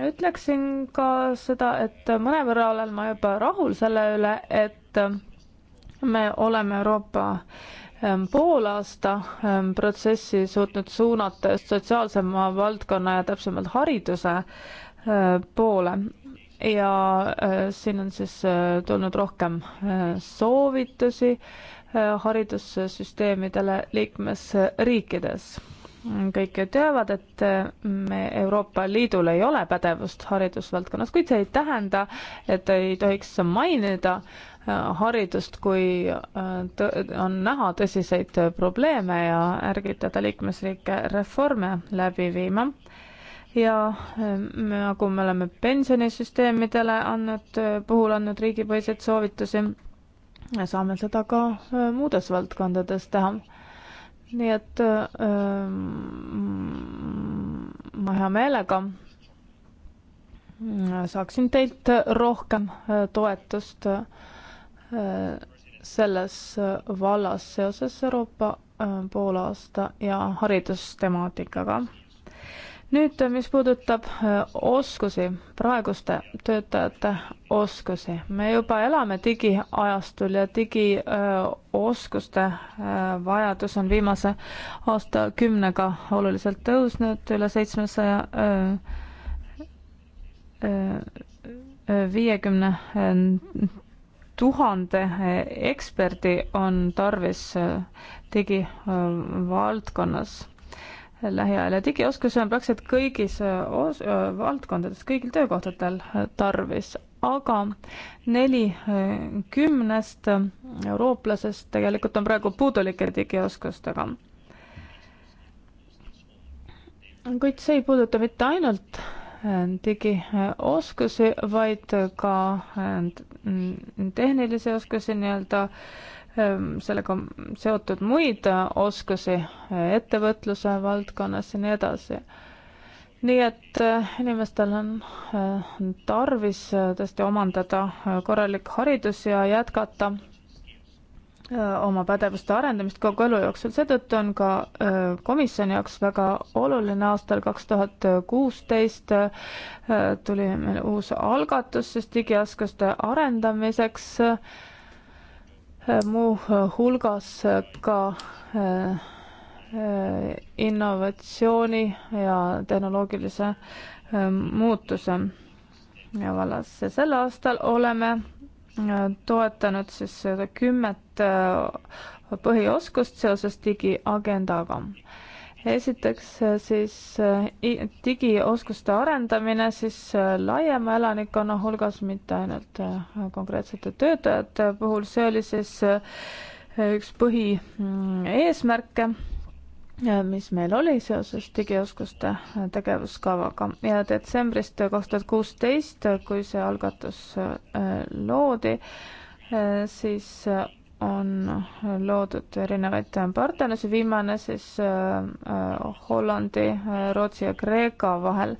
ütleksin ka seda, et mõnevõrra olen ma juba rahul selle üle, et äh, me oleme Euroopa ähm, poolaasta ähm, protsessi suutnud suunata just sotsiaalsema valdkonna ja täpsemalt hariduse äh, poole ja siin on siis tulnud rohkem soovitusi Äh, haridussüsteemidele liikmesriikides. kõik ju teavad, et äh, me Euroopa Liidul ei ole pädevust haridusvaldkonnas, kuid see ei tähenda, et ei tohiks mainida äh, haridust, kui on näha tõsiseid probleeme ja ärgitada liikmesriike reforme läbi viima ja nagu me oleme pensionisüsteemidele andnud, puhul andnud riigipõhiseid soovitusi, ja saame seda ka äh, muudes valdkondades teha. nii et äh, mm, ma hea meelega mm, saaksin teilt rohkem äh, toetust äh, selles vallas seoses Euroopa poolaasta ja haridustemaatikaga nüüd, mis puudutab äh, oskusi, praeguste töötajate oskusi, me juba elame digiajastul ja digioskuste äh, äh, vajadus on viimase aastakümnega oluliselt tõusnud üle seitsmesaja viiekümne tuhande eksperdi on tarvis digivaldkonnas lähiajal ja digioskusi on praktiliselt kõigis äh, os-, äh, valdkondades, kõigil töökohtadel äh, tarvis, aga neli kümnest eurooplasest tegelikult on praegu puudulike digioskustega. kuid see ei puuduta mitte ainult digioskusi, vaid ka tehnilisi oskusi nii-öelda äh, Ehm, sellega seotud muid äh, oskusi äh, ettevõtluse valdkonnas ja nii edasi. nii et äh, inimestel on tarvis tõesti omandada korralik haridus ja jätkata oma pädevuste arendamist kogu elu jooksul, seetõttu on ka komisjoni jaoks väga oluline aastal kaks tuhat kuusteist tuli meil uus algatus siis digioskuste arendamiseks Äh, muuhulgas äh, äh, ka innovatsiooni ja tehnoloogilise muutuse vallas ja sel aastal oleme toetanud siis kümmet põhioskust seoses digiagendaga esiteks äh, siis äh, digioskuste arendamine siis äh, laiema elanikkonna hulgas, mitte ainult konkreetsete töötajate puhul, see oli siis üks põhieesmärke, mm, mis meil oli seoses digioskuste tegevuskavaga ja detsembrist kaks tuhat kuusteist, kui see algatus loodi, siis on loodud erinevaid partnerlusi, viimane siis äh, äh, Hollandi, äh, Rootsi ja Kreeka vahel.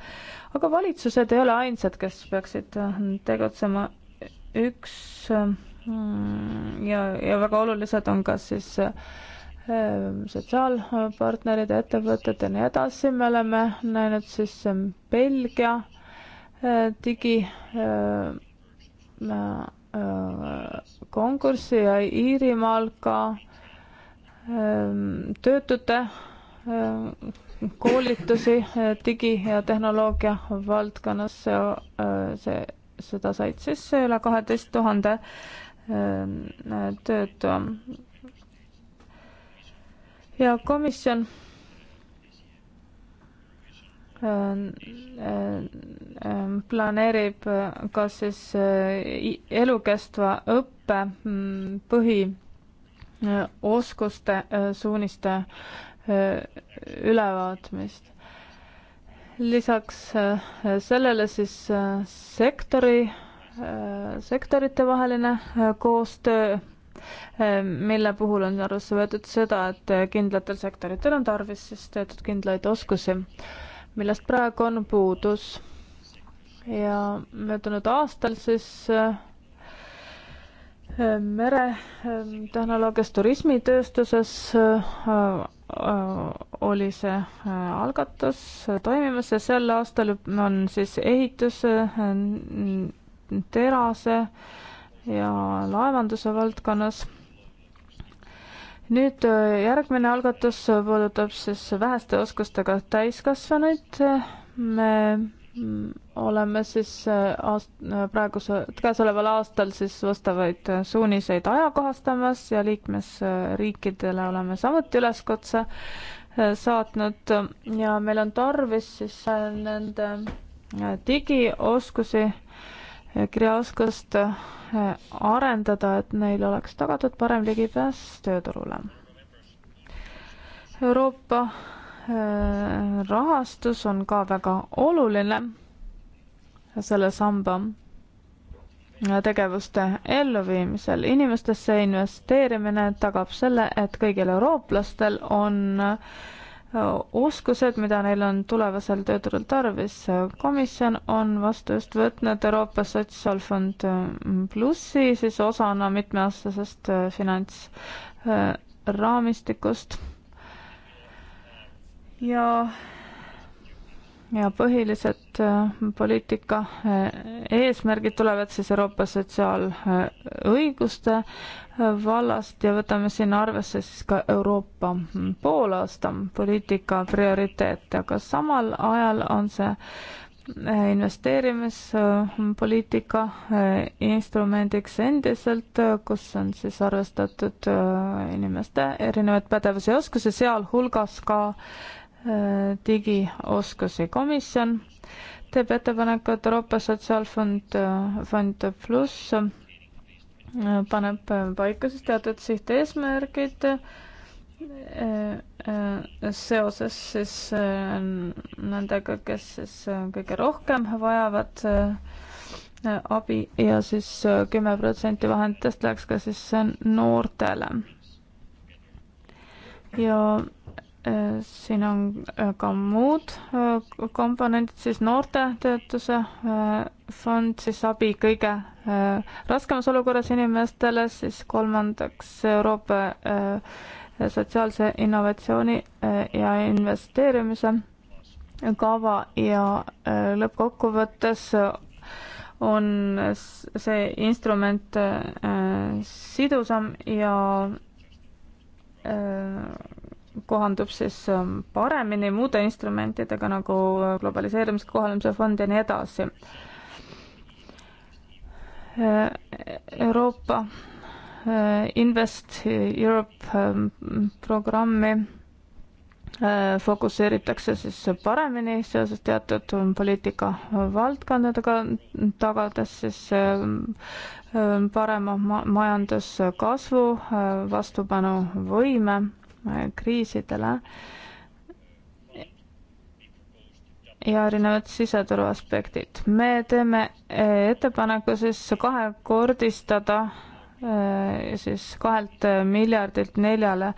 aga valitsused ei ole ainsad, kes peaksid tegutsema, üks ja, ja väga olulised on ka siis sotsiaalpartnerid, ettevõtted ja nii edasi, me oleme näinud siis Belgia digi Äh, konkurssi ja Iirimaal ka ähm, töötute ähm, koolitusi äh, digi- ja tehnoloogia valdkonnas, see, äh, see, seda said sisse üle kaheteist tuhande ähm, töötu. ja komisjon Ähm, ähm, ähm, planeerib äh, kas siis äh, elukestva õppe mm, põhioskuste äh, suuniste ülevaatmist. lisaks sellele siis sektori, sektoritevaheline koostöö mille puhul on arvesse võetud seda, et kindlatel sektoritel on tarvis siis teatud kindlaid oskusi millest praegu on puudus. ja möödunud aastal siis äh, meretehnoloogias äh, turismitööstuses äh, oli see algatus toimimas ja sel aastal on siis ehituse, terase ja laevanduse valdkonnas nüüd äh, järgmine algatus puudutab siis väheste oskustega täiskasvanuid. me oleme siis äh, aast-, äh, praeguse, käesoleval aastal siis vastavaid suuniseid ajakohastamas ja liikmesriikidele oleme samuti üleskutse saatnud ja meil on tarvis siis nende digioskusi kirjaoskust eh, arendada, et neil oleks tagatud parem ligipääs tööturule. Euroopa eh, rahastus on ka väga oluline selle samba eh, tegevuste elluviimisel. inimestesse investeerimine tagab selle, et kõigil eurooplastel on äh, oskused, mida neil on tulevasel tööturul tarvis. komisjon on vastu just võtnud Euroopa Sotsiaalfond plussi siis osana mitmeaastasest äh, finantsraamistikust ja ja põhilised äh, poliitika äh, eesmärgid tulevad siis Euroopa sotsiaalõiguste äh, vallast ja võtame sinna arvesse siis ka Euroopa mm, poolaasta poliitika prioriteete, aga samal ajal on see investeerimispoliitika instrumendiks endiselt, kus on siis arvestatud inimeste erinevaid pädevusi ja oskusi, sealhulgas ka Äh, digioskusi komisjon teeb ettepaneku, et Euroopa Sotsiaalfond, äh, Fond Pluss äh, paneb paika siis teatud sihteesmärgid seoses siis nendega, kes siis kõige rohkem vajavad abi ja siis kümme protsenti vahenditest läks ka siis noortele. ja Äh, siin on äh, ka muud äh, komponendid, siis noorte töötuse fond, siis abi kõige raskemas olukorras inimestele, siis kolmandaks Euroopa sotsiaalse innovatsiooni ja investeerimise kava ja lõppkokkuvõttes on see instrument sidusam ja kohandub siis ähm, paremini muude instrumentidega nagu äh, globaliseerimise kohanemise fond ja nii edasi. Äh, Euroopa äh, Invest Europe ähm, programmi fokusseeritakse siis paremini seoses teatud ähm, poliitika valdkondadega, tagades siis parema majanduskasvu, vastupanuvõime kriisidele ja erinevad siseturu aspektid. me teeme eh, ettepaneku siis kahekordistada eh, siis kahelt eh, miljardilt neljale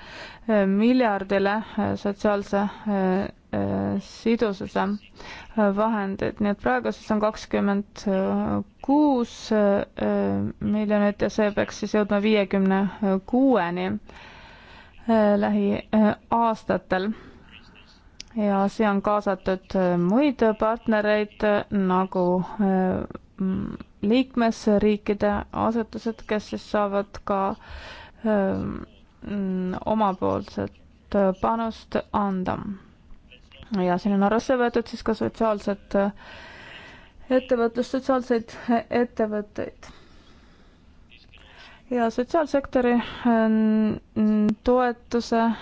miljardile sotsiaalse sidususe vahendid, nii et praegu siis on kakskümmend kuus miljonit ja see peaks siis jõudma viiekümne kuueni lähiaastatel ja siia on kaasatud äh, muid partnereid äh, nagu äh, liikmesriikide asetused, kes siis saavad ka mm, omapoolset panust anda. ja siin on arvesse võetud siis ka sotsiaalset ettevõtlust, sotsiaalseid ettevõtteid ja sotsiaalsektori ähm, toetuse ähm,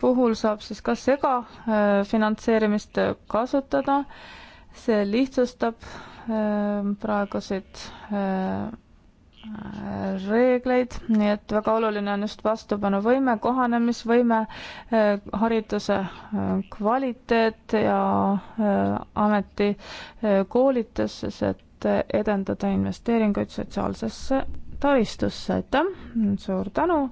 puhul saab siis ka segafinantseerimist äh, äh, kasutada. see lihtsustab ähm, praeguseid äh, reegleid, nii et väga oluline on just vastupanuvõime, kohanemisvõime, hariduse kvaliteet ja ametikoolitus, et edendada investeeringuid sotsiaalsesse taristusse, aitäh, suur tänu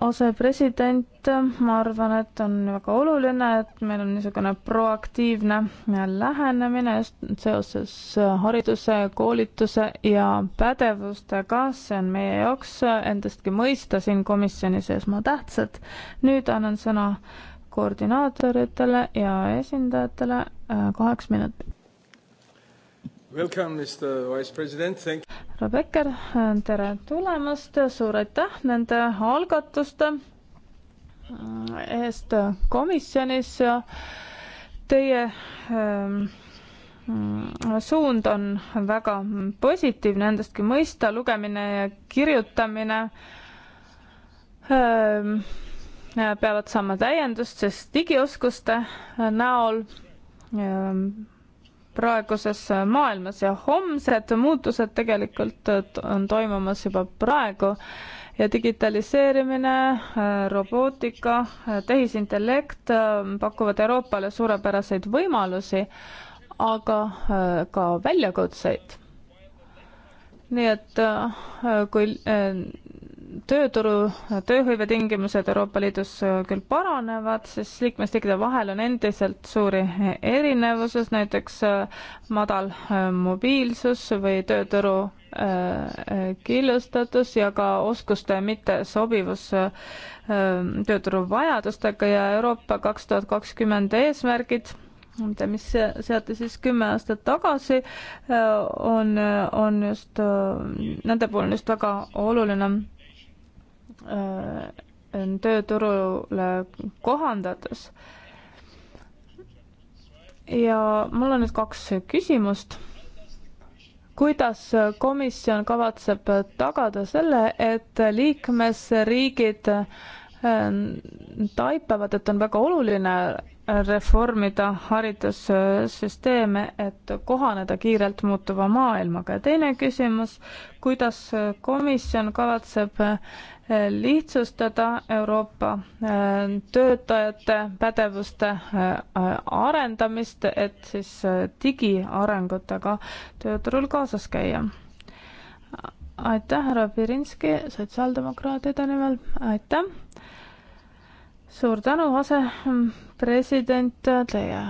asepresident, ma arvan, et on väga oluline, et meil on niisugune proaktiivne lähenemine just seoses hariduse, koolituse ja pädevustega, see on meie jaoks endastki mõista siin komisjoni sees tähtsad. nüüd annan sõna koordinaatoritele ja esindajatele äh, kaheks minutiks. Welcome, Mr Vice President, thank you. härra Becker, tere tulemast, suur aitäh nende algatuste äh, eest komisjonis ja teie ähm, mm, suund on väga positiivne, endastki mõista, lugemine ja kirjutamine ähm, peavad saama täiendust, sest digioskuste äh, näol ähm, praeguses maailmas ja homsed muutused tegelikult on toimumas juba praegu ja digitaliseerimine, äh, robootika, äh, tehisintellekt äh, pakuvad Euroopale suurepäraseid võimalusi, aga ka väljakutseid. nii et kui tööturu tööhõivetingimused Euroopa Liidus äh, küll paranevad, siis liikmesriikide vahel on endiselt suuri erinevuses, näiteks äh, madal äh, mobiilsus või tööturu killustatus ja ka oskuste mittesobivus tööturu vajadustega ja Euroopa kaks tuhat kakskümmend eesmärgid mida, mis seati siis kümme aastat tagasi, on, on just, nende puhul on just väga oluline Äh, tööturule kohandades. ja mul on nüüd kaks küsimust. kuidas komisjon kavatseb tagada selle, et liikmesriigid äh, taipavad, et on väga oluline reformida haridussüsteeme, et kohaneda kiirelt muutuva maailmaga ja teine küsimus, kuidas komisjon kavatseb lihtsustada Euroopa äh, töötajate pädevuste äh, arendamist, et siis äh, digiarengutega tööturul kaasas käia. aitäh, härra Pirinski, sotsiaaldemokraatide nimel, aitäh. suur tänu, asepresident, teie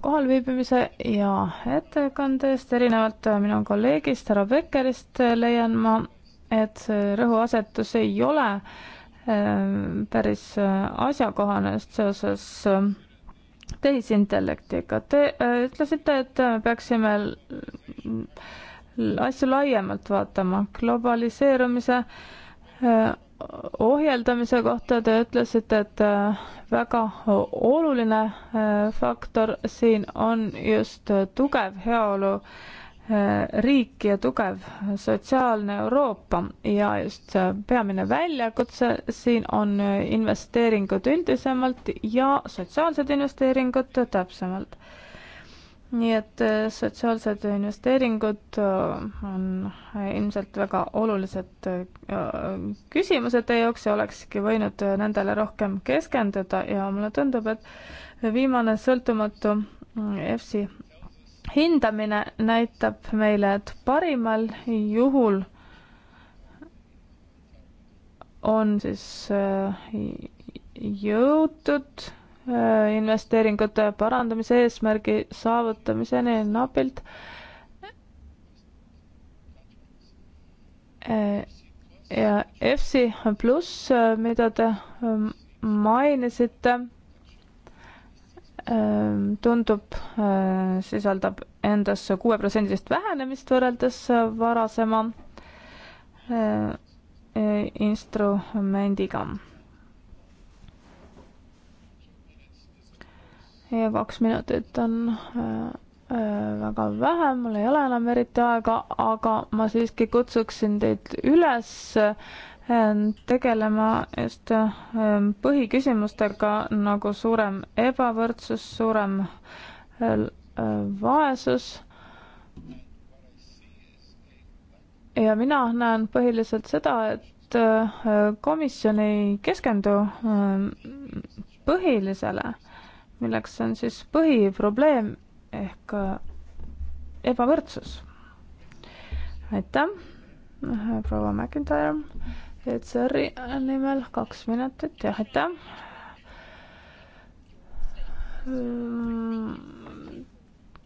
kohalviibimise ja ettekande eest, erinevalt minu kolleegist härra Beckerist leian ma, et see rõhuasetus ei ole ehm, päris äh, asjakohane just seoses äh, tehisintellektiga. Te äh, ütlesite, et me peaksime asju laiemalt vaatama. globaliseerumise ohjeldamise kohta te ütlesite, et väga oluline faktor siin on just tugev heaolu äh, Eh, riik ja tugev sotsiaalne Euroopa ja just peamine väljakutse siin on eh, investeeringud üldisemalt ja sotsiaalsed investeeringud täpsemalt. nii et eh, sotsiaalsed investeeringud on ilmselt väga olulised küsimused teie jaoks ja olekski võinud nendele rohkem keskenduda ja mulle tundub, et viimane sõltumatu mm, EFSI hindamine näitab meile, et parimal juhul on siis äh, jõutud äh, investeeringute parandamise eesmärgi saavutamiseni napilt. Äh, ja EFSI pluss, mida te mainisite tundub, sisaldab endas kuueprotsendilist vähenemist võrreldes varasema e, instrumendiga. ja kaks minutit on väga vähe, mul ei ole enam eriti aega, aga ma siiski kutsuksin teid üles Ähm, tegelema just ähm, põhiküsimustega nagu suurem ebavõrdsus, suurem äh, vaesus. ja mina näen põhiliselt seda, et äh, komisjon ei keskendu ähm, põhilisele, milleks on siis põhiprobleem ehk äh, ebavõrdsus. aitäh, proua McIntyre ECR-i nimel kaks minutit, jah, aitäh. Mm,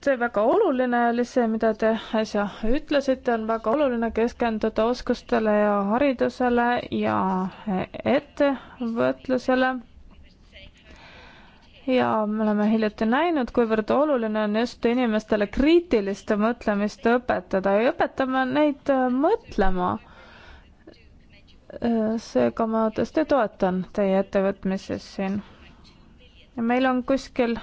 see väga oluline oli see, mida te äsja ütlesite, on väga oluline keskenduda oskustele ja haridusele ja ettevõtlusele. ja me oleme hiljuti näinud, kuivõrd oluline on just inimestele kriitilist mõtlemist õpetada ja õpetame neid mõtlema seega ma tõesti toetan teie ettevõtmises siin. meil on kuskil äh,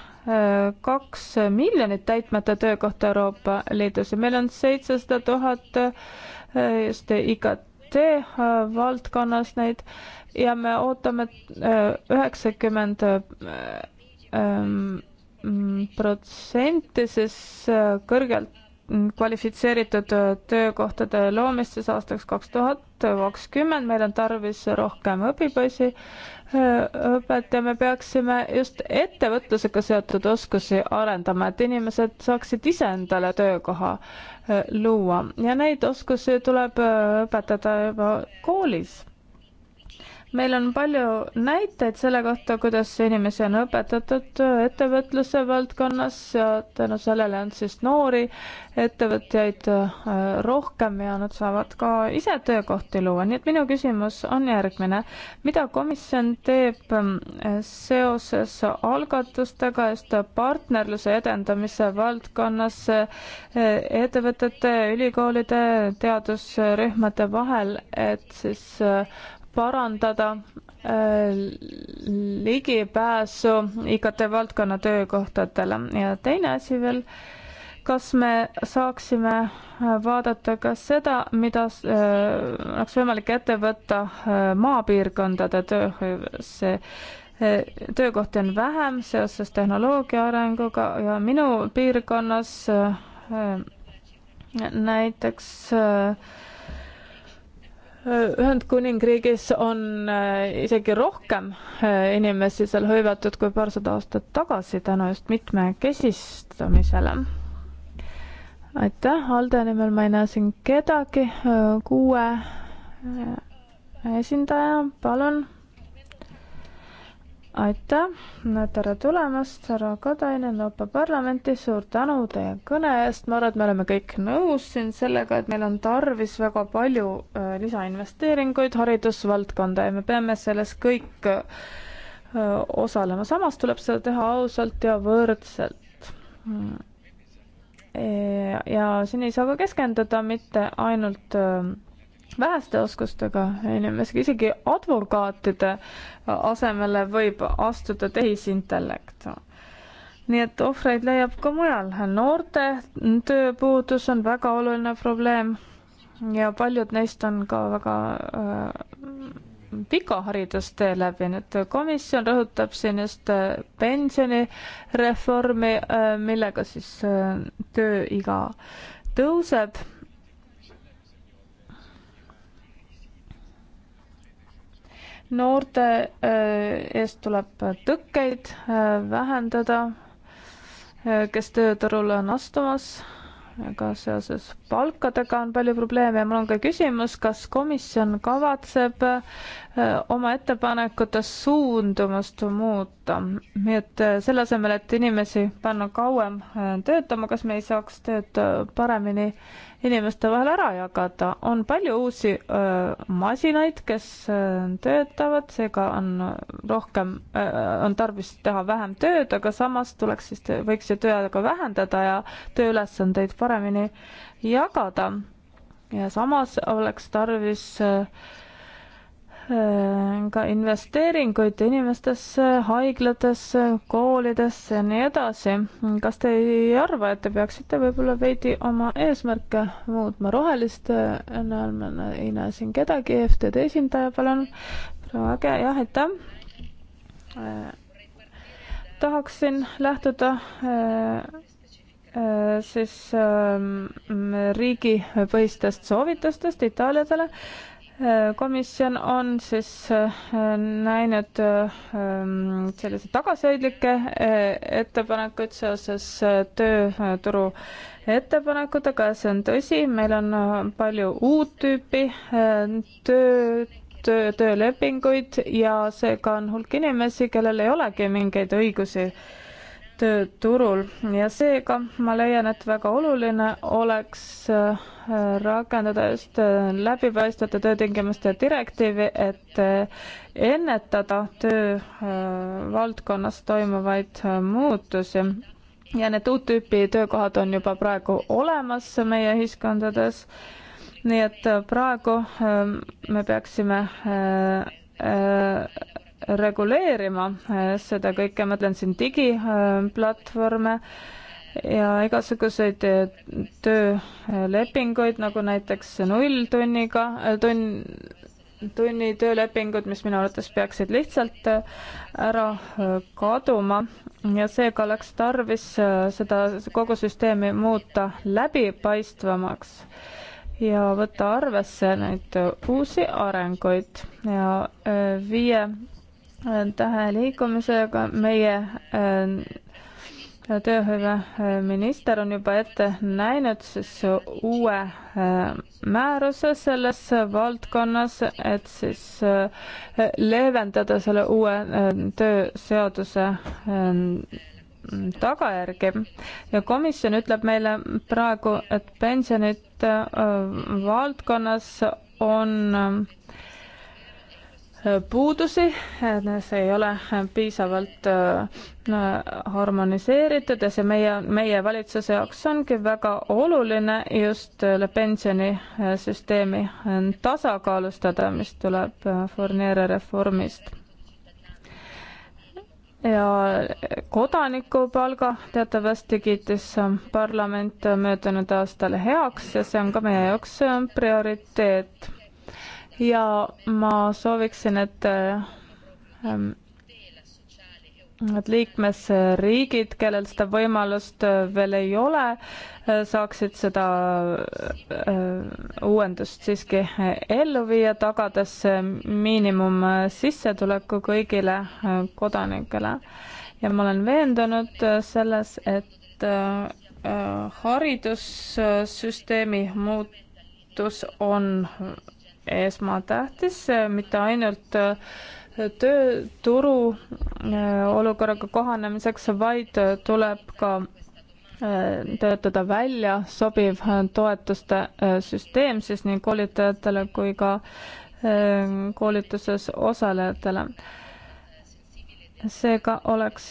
kaks miljonit täitmata töökohta Euroopa Liidus ja meil on seitsesada tuhat äh, just IKT äh, valdkonnas neid ja me ootame üheksakümmend ähm, protsenti siis kõrgelt kvalifitseeritud äh, töökohtade loomistes aastaks kaks tuhat kakskümmend, meil on tarvis rohkem õpipoisi, äh, õpet ja me peaksime just ettevõtlusega seotud oskusi arendama, et inimesed saaksid ise endale töökoha äh, luua ja neid oskusi tuleb õpetada juba koolis meil on palju näiteid selle kohta, kuidas inimesi on õpetatud ettevõtluse valdkonnas ja tänu sellele on siis noori ettevõtjaid äh, rohkem ja nad saavad ka ise töökohti luua, nii et minu küsimus on järgmine. mida komisjon teeb ähm, seoses algatustega just partnerluse edendamise valdkonnas äh, ettevõtete, ülikoolide, teadusrühmade vahel, et siis äh, parandada äh, ligipääsu IKT valdkonna töökohtadele ja teine asi veel, kas me saaksime äh, vaadata ka seda, mida äh, oleks võimalik ette võtta maapiirkondade tööhõives? töökohti on vähem seoses tehnoloogia arenguga ja minu piirkonnas näiteks äh, Ühendkuningriigis on äh, isegi rohkem äh, inimesi seal hõivatud kui paarsada aastat tagasi tänu just mitmekesistamisele. aitäh, Alde nimel ma ei näe siin kedagi, kuue äh, esindaja, palun aitäh, tere tulemast, härra Katainen Euroopa Parlamenti, suur tänu teie kõne eest, ma arvan, et me oleme kõik nõus siin sellega, et meil on tarvis väga palju äh, lisainvesteeringuid haridusvaldkonda ja me peame selles kõik äh, osalema, samas tuleb seda teha ausalt ja võrdselt. Mm. E, ja siin ei saa ka keskenduda mitte ainult äh, väheste oskustega inimesega, isegi advokaatide asemele võib astuda tehisintellekt. nii et ohvreid leiab ka mujal. noorte tööpuudus on väga oluline probleem ja paljud neist on ka väga äh, pika haridustee läbi, nii et komisjon rõhutab siin just äh, pensionireformi äh,, millega siis äh, tööiga tõuseb noorte äh, eest tuleb tõkkeid äh, vähendada, äh, kes tööturule on astumas, aga seoses palkadega on palju probleeme ja mul on ka küsimus, kas komisjon kavatseb oma ettepanekutes suundumust muuta, nii et selle asemel, et inimesi panna kauem töötama, kas me ei saaks tööd paremini inimeste vahel ära jagada. on palju uusi öö, masinaid, kes öö, töötavad, seega on rohkem, on tarvis teha vähem tööd, aga samas tuleks siis, võiks ju tööaega vähendada ja tööülesandeid paremini jagada. ja samas oleks tarvis öö, Äh, ka investeeringuid inimestesse, haiglatesse, koolidesse ja nii edasi. kas te ei arva, et te peaksite võib-olla veidi oma eesmärke muutma? roheliste näol ma ei näe siin kedagi, EFTD esindaja, palun. proua Äge, jah, aitäh. Äh, tahaksin lähtuda äh, siis ähm, riigipõhistest soovitustest Itaaliale komisjon on siis äh, näinud ähm, selliseid tagasihoidlikke äh, ettepanekuid seoses äh, tööturu ettepanekutega ja see on tõsi, meil on palju uut tüüpi töö, töö, töölepinguid ja seega on hulk inimesi, kellel ei olegi mingeid õigusi äh, tööturul ja seega ma leian, et väga oluline oleks äh, rakendada just äh, läbipaistvate töötingimuste direktiivi, et äh, ennetada töövaldkonnas toimuvaid muutusi. ja need uut tüüpi töökohad on juba praegu olemas meie ühiskondades. nii et praegu me peaksime reguleerima äh, seda kõike, ma mõtlen siin digiplatvorme ja igasuguseid äh, töölepinguid, nagu näiteks nulltunniga, äh, tunn, tunni töölepingud, mis minu arvates peaksid lihtsalt ära kaduma ja seega oleks tarvis seda kogu süsteemi muuta läbipaistvamaks ja võtta arvesse neid uusi arenguid ja viie tähe liikumisega, meie äh, tööhõiveminister äh, on juba ette näinud siis uue äh, määruse selles valdkonnas, et siis leevendada selle uue tööseaduse tagajärgi ja komisjon ütleb meile praegu, et pensionid valdkonnas on äh, puudusi, see ei ole piisavalt äh, harmoniseeritud ja see meie, meie valitsuse jaoks ongi väga oluline just selle pensionisüsteemi äh, tasakaalustada, mis tuleb äh, Fourniere reformist. ja kodanikupalga teatavasti kiitis parlament möödunud aastal heaks ja see on ka meie jaoks prioriteet ja ma sooviksin, et ähm, et liikmesriigid, kellel seda võimalust äh, veel ei ole, äh, saaksid seda äh, uuendust siiski ellu viia, tagades miinimumsissetuleku kõigile kodanikele. ja ma olen veendunud selles, et haridussüsteemi muutus on esmatähtis, mitte ainult äh, tööturu äh, olukorraga kohanemiseks, vaid tuleb ka äh, töötada välja sobiv toetuste süsteem siis nii koolitajatele kui ka koolituses osalejatele. seega oleks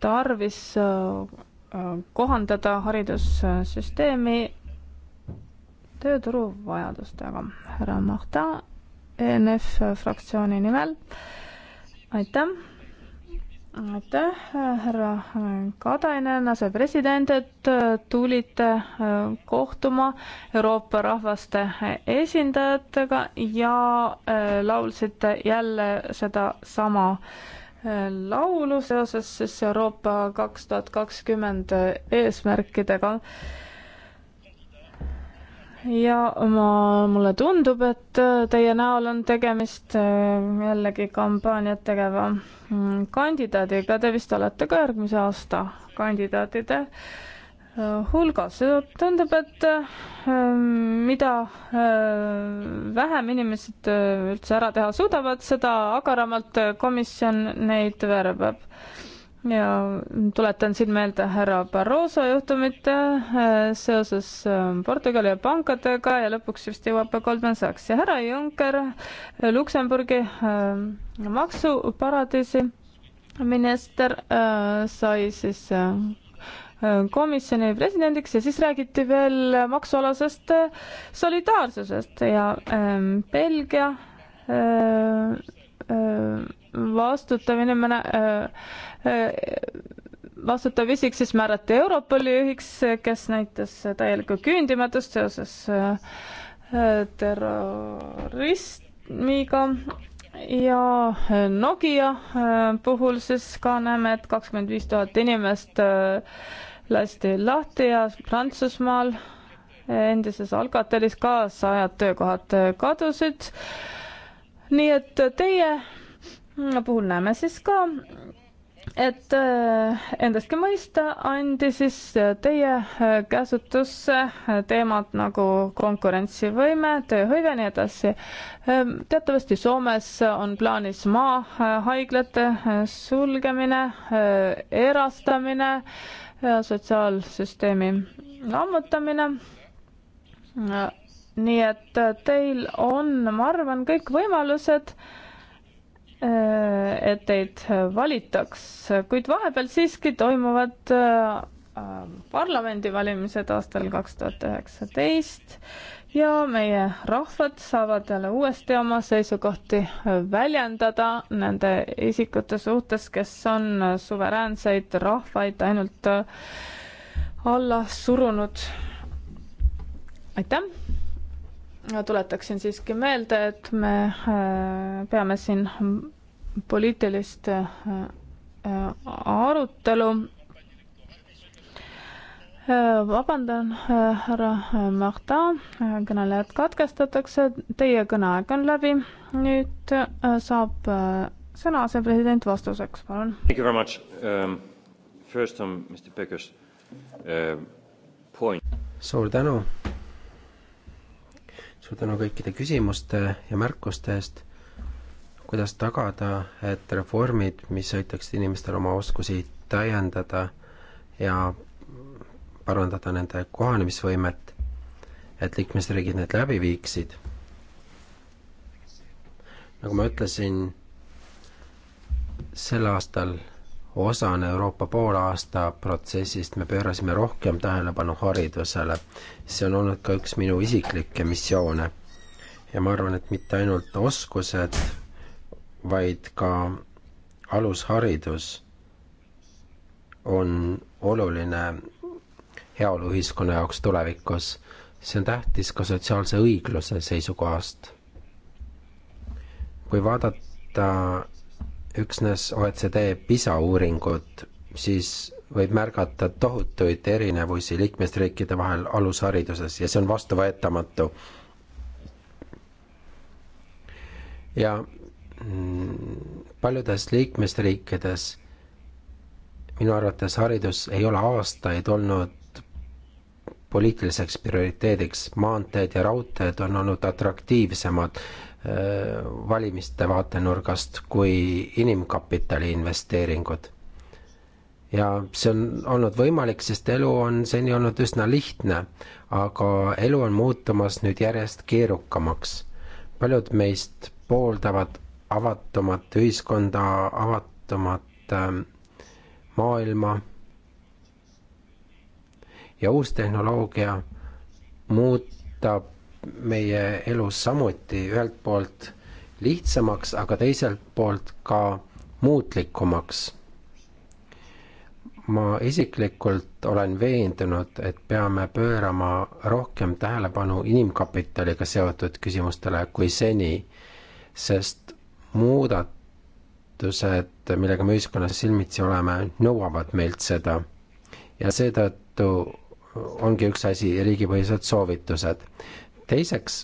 tarvis kohandada haridussüsteemi tööturu vajadustega. härra Mahta ENF fraktsiooni nimel, aitäh! aitäh, härra Katainen, asepresident, et tulite äh, kohtuma Euroopa rahvaste esindajatega ja äh, laulsite jälle sedasama äh, laulu seoses siis Euroopa kaks tuhat kakskümmend eesmärkidega ja ma, mulle tundub, et äh, teie näol on tegemist äh, jällegi kampaaniat tegeva mm, kandidaadiga, te vist olete ka järgmise aasta kandidaatide äh, hulgas, tundub, et mida vähem inimesed üldse ära teha suudavad, seda agaramalt komisjon neid värbab ja tuletan siin meelde härra Barroso juhtumit äh, seoses ähm, Portugali pankadega ja lõpuks vist jõuab Goldman Sachs ja härra Juncker äh, Luksemburgi ähm, maksuparadiisi minister äh, sai siis komisjoni presidendiks ja siis räägiti veel maksualasest solidaarsusest ja ähm, Belgia Äh, vastutav inimene, äh, äh, vastutav isik siis määrati Europoli juhiks, kes näitas täielikku küündimatust seoses terrorismiga ja Nokia puhul siis ka näeme, et kakskümmend viis tuhat inimest lasti lahti ja Prantsusmaal endises Alcatelis ka sajad töökohad kadusid nii et teie puhul näeme siis ka, et äh, endastki mõista andis siis äh, teie äh, käsutusse teemad nagu konkurentsivõime, tööhõive, nii edasi. Ähm, teatavasti Soomes on plaanis maahaiglate sulgemine, erastamine, sotsiaalsüsteemi lammutamine nii et äh, teil on, ma arvan, kõik võimalused, äh, et teid äh, valitaks, kuid vahepeal siiski toimuvad parlamendivalimised aastal kaks tuhat üheksateist ja meie rahvad saavad jälle uuesti oma seisukohti väljendada nende isikute suhtes, kes on suveräänseid rahvaid ainult alla surunud. aitäh! tuletaksin siiski meelde, et me äh, peame siin poliitilist äh, arutelu. Äh, vabandan, härra Martin, kõnelejad katkestatakse, teie kõneaeg on läbi. nüüd saab sõna asepresident vastuseks, palun. Thank you very much um,. First on Mr Pekkers uh, point. suur tänu suur tänu kõikide küsimuste ja märkuste eest. kuidas tagada, et reformid, mis aitaksid inimestel oma oskusi täiendada ja parandada nende kohanemisvõimet, et liikmesriigid need läbi viiksid. nagu ma ütlesin, sel aastal osana Euroopa poolaasta protsessist me pöörasime rohkem tähelepanu haridusele. see on olnud ka üks minu isiklikke missioone. ja ma arvan, et mitte ainult oskused, vaid ka alusharidus on oluline heaoluühiskonna jaoks tulevikus. see on tähtis ka sotsiaalse õigluse seisukohast. kui vaadata üksnes OECD PISA uuringut, siis võib märgata tohutuid erinevusi liikmesriikide vahel alushariduses ja see on vastuvõetamatu. ja mm, paljudes liikmesriikides minu arvates haridus ei ole aastaid olnud poliitiliseks prioriteediks, maanteed ja raudteed on olnud atraktiivsemad valimiste vaatenurgast kui inimkapitali investeeringud. ja see on olnud võimalik, sest elu on seni olnud üsna lihtne, aga elu on muutumas nüüd järjest keerukamaks. paljud meist pooldavad avatumat ühiskonda, avatumat ähm, maailma ja uus tehnoloogia muutab meie elu samuti ühelt poolt lihtsamaks, aga teiselt poolt ka muutlikumaks. ma isiklikult olen veendunud, et peame pöörama rohkem tähelepanu inimkapitaliga seotud küsimustele kui seni, sest muudatused, millega me ühiskonnas silmitsi oleme, nõuavad meilt seda. ja seetõttu ongi üks asi riigipõhised soovitused teiseks,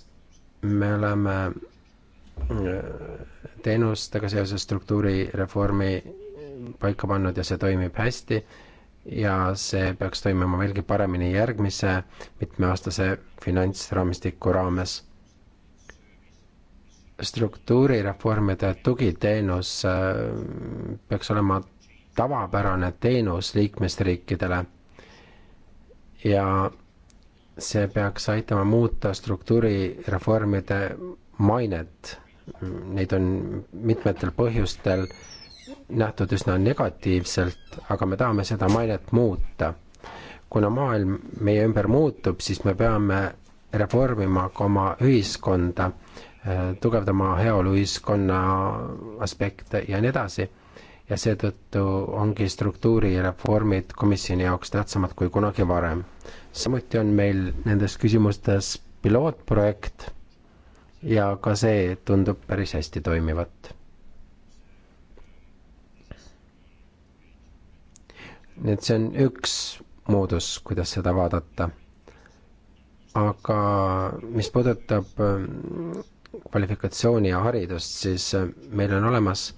me oleme äh, teenustega seoses struktuurireformi paika pannud ja see toimib hästi ja see peaks toimima veelgi paremini järgmise mitmeaastase finantsraamistiku raames. struktuurireformide tugiteenus äh, peaks olema tavapärane teenus liikmesriikidele ja see peaks aitama muuta struktuurireformide mainet. Neid on mitmetel põhjustel nähtud üsna negatiivselt, aga me tahame seda mainet muuta. kuna maailm meie ümber muutub, siis me peame reformima ka oma ühiskonda, tugevdama heaoluühiskonna aspekte ja nii edasi. ja seetõttu ongi struktuurireformid komisjoni jaoks tähtsamad kui kunagi varem samuti on meil nendes küsimustes pilootprojekt ja ka see tundub päris hästi toimivat. nii et see on üks moodus, kuidas seda vaadata. aga mis puudutab ähm, kvalifikatsiooni ja haridust, siis äh, meil on olemas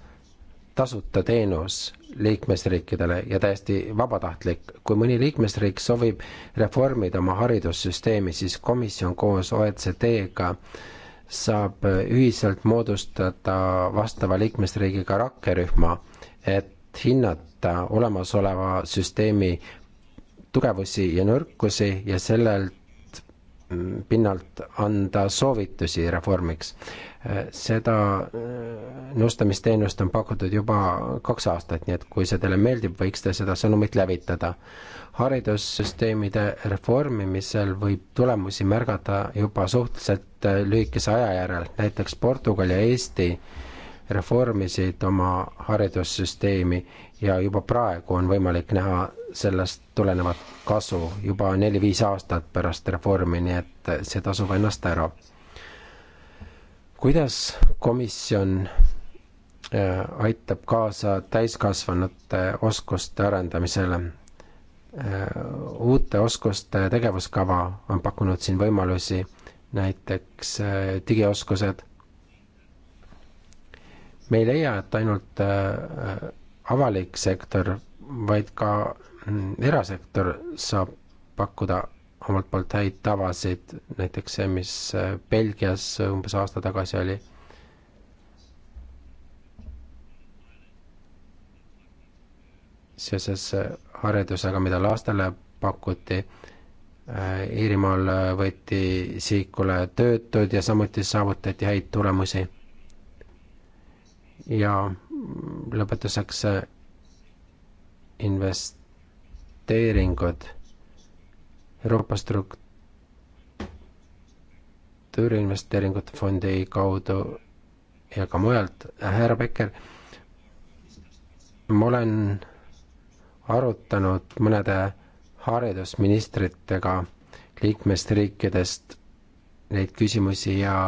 tasuta teenus liikmesriikidele ja täiesti vabatahtlik. kui mõni liikmesriik soovib reformida oma haridussüsteemi, siis komisjon koos OECD-ga saab ühiselt moodustada vastava liikmesriigiga rakkerühma, et hinnata olemasoleva süsteemi tugevusi ja nõrkusi ja sellelt pinnalt anda soovitusi reformiks. Äh, seda äh, nõustamisteenust on pakutud juba kaks aastat, nii et kui see teile meeldib, võiks te seda sõnumit levitada. haridussüsteemide reformimisel võib tulemusi märgata juba suhteliselt äh, lühikese aja järel, näiteks Portugal ja Eesti reformisid oma haridussüsteemi ja juba praegu on võimalik näha sellest tulenevat kasu juba neli-viis aastat pärast reformi, nii et see tasub ennast ära kuidas komisjon äh, aitab kaasa täiskasvanute oskuste arendamisele? Äh, uute oskuste tegevuskava on pakkunud siin võimalusi, näiteks äh, digioskused. me ei leia, et ainult avalik sektor, vaid ka mm, erasektor saab pakkuda omalt poolt häid tavasid, näiteks see, mis äh, Belgias umbes aasta tagasi oli. seoses äh, haridusega, mida lastele pakuti, äh, Iirimaal võeti sihikule töötud ja samuti saavutati häid tulemusi. ja lõpetuseks investeeringud Euroopa struktuuriinvesteeringute fondi kaudu ja ka mujalt. härra Becker, ma olen arutanud mõnede haridusministritega liikmesriikidest neid küsimusi ja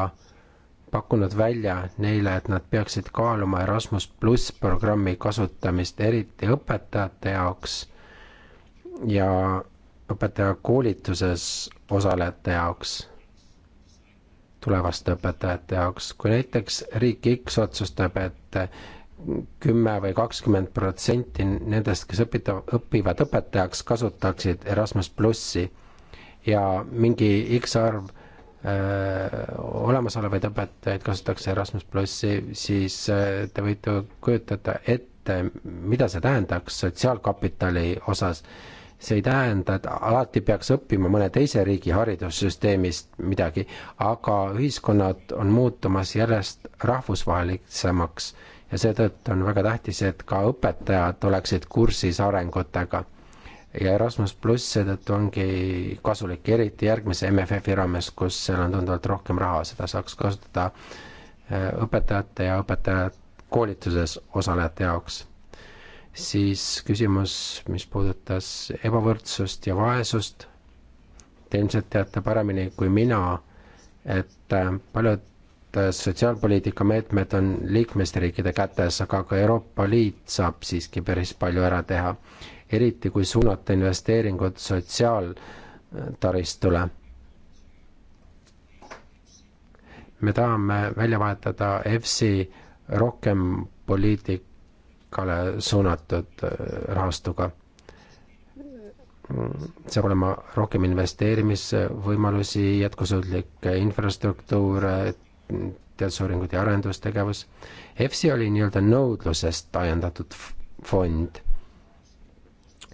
pakkunud välja neile, et nad peaksid kaaluma Erasmus pluss programmi kasutamist eriti õpetajate jaoks ja õpetajakoolituses osalejate jaoks, tulevaste õpetajate jaoks, kui näiteks riik X otsustab, et kümme või kakskümmend protsenti nendest, kes õpita-, õpivad õpetajaks, kasutaksid Erasmus plussi ja mingi X arv äh, olemasolevaid õpetajaid kasutatakse Erasmus plussi, siis äh, te võite kujutada ette, mida see tähendaks sotsiaalkapitali osas see ei tähenda, et alati peaks õppima mõne teise riigi haridussüsteemist midagi, aga ühiskonnad on muutumas järjest rahvusvahelisemaks ja seetõttu on väga tähtis, et ka õpetajad oleksid kursis arengutega. ja Erasmus pluss seetõttu ongi kasulik, eriti järgmise MFF-i raames, kus seal on tunduvalt rohkem raha, seda saaks kasutada äh, õpetajate ja õpetajate koolituses osalejate jaoks siis küsimus, mis puudutas ebavõrdsust ja vaesust, te ilmselt teate paremini kui mina, et äh, paljud äh, sotsiaalpoliitika meetmed on liikmesriikide kätes, aga ka Euroopa Liit saab siiski päris palju ära teha, eriti kui suunata investeeringud sotsiaaltaristule. me tahame välja vahetada EFSI rohkem poliitik-, Kreekale suunatud äh, rahastuga. saab olema rohkem investeerimisvõimalusi, jätkusuutlik infrastruktuur, teadusuuringud ja arendustegevus. EFSI oli nii-öelda nõudlusest ajendatud fond.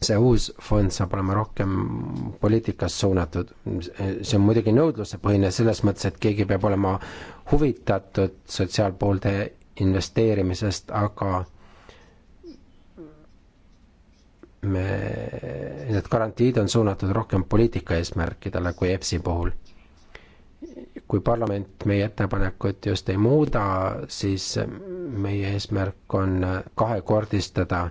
see uus fond saab olema rohkem poliitikas suunatud, see on muidugi nõudlusepõhine selles mõttes, et keegi peab olema huvitatud sotsiaalpoolde investeerimisest, aga me, need garantiid on suunatud rohkem poliitika eesmärkidele kui EPS-i puhul. kui parlament meie ettepanekut just ei muuda, siis meie eesmärk on kahekordistada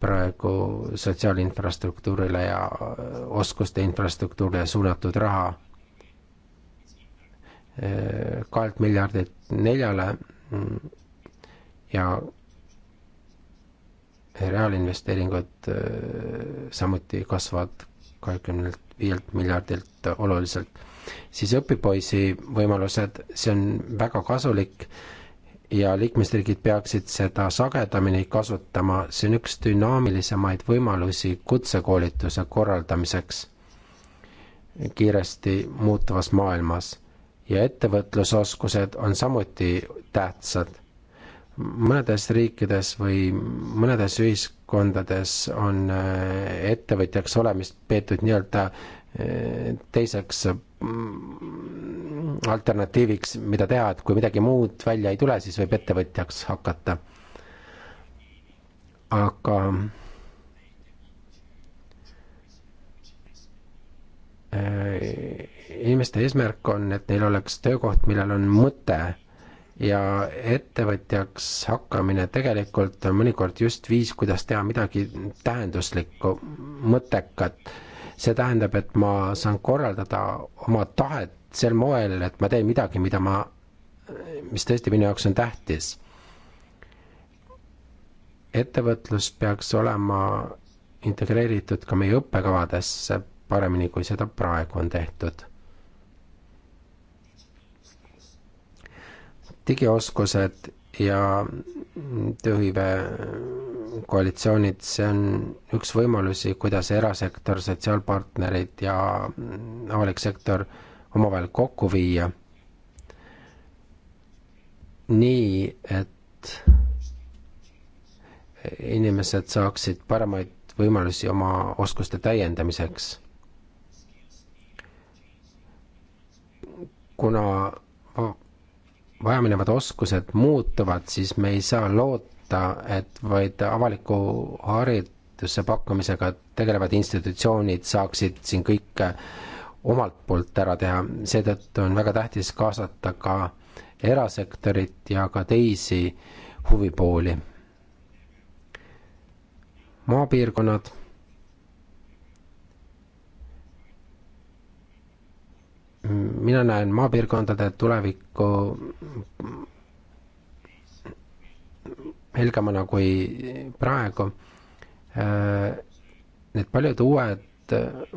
praegu sotsiaalinfrastruktuurile ja oskuste infrastruktuurile suunatud raha kahelt miljardilt neljale ja reaalinvesteeringud äh, samuti kasvavad kahekümnelt viielt miljardilt oluliselt. siis õpipoisi võimalused, see on väga kasulik ja liikmesriigid peaksid seda sagedamini kasutama, see on üks dünaamilisemaid võimalusi kutsekoolituse korraldamiseks kiiresti muutuvas maailmas ja ettevõtlusoskused on samuti tähtsad mõnedes riikides või mõnedes ühiskondades on äh, ettevõtjaks olemist peetud nii-öelda äh, teiseks mm, alternatiiviks, mida teha, et kui midagi muud välja ei tule, siis võib ettevõtjaks hakata. aga äh, inimeste eesmärk on, et neil oleks töökoht, millel on mõte ja ettevõtjaks hakkamine tegelikult mõnikord just viis, kuidas teha midagi tähenduslikku, mõttekat. see tähendab, et ma saan korraldada oma tahet sel moel, et ma teen midagi, mida ma, mis tõesti minu jaoks on tähtis. ettevõtlus peaks olema integreeritud ka meie õppekavadesse paremini, kui seda praegu on tehtud digioskused ja tööhõive koalitsioonid, see on üks võimalusi, kuidas erasektor, sotsiaalpartnerid ja avalik sektor omavahel kokku viia. nii, et inimesed saaksid paremaid võimalusi oma oskuste täiendamiseks. kuna vajaminevad oskused muutuvad, siis me ei saa loota, et vaid avaliku hariduse pakkumisega tegelevad institutsioonid saaksid siin kõike omalt poolt ära teha, seetõttu on väga tähtis kaasata ka erasektorit ja ka teisi huvipooli. maapiirkonnad mina näen maapiirkondade tulevikku helgemana kui praegu. Need paljud uued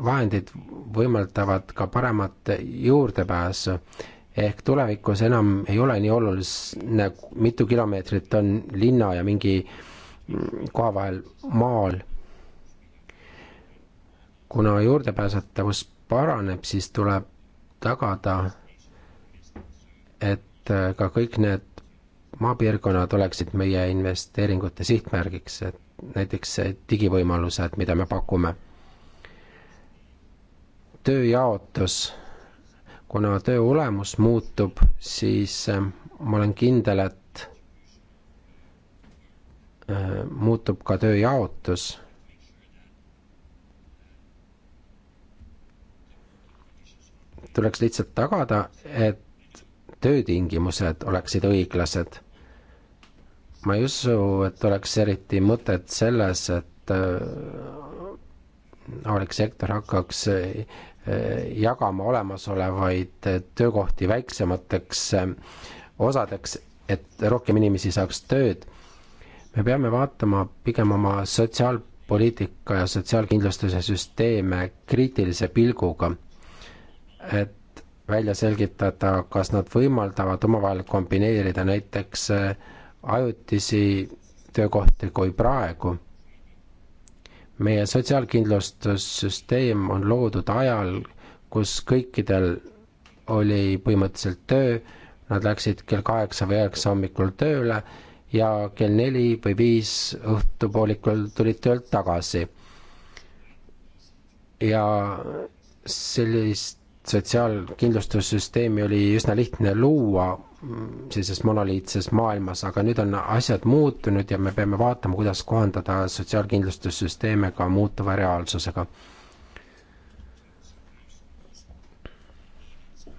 vahendid võimaldavad ka paremat juurdepääsu ehk tulevikus enam ei ole nii oluline, mitu kilomeetrit on linna ja mingi koha vahel maal. kuna juurdepääsetavus paraneb, siis tuleb tagada, et äh, ka kõik need maapiirkonnad oleksid meie investeeringute sihtmärgiks, et näiteks digivõimalused, mida me pakume. tööjaotus, kuna töö olemus muutub, siis äh, ma olen kindel, et äh, muutub ka tööjaotus tuleks lihtsalt tagada, et töötingimused oleksid õiglased. ma ei usu, et oleks eriti mõtet selles, et äh, avalik sektor hakkaks äh, jagama olemasolevaid töökohti väiksemateks äh, osadeks, et rohkem inimesi saaks tööd. me peame vaatama pigem oma sotsiaalpoliitika ja sotsiaalkindlustuse süsteeme kriitilise pilguga et välja selgitada, kas nad võimaldavad omavahel kombineerida näiteks äh, ajutisi töökohti kui praegu. meie sotsiaalkindlustussüsteem on loodud ajal, kus kõikidel oli põhimõtteliselt töö, nad läksid kell kaheksa või üheksa hommikul tööle ja kell neli või viis õhtupoolikul tulid töölt tagasi. ja sellist sotsiaalkindlustussüsteemi oli üsna lihtne luua sellises monoliitses maailmas, aga nüüd on asjad muutunud ja me peame vaatama, kuidas kohandada sotsiaalkindlustussüsteeme ka muutuva reaalsusega.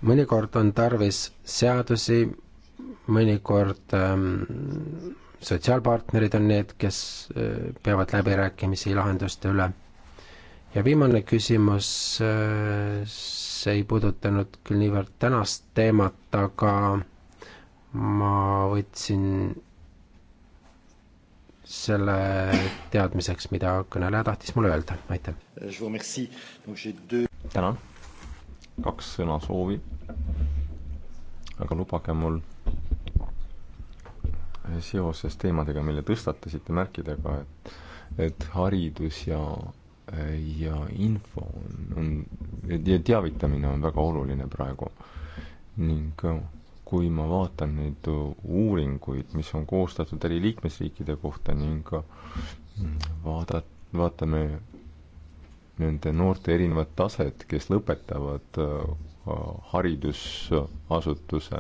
mõnikord on tarvis seadusi, mõnikord ähm, sotsiaalpartnerid on need, kes äh, peavad läbirääkimisi lahenduste üle. ja viimane küsimus äh, see ei puudutanud küll niivõrd tänast teemat, aga ma võtsin selle teadmiseks, mida kõneleja tahtis mulle öelda, aitäh. tänan, kaks sõnasoovi. aga lubage mul seoses teemadega, mille tõstatasite, märkida ka, et, et haridus ja ja info on, on ja teavitamine on väga oluline praegu. ning äh, kui ma vaatan neid äh, uuringuid, mis on koostatud eri liikmesriikide kohta ning äh, vaada-, vaatame nende noorte erinevat taset, kes lõpetavad haridusasutuse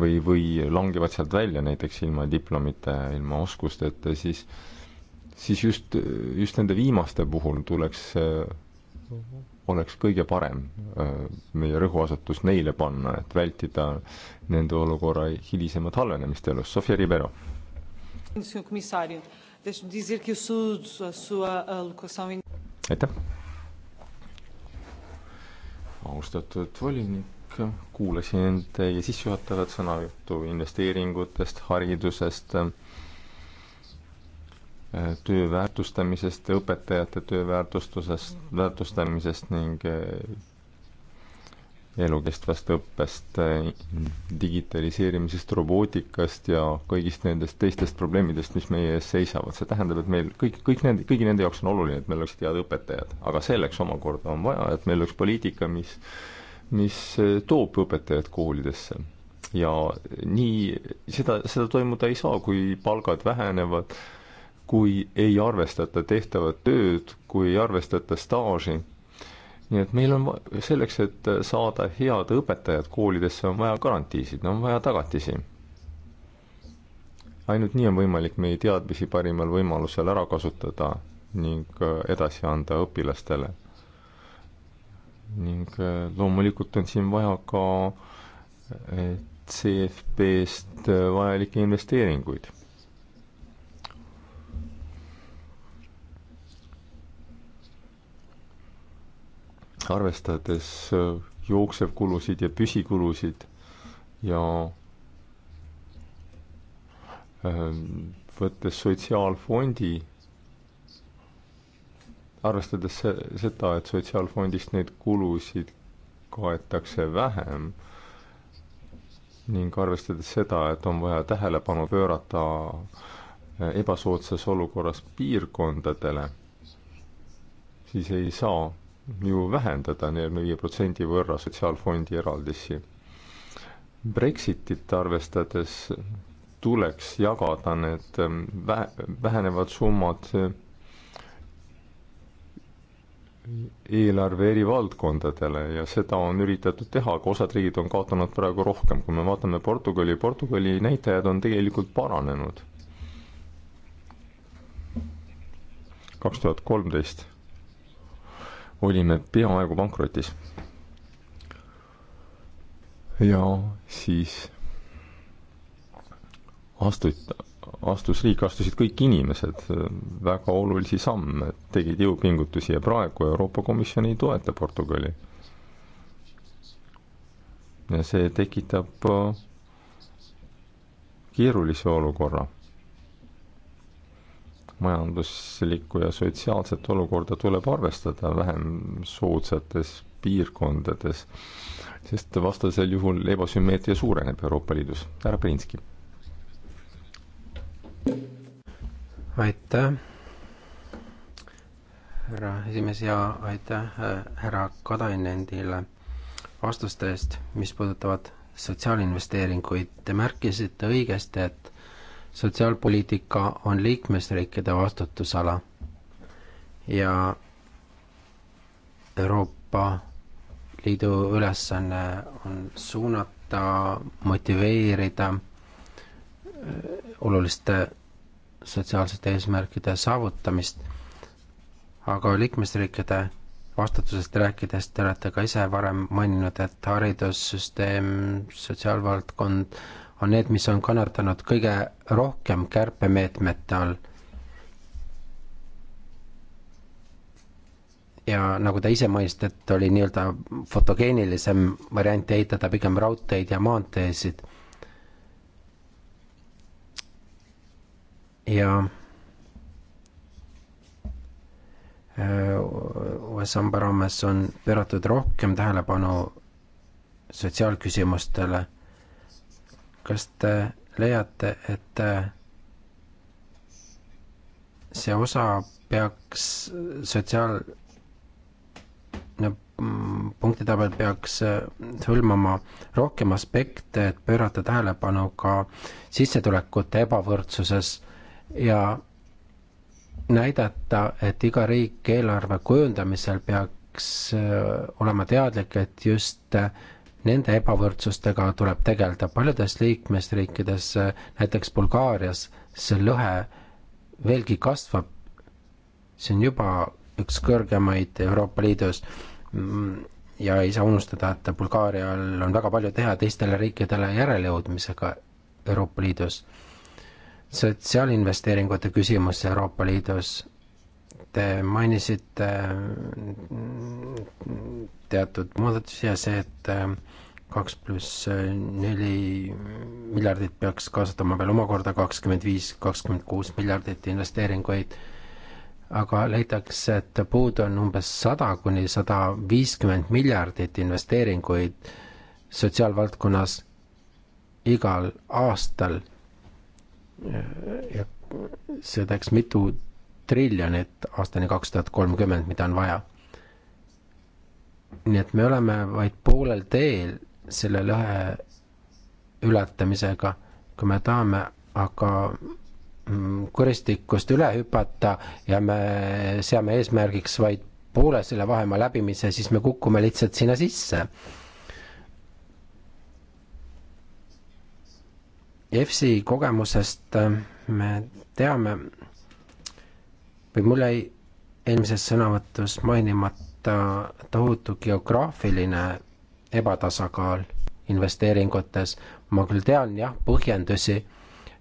või, või langevad sealt välja näiteks ilma diplomita ja ilma oskusteta, siis äh, siis just, just nende viimaste puhul tuleks, oleks kõige parem äh, meie rõhuasetus neile panna, et vältida nende olukorra hilisemat halvenemist elus. Sofia Ribeiro. Eh, aitäh. austatud volinik, kuulasin teie sissejuhatavat sõnavõttu investeeringutest, haridusest Äh, töö väärtustamisest, õpetajate töö väärtustusest, väärtustamisest ning äh, elukestvast õppest, äh, digitaliseerimisest, robootikast ja kõigist nendest teistest probleemidest, mis meie ees seisavad. see tähendab, et meil kõik, kõik need, kõigi nende jaoks on oluline, et meil oleksid head õpetajad, aga selleks omakorda on vaja, et meil oleks poliitika, mis, mis toob õpetajad koolidesse ja nii seda, seda toimuda ei saa, kui palgad vähenevad kui ei arvestata tehtavat tööd, kui ei arvestata staaži. nii et meil on selleks, et saada head õpetajad koolidesse, on vaja garantiisid, on vaja tagatisi. ainult nii on võimalik meie teadmisi parimal võimalusel ära kasutada ning äh, edasi anda õpilastele. ning äh, loomulikult on siin vaja ka äh, CFP-st vajalikke investeeringuid arvestades äh, jooksevkulusid ja püsikulusid ja ähm, võttes sotsiaalfondi, arvestades se-, seda, et sotsiaalfondist neid kulusid kaetakse vähem ning arvestades seda, et on vaja tähelepanu pöörata äh, ebasoodsas olukorras piirkondadele, siis ei saa ju vähendada neil viie protsendi võrra sotsiaalfondi eraldisi. Brexitit arvestades tuleks jagada need ähm, vähe, vähenevad summad äh, eelarve eri valdkondadele ja seda on üritatud teha, aga osad riigid on kaotanud praegu rohkem, kui me vaatame Portugali, Portugali näitajad on tegelikult paranenud. kaks tuhat kolmteist olime peaaegu pankrotis. ja siis astud, astus riik, astusid kõik inimesed väga olulisi samme, tegid jõupingutusi ja praegu Euroopa Komisjon ei toeta Portugali. ja see tekitab äh, keerulise olukorra majanduslikku ja sotsiaalset olukorda tuleb arvestada vähem soodsates piirkondades, sest vastasel juhul ebasümmeetria suureneb Euroopa Liidus. härra Prinski. aitäh, härra esimees ja aitäh härra Kadainendile vastuste eest, mis puudutavad sotsiaalinvesteeringuid. Te märkisite õigesti, et sotsiaalpoliitika on liikmesriikide vastutusala ja Euroopa Liidu ülesanne on suunata, motiveerida äh, oluliste sotsiaalsete eesmärkide saavutamist, aga liikmesriikide vastutusest rääkides te olete ka ise varem maininud, et haridussüsteem, sotsiaalvaldkond äh,, on need, mis on kannatanud kõige rohkem kärpemeetmete all. ja nagu te ise mainisite, et oli nii-öelda fotogeenilisem variant ehitada pigem raudteid ja maanteesid. ja äh, uue samba raames on pööratud rohkem tähelepanu sotsiaalküsimustele kas te leiate, et äh, see osa peaks sotsiaal-, mm, punktitabel peaks äh, hõlmama rohkem aspekte, et pöörata tähelepanu ka sissetulekute ebavõrdsuses ja näidata, et iga riik eelarve kujundamisel peaks äh, olema teadlik, et just nende ebavõrdsustega tuleb tegeleda. paljudes liikmesriikides, näiteks Bulgaarias, see lõhe veelgi kasvab. see on juba üks kõrgemaid Euroopa Liidus. ja ei saa unustada, et Bulgaarial on väga palju teha teistele riikidele järelejõudmisega Euroopa Liidus. sotsiaalinvesteeringute küsimus Euroopa Liidus Te mainisite teatud muudatusi ja see, et äh, kaks pluss äh, neli miljardit peaks kasutama veel omakorda kakskümmend viis, kakskümmend kuus miljardit investeeringuid, aga leitakse, et puudu on umbes sada kuni sada viiskümmend miljardit investeeringuid sotsiaalvaldkonnas igal aastal ja see teeks mitu triljonit aastani kaks tuhat kolmkümmend, mida on vaja. nii et me oleme vaid poolel teel selle lõhe ületamisega, kui me tahame aga mm, kuristikust üle hüpata ja me seame eesmärgiks vaid poole selle vahemaa läbimise, siis me kukume lihtsalt sinna sisse. EFSi kogemusest mm, me teame, või mul jäi eelmises sõnavõtus mainimata tohutu geograafiline ebatasakaal investeeringutes. ma küll tean jah põhjendusi,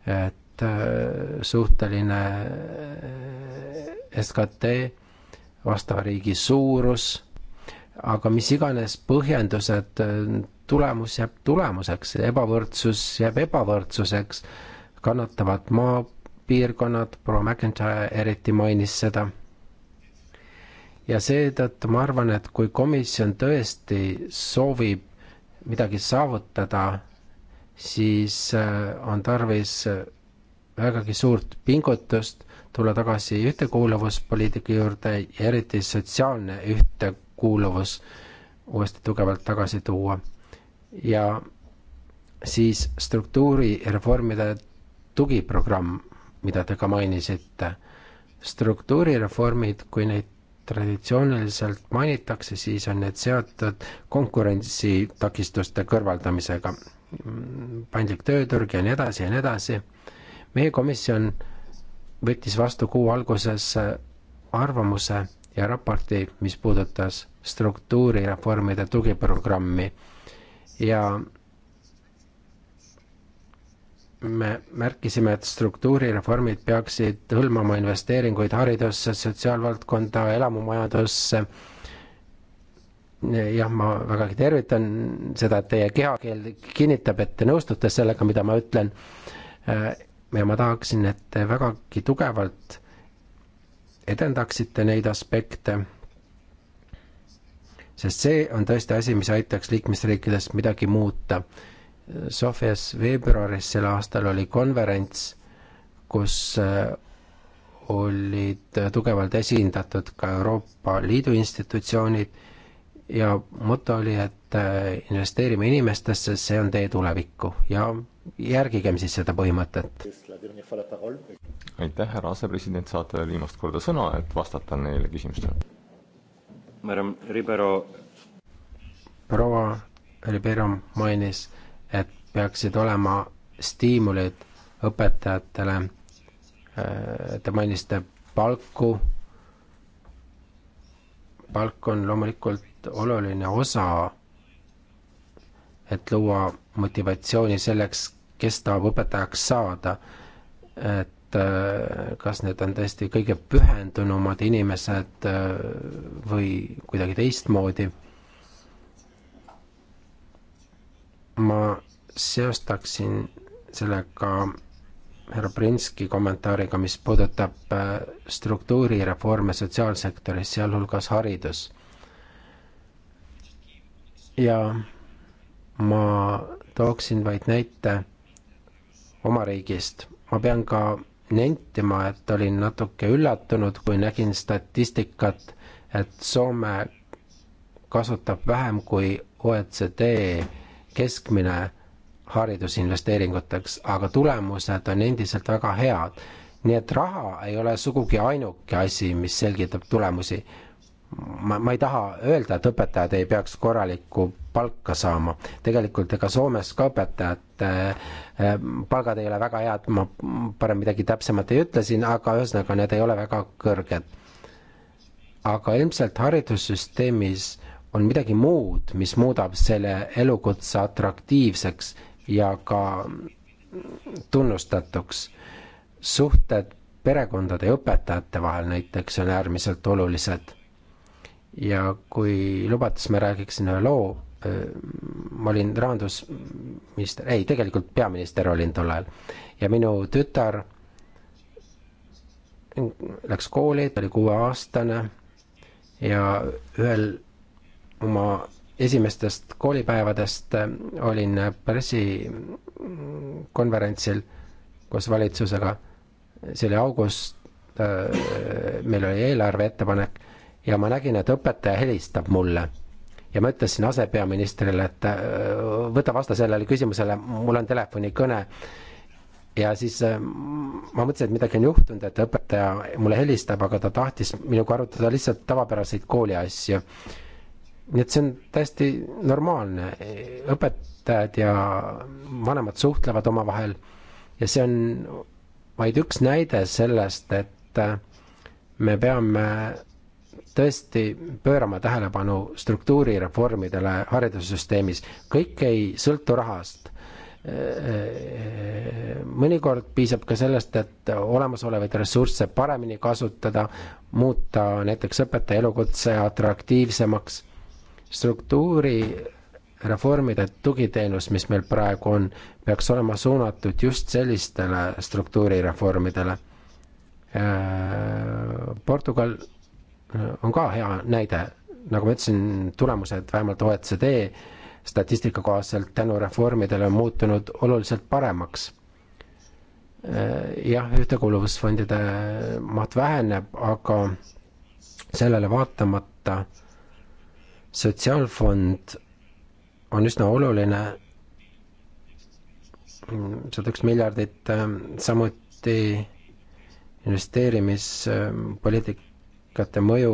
et äh, suhteline äh, SKT, vastava riigi suurus, aga mis iganes põhjendused, äh, tulemus jääb tulemuseks, ebavõrdsus jääb ebavõrdsuseks, kannatavad maa piirkonnad, proua McIntyre eriti mainis seda. ja seetõttu ma arvan, et kui komisjon tõesti soovib midagi saavutada, siis äh, on tarvis äh, vägagi suurt pingutust tulla tagasi ühtekuuluvuspoliitika juurde ja eriti sotsiaalne ühtekuuluvus uuesti tugevalt tagasi tuua. ja siis struktuurireformide tugiprogramm mida te ka mainisite. struktuurireformid, kui neid traditsiooniliselt mainitakse, siis on need seotud konkurentsitakistuste kõrvaldamisega, paindlik tööturg ja nii edasi ja nii edasi. meie komisjon võttis vastu kuu alguses arvamuse ja raporti, mis puudutas struktuurireformide tugiprogrammi ja me märkisime, et struktuurireformid peaksid hõlmama investeeringuid haridusse, sotsiaalvaldkonda, elamumajandusse. jah, ma vägagi tervitan seda, et teie kehakeel kinnitab, et te nõustute sellega, mida ma ütlen. ja ma tahaksin, et te vägagi tugevalt edendaksite neid aspekte, sest see on tõesti asi, mis aitaks liikmesriikides midagi muuta Sofias veebruaris sel aastal oli konverents, kus äh, olid tugevalt esindatud ka Euroopa Liidu institutsioonid ja moto oli, et äh, investeerime inimestesse, see on tee tulevikku ja järgigem siis seda põhimõtet. aitäh, härra asepresident, saate veel viimast korda sõna, et vastata neile küsimustele. proua Ribeiro mainis et peaksid olema stiimulid õpetajatele, äh, te mainisite palku, palk on loomulikult oluline osa, et luua motivatsiooni selleks, kes tahab õpetajaks saada, et äh, kas need on tõesti kõige pühendunumad inimesed äh, või kuidagi teistmoodi ma seostaksin sellega härra Prinski kommentaariga, mis puudutab äh, struktuurireforme sotsiaalsektoris, sealhulgas haridus. ja ma tooksin vaid näite oma riigist. ma pean ka nentima, et olin natuke üllatunud, kui nägin statistikat, et Soome kasutab vähem kui OECD keskmine haridusinvesteeringuteks, aga tulemused on endiselt väga head. nii et raha ei ole sugugi ainuke asi, mis selgitab tulemusi. ma, ma ei taha öelda, et õpetajad ei peaks korralikku palka saama. tegelikult ega Soomes ka õpetajate äh, palgad ei ole väga head, ma parem midagi täpsemat ei ütle siin, aga ühesõnaga need ei ole väga kõrged. aga ilmselt haridussüsteemis äh, on midagi muud, mis muudab selle elukutse atraktiivseks ja ka tunnustatuks. suhted perekondade ja õpetajate vahel näiteks on äärmiselt olulised. ja kui lubate, siis ma räägiksin ühe loo, ma olin rahandusminister, ei, tegelikult peaminister olin tol ajal ja minu tütar läks kooli, ta oli kuueaastane ja ühel oma esimestest koolipäevadest äh, olin pressikonverentsil koos valitsusega, see oli august, äh, meil oli eelarve ettepanek ja ma nägin, et õpetaja helistab mulle. ja ma ütlesin asepeaministrile, et äh, võta vasta sellele küsimusele, mul on telefonikõne. ja siis ma mõtlesin, et midagi on juhtunud, et õpetaja mulle helistab, aga ta tahtis minuga arutada lihtsalt tavapäraseid kooliasju nii et see on täiesti normaalne, õpetajad ja vanemad suhtlevad omavahel ja see on vaid üks näide sellest, et äh, me peame tõesti pöörama tähelepanu struktuurireformidele haridussüsteemis, kõik ei sõltu rahast. Äh, äh, mõnikord piisab ka sellest, et olemasolevaid ressursse paremini kasutada, muuta näiteks õpetaja elukutse atraktiivsemaks struktuurireformide tugiteenus, mis meil praegu on, peaks olema suunatud just sellistele struktuurireformidele. Äh, Portugal äh, on ka hea näide, nagu ma ütlesin, tulemused vähemalt OECD statistika kohaselt tänu reformidele on muutunud oluliselt paremaks. Äh, jah, ühtekuuluvusfondide maht väheneb, aga sellele vaatamata äh, sotsiaalfond on üsna oluline, sada üks miljardit, ähm, samuti investeerimispoliitikate mõju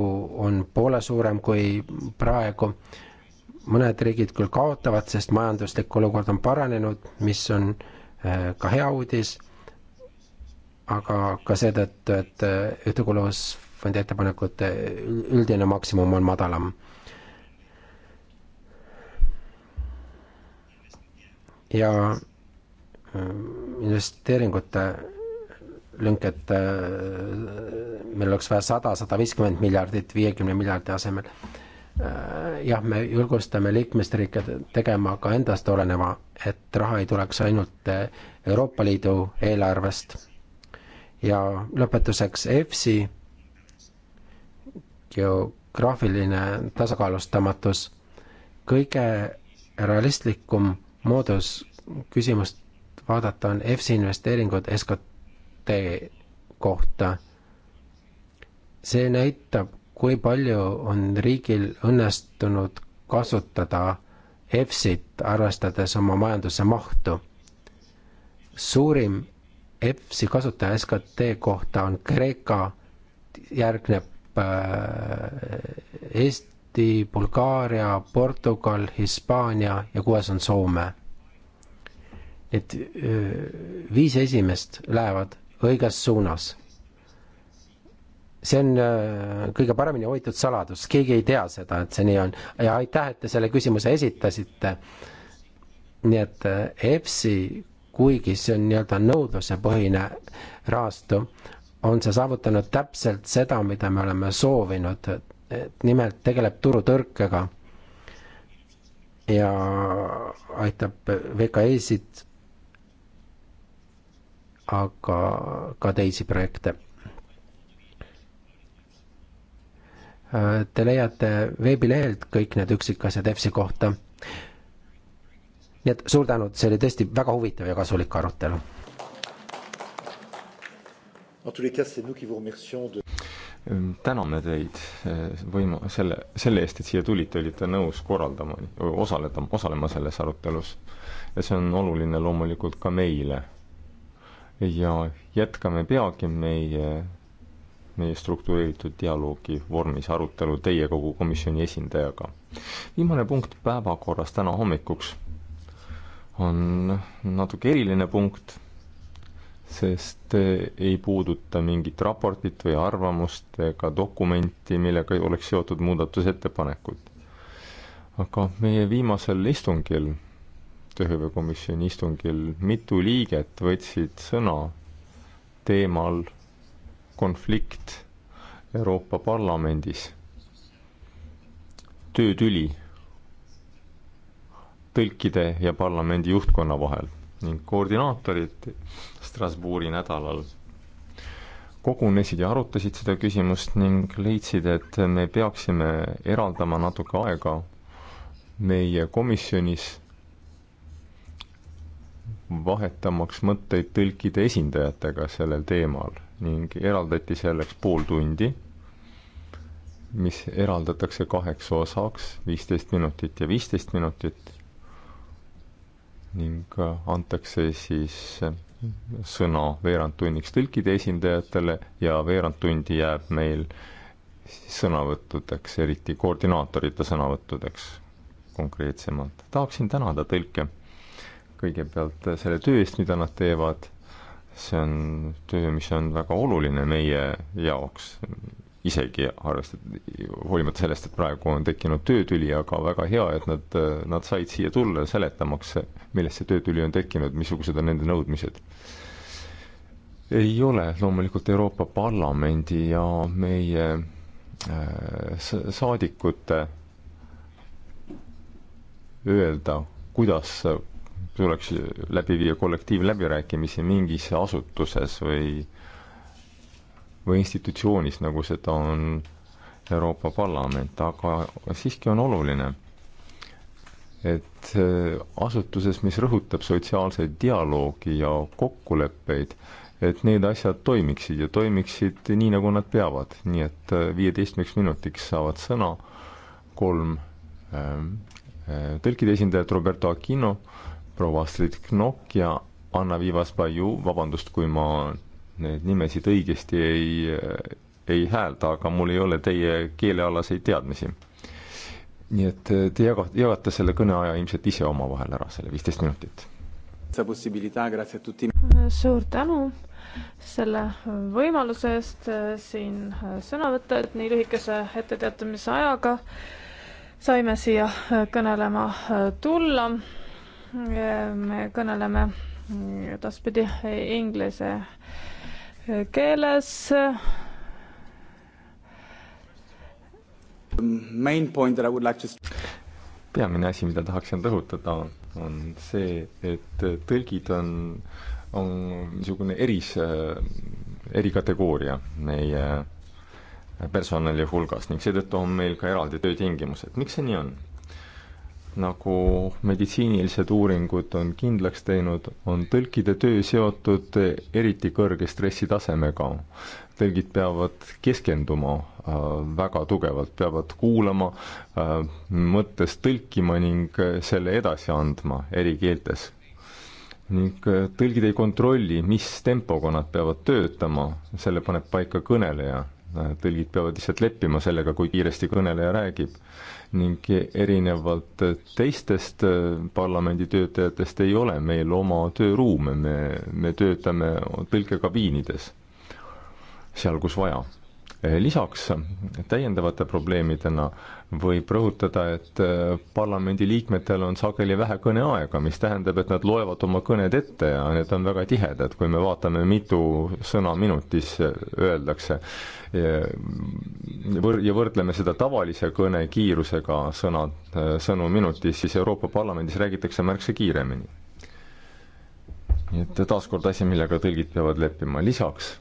on poole suurem kui praegu, mõned riigid küll kaotavad, sest majanduslik olukord on paranenud, mis on äh, ka hea uudis, aga ka seetõttu, et äh, ühtekuuluvusfondi ettepanekute üldine maksimum on madalam ja äh, investeeringute lünk, et äh, meil oleks vaja sada, sada viiskümmend miljardit viiekümne miljardi asemel. Äh, jah, me julgustame liikmesriike tegema ka endast oleneva, et raha ei tuleks ainult Euroopa Liidu eelarvest. ja lõpetuseks EFSI geograafiline tasakaalustamatus. kõige realistlikum moodus küsimust vaadata on EFSI investeeringud SKT kohta. see näitab, kui palju on riigil õnnestunud kasutada EFSit, arvestades oma majanduse mahtu. suurim EFSi kasutaja SKT kohta on Kreeka, järgneb äh, Eest-, Läti, Bulgaaria, Portugal, Hispaania ja kuues on Soome. Need viis esimest lähevad õiges suunas. see on kõige paremini hoitud saladus, keegi ei tea seda, et see nii on ja aitäh, et te selle küsimuse esitasite. nii et EPS-i, kuigi see on nii-öelda nõudlusepõhine rahastu, on see saavutanud täpselt seda, mida me oleme soovinud, nimelt tegeleb turutõrkega ja aitab VKE-sid, aga ka teisi projekte. Te leiate veebilehelt kõik need üksikasjad EFSi kohta. nii et suur tänu, see oli tõesti väga huvitav ja kasulik arutelu. En tous les cas, c'est nous qui vous remercions de täname teid eh, võimu, selle, selle eest, et siia tulite, olite nõus korraldama, osaleda, osalema selles arutelus. ja see on oluline loomulikult ka meile. ja jätkame peagi meie, meie struktureeritud dialoogi vormis arutelu teie kogu komisjoni esindajaga. viimane punkt päevakorras täna hommikuks on natuke eriline punkt sest eh, ei puuduta mingit raportit või arvamust ega dokumenti, millega oleks seotud muudatusettepanekud. aga meie viimasel istungil, tööhõivekomisjoni istungil, mitu liiget võtsid sõna teemal konflikt Euroopa Parlamendis, töötüli tõlkide ja parlamendi juhtkonna vahel ning koordinaatorid Strasbourgi nädalal kogunesid ja arutasid seda küsimust ning leidsid, et me peaksime eraldama natuke aega meie komisjonis vahetamaks mõtteid tõlkide esindajatega sellel teemal ning eraldati selleks pool tundi, mis eraldatakse kaheks osaks, viisteist minutit ja viisteist minutit ning antakse siis sõna veerand tunniks tõlkide esindajatele ja veerand tundi jääb meil sõnavõttudeks, eriti koordinaatorite sõnavõttudeks konkreetsemalt. tahaksin tänada tõlke kõigepealt selle töö eest, mida nad teevad, see on töö, mis on väga oluline meie jaoks, isegi arvestad-, hoolimata sellest, et praegu on tekkinud töötüli, aga väga hea, et nad, nad said siia tulla seletamaks, millest see töötüli on tekkinud, missugused on nende nõudmised. ei ole loomulikult Euroopa Parlamendi ja meie äh, saadikute öelda, kuidas tuleks läbi viia kollektiivläbirääkimisi mingis asutuses või äh, või institutsioonis, nagu seda on Euroopa Parlament, aga siiski on oluline, et äh, asutuses, mis rõhutab sotsiaalseid dialoogi ja kokkuleppeid, et need asjad toimiksid ja toimiksid nii, nagu nad peavad, nii et äh, viieteistkümneks minutiks saavad sõna kolm ähm, äh, tõlkide esindajat Roberto Aquino, proua Astrid Knok ja Anna Vivas-Paju, vabandust, kui ma neid nimesid õigesti ei, ei häälda, aga mul ei ole teie keelealaseid teadmisi. nii et eh, te jaga, jagate selle kõneaja ilmselt ise omavahel ära, selle viisteist minutit. suur tänu selle võimaluse eest eh, siin eh, sõna võtta, et nii lühikese etteteatamise ajaga saime siia kõnelema tulla. me kõneleme mm, edaspidi inglise keeles. Main point that I would like to peamine asi, mida tahaksin rõhutada, on see, et tõlgid on, on niisugune eris, erikategooria meie personali hulgas ning seetõttu on meil ka eraldi töötingimused. miks see nii on? nagu meditsiinilised uuringud on kindlaks teinud, on tõlkide töö seotud eriti kõrge stressitasemega. tõlgid peavad keskenduma äh, väga tugevalt, peavad kuulama äh,, mõttes tõlkima ning äh, selle edasi andma eri keeltes. ning äh, tõlgid ei kontrolli, mis tempoga nad peavad töötama, selle paneb paika kõneleja. Äh, tõlgid peavad lihtsalt leppima sellega, kui kiiresti kõneleja räägib ning erinevalt teistest äh, parlamendi töötajatest ei ole meil oma tööruume, me, me töötame tõlkekabiinides, seal, kus vaja Eh, lisaks täiendavate probleemidena võib rõhutada, et eh, parlamendiliikmetel on sageli vähe kõneaega, mis tähendab, et nad loevad oma kõned ette ja need on väga tihedad, kui me vaatame, mitu sõna minutis öeldakse. Eh, ja võrdleme seda tavalise kõne kiirusega sõna, sõnu minutis, siis Euroopa Parlamendis räägitakse märksa kiiremini. nii et taaskord asi, millega tõlgid peavad leppima, lisaks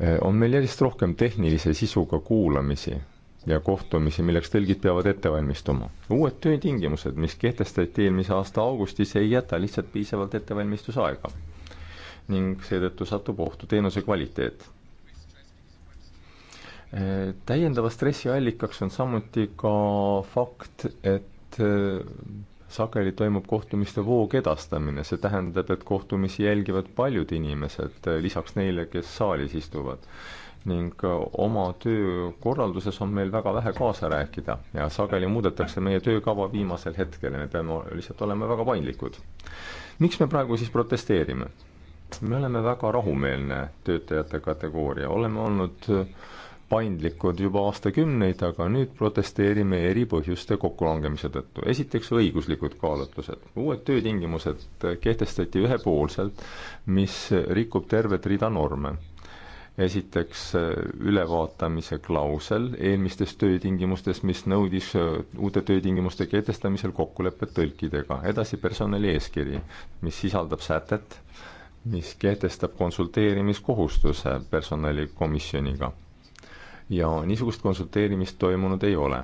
Eh, on meil järjest rohkem tehnilise sisuga kuulamisi ja kohtumisi, milleks tõlgid peavad ette valmistuma. uued töötingimused, mis kehtestati eelmise aasta augustis, ei jäta lihtsalt piisavalt ettevalmistusaega. ning seetõttu satub ohtu teenuse kvaliteet. Eh, täiendava stressi allikaks on samuti ka fakt, et eh, sageli toimub kohtumiste voogedastamine, see tähendab, et kohtumisi jälgivad paljud inimesed eh, lisaks neile, kes saalis istuvad. ning eh, oma töökorralduses on meil väga vähe kaasa rääkida ja sageli muudetakse meie töökava viimasel hetkel ja me peame lihtsalt olema väga paindlikud. miks me praegu siis protesteerime? me oleme väga rahumeelne töötajate kategooria, oleme olnud eh, paindlikud juba aastakümneid, aga nüüd protesteerime eri põhjuste kokkulangemise tõttu. esiteks õiguslikud kaalutlused. uued töötingimused kehtestati ühepoolselt, mis rikub tervet rida norme. esiteks ülevaatamise klausel eelmistes töötingimustes, mis nõudis uute töötingimuste kehtestamisel kokkulepet tõlkidega. edasi personali eeskiri, mis sisaldab sätet, mis kehtestab konsulteerimiskohustuse personalikomisjoniga ja niisugust konsulteerimist toimunud ei ole.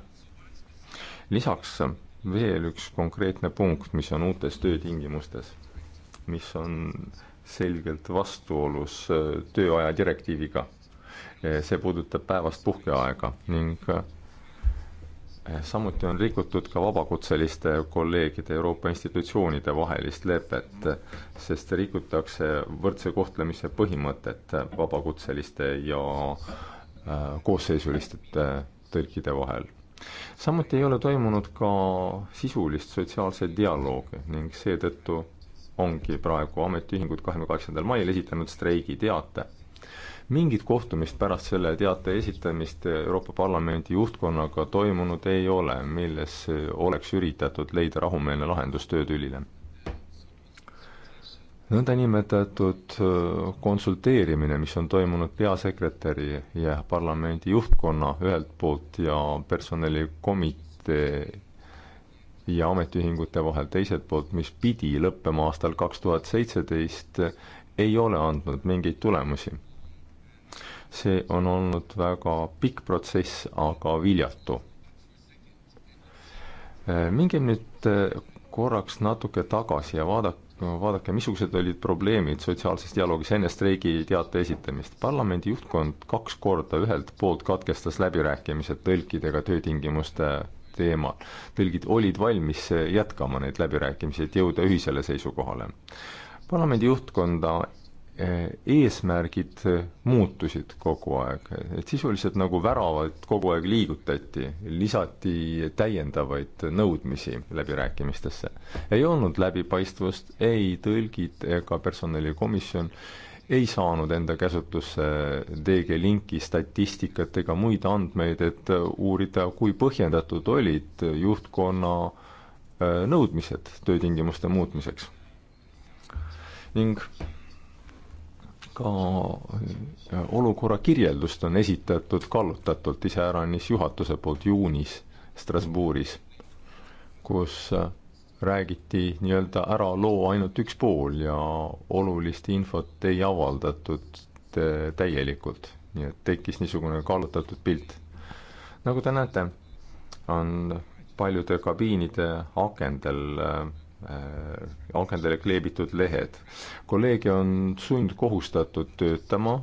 lisaks veel üks konkreetne punkt, mis on uutes töötingimustes, mis on selgelt vastuolus äh, tööaja direktiiviga. Äh, see puudutab päevast puhkeaega ning äh, samuti on rikutud ka vabakutseliste kolleegide Euroopa institutsioonide vahelist lepet, sest rikutakse võrdse kohtlemise põhimõtet vabakutseliste ja Äh, koosseisuliste äh, tõlkide vahel. samuti ei ole toimunud ka sisulist sotsiaalset dialoogi ning seetõttu ongi praegu ametiühingud kahekümne kaheksandal mail esitanud streigiteate. mingit kohtumist pärast selle teate esitamist Euroopa Parlamendi juhtkonnaga toimunud ei ole, milles oleks üritatud leida rahumeelne lahendus töötülile nõndanimetatud äh, konsulteerimine, mis on toimunud peasekretäri ja parlamendi juhtkonna ühelt poolt ja personalikomitee ja ametiühingute vahel teiselt poolt, mis pidi lõppema aastal kaks tuhat seitseteist, ei ole andnud mingeid tulemusi. see on olnud väga pikk protsess, aga viljatu. Äh, mingem nüüd äh, korraks natuke tagasi ja vaadake, vaadake, missugused olid probleemid sotsiaalses dialoogis enne streigiteate esitamist. parlamendi juhtkond kaks korda ühelt poolt katkestas läbirääkimised tõlkidega töötingimuste teemal. tõlgid olid valmis jätkama neid läbirääkimisi, et jõuda ühisele seisukohale. parlamendi juhtkonda eesmärgid muutusid kogu aeg, et sisuliselt nagu väravad kogu aeg liigutati, lisati täiendavaid nõudmisi läbirääkimistesse. ei olnud läbipaistvust, ei tõlgid ega personalikomisjon ei saanud enda käsutusse DG Linki statistikat ega muid andmeid, et uurida, kui põhjendatud olid juhtkonna äh, nõudmised töötingimuste muutmiseks. ning ka äh, olukorra kirjeldust on esitatud kallutatult, iseäranis juhatuse poolt juunis Strasbourgis, kus äh, räägiti nii-öelda ära loo ainult üks pool ja olulist infot ei avaldatud äh, täielikult, nii et tekkis niisugune kallutatud pilt. nagu te näete, on paljude kabiinide akendel Äh, akendele kleebitud lehed. kolleege on sundkohustatud töötama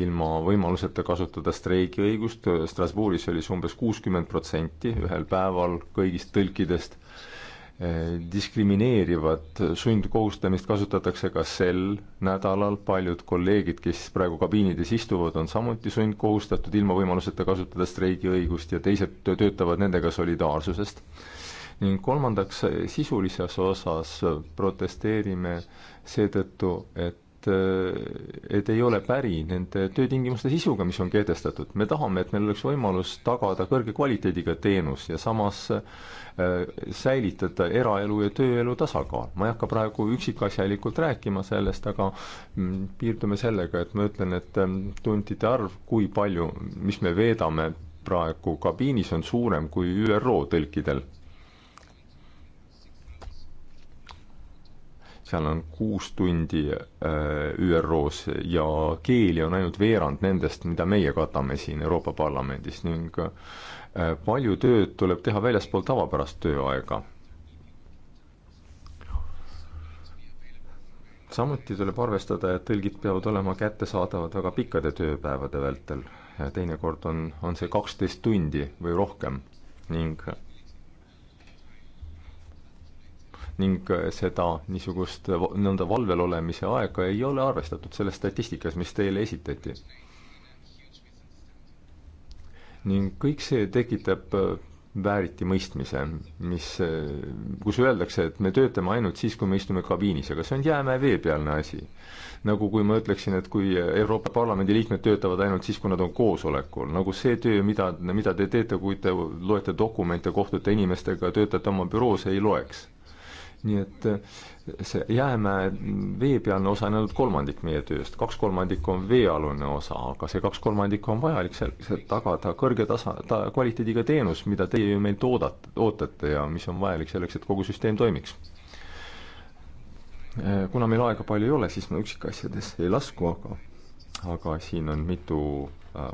ilma võimaluseta kasutada streigiõigust, Strasbourgis oli see umbes kuuskümmend protsenti ühel päeval kõigist tõlkidest, äh, diskrimineerivat sundkohustamist kasutatakse ka sel nädalal, paljud kolleegid, kes praegu kabiinides istuvad, on samuti sundkohustatud ilma võimaluseta kasutada streigiõigust ja teised töötavad nendega solidaarsusest ning kolmandaks, sisulises osas protesteerime seetõttu, et et ei ole päri nende töötingimuste sisuga, mis on kehtestatud. me tahame, et meil oleks võimalus tagada kõrge kvaliteediga teenus ja samas äh, säilitada eraelu ja tööelu tasakaal. ma ei hakka praegu üksikasjalikult rääkima sellest, aga mm, piirdume sellega, et ma ütlen, et ähm, tundide arv, kui palju, mis me veedame praegu kabiinis, on suurem kui ÜRO tõlkidel seal on kuus tundi äh, ÜRO-s ja keeli on ainult veerand nendest, mida meie katame siin Euroopa Parlamendis ning äh, palju tööd tuleb teha väljaspool tavapärast tööaega. samuti tuleb arvestada, et tõlgid peavad olema kättesaadavad väga pikkade tööpäevade vältel ja teinekord on, on see kaksteist tundi või rohkem ning ning äh, seda niisugust nõnda valvel olemise aega ei ole arvestatud selles statistikas, mis teile esitati. ning kõik see tekitab äh, vääriti mõistmise, mis, äh, kus öeldakse, et me töötame ainult siis, kui me istume kabiinis, aga see on jäämäe veepealne asi. nagu kui ma ütleksin, et kui Euroopa Parlamendi liikmed töötavad ainult siis, kui nad on koosolekul, nagu see töö, mida, mida te teete, kui te loete dokumente, kohtute inimestega, töötate oma büroos, ei loeks nii et äh, see jäämäe veepealne osa on ainult kolmandik meie tööst, kaks kolmandikku on veealune osa, aga see kaks kolmandikku on vajalik selleks, et tagada kõrge tasa, ta kvaliteediga teenus, mida teie ju meilt oodate, ootate ja mis on vajalik selleks, et kogu süsteem toimiks. Äh, kuna meil aega palju ei ole, siis ma üksikasjadesse ei lasku, aga aga siin on mitu äh,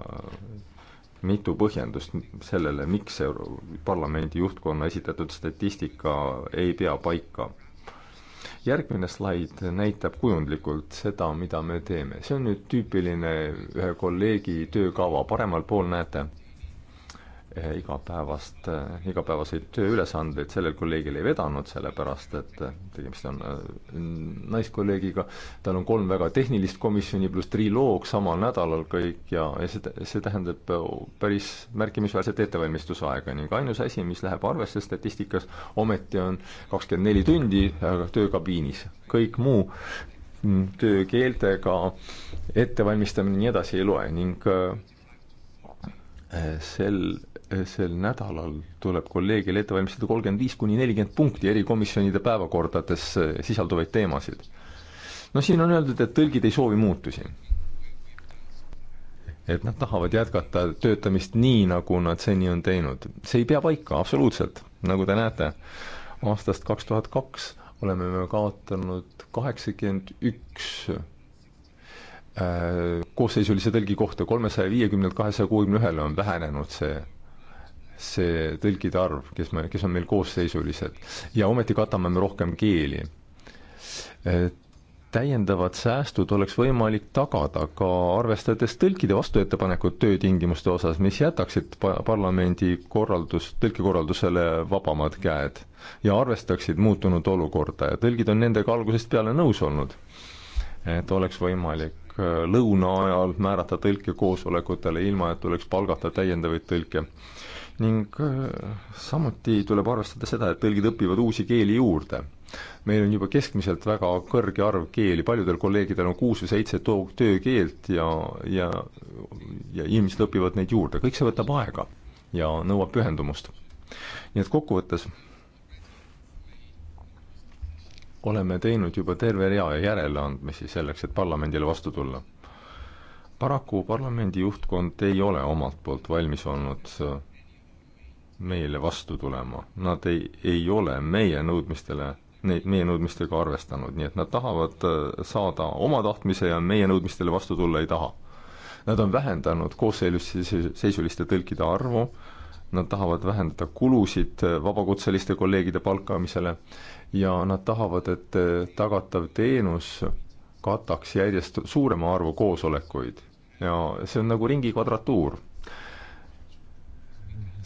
mitu põhjendust sellele, miks Euro-, parlamendi juhtkonna esitatud statistika ei pea paika. järgmine slaid näitab kujundlikult seda, mida me teeme, see on nüüd tüüpiline ühe kolleegi töökava, paremal pool näete Eh, igapäevast, eh, igapäevaseid tööülesandeid sellel kolleegil ei vedanud, sellepärast et eh, tegemist on naiskolleegiga, tal on kolm väga tehnilist komisjoni pluss triloog samal nädalal kõik ja, ja see, see tähendab päris märkimisväärset ettevalmistusaega ning ainus asi, mis läheb arvesse statistikas, ometi on kakskümmend neli tundi töökabiinis, kõik muu mm, töökeeltega ettevalmistamine ja nii edasi ei loe ning sel sel nädalal tuleb kolleegil ette valmistada kolmkümmend viis kuni nelikümmend punkti erikomisjonide päevakordades eh, sisalduvaid teemasid. no siin on öeldud, et tõlgid ei soovi muutusi. et nad tahavad jätkata töötamist nii, nagu nad seni on teinud. see ei pea paika, absoluutselt, nagu te näete. aastast kaks tuhat kaks oleme me kaotanud kaheksakümmend üks äh, koosseisulise tõlgi kohta kolmesaja viiekümnelt kahesaja kuuekümne ühele on vähenenud see see tõlkide arv, kes me, kes on meil koosseisulised. ja ometi katame me rohkem keeli. E, täiendavad säästud oleks võimalik tagada ka arvestades tõlkide vastuettepanekut töötingimuste osas, mis jätaksid parlamendi korraldus, tõlkekorraldusele vabamad käed ja arvestaksid muutunud olukorda ja tõlgid on nendega algusest peale nõus olnud. et oleks võimalik e, lõuna ajal määrata tõlke koosolekutele, ilma et tuleks palgata täiendavaid tõlke ning äh, samuti tuleb arvestada seda, et tõlgid õpivad uusi keeli juurde. meil on juba keskmiselt väga kõrge arv keeli, paljudel kolleegidel on kuus või seitse töökeelt ja, ja ja inimesed õpivad neid juurde, kõik see võtab aega ja nõuab pühendumust. nii et kokkuvõttes oleme teinud juba terve rea järeleandmisi selleks, et parlamendile vastu tulla. paraku parlamendi juhtkond ei ole omalt poolt valmis olnud äh, meile vastu tulema. Nad ei, ei ole meie nõudmistele, neid meie nõudmistega arvestanud, nii et nad tahavad äh, saada oma tahtmise ja meie nõudmistele vastu tulla ei taha. Nad on vähendanud koosseisuliste tõlkide arvu, nad tahavad vähendada kulusid äh, vabakutseliste kolleegide palkamisele ja nad tahavad, et äh, tagatav teenus kataks järjest suurema arvu koosolekuid ja see on nagu ringi kvadratuur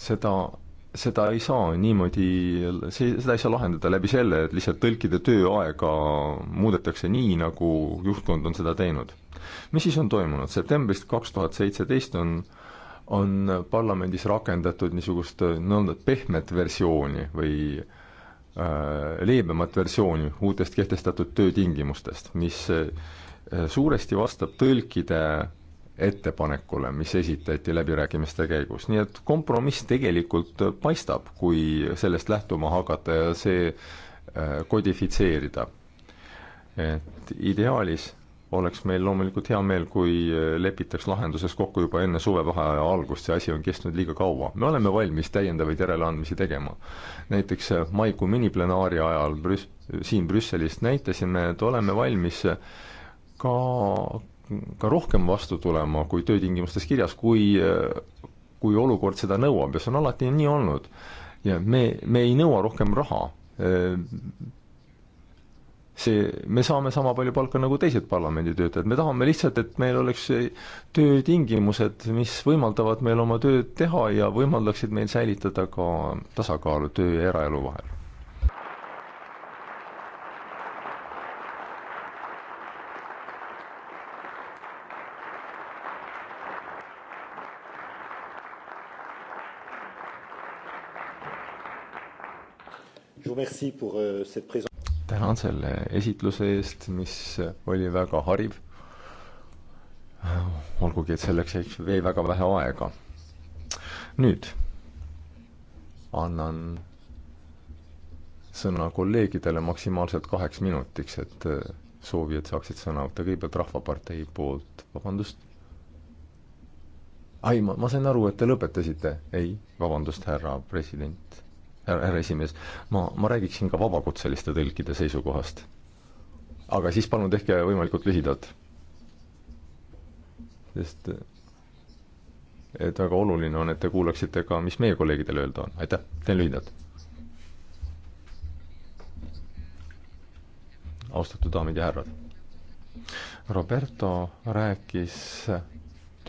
seda, seda ei saa niimoodi, see, seda ei saa lahendada läbi selle, et lihtsalt tõlkide tööaega muudetakse nii, nagu juhtkond on seda teinud. mis siis on toimunud, septembrist kaks tuhat seitseteist on on parlamendis rakendatud niisugust nõnda pehmet versiooni või äh, leebemat versiooni uutest kehtestatud töötingimustest, mis äh, suuresti vastab tõlkide ettepanekule, mis esitati läbirääkimiste käigus, nii et kompromiss tegelikult paistab, kui sellest lähtuma hakata ja see äh, kodifitseerida. et ideaalis oleks meil loomulikult hea meel, kui äh, lepitaks lahenduses kokku juba enne suvevaheaja algust, see asi on kestnud liiga kaua. me oleme valmis täiendavaid järeleandmisi tegema. näiteks äh, maikuu miniplenaaria ajal Brüs-, siin Brüsselis näitasime, et oleme valmis ka ka rohkem vastu tulema, kui töötingimustes kirjas, kui, kui olukord seda nõuab ja see on alati nii olnud. ja me, me ei nõua rohkem raha. see, me saame sama palju palka nagu teised parlamenditöötajad, me tahame lihtsalt, et meil oleks töötingimused, mis võimaldavad meil oma tööd teha ja võimaldaksid meil säilitada ka tasakaalu töö ja eraelu vahel Euh, tänan selle esitluse eest, mis äh, oli väga hariv. Äh, olgugi, et selleks jäi väga vähe aega. nüüd annan sõna kolleegidele maksimaalselt kaheks minutiks, et äh, soovijad saaksid sõna võtta, kõigepealt Rahvapartei poolt, vabandust. ai, ma, ma sain aru, et te lõpetasite. ei, vabandust, härra president härra esimees, ma, ma räägiksin ka vabakutseliste tõlkide seisukohast. aga siis palun tehke võimalikult lühidalt. sest et väga oluline on, et te kuulaksite ka, mis meie kolleegidel öelda on, aitäh, teen lühidalt. austatud daamid ja härrad. Roberto rääkis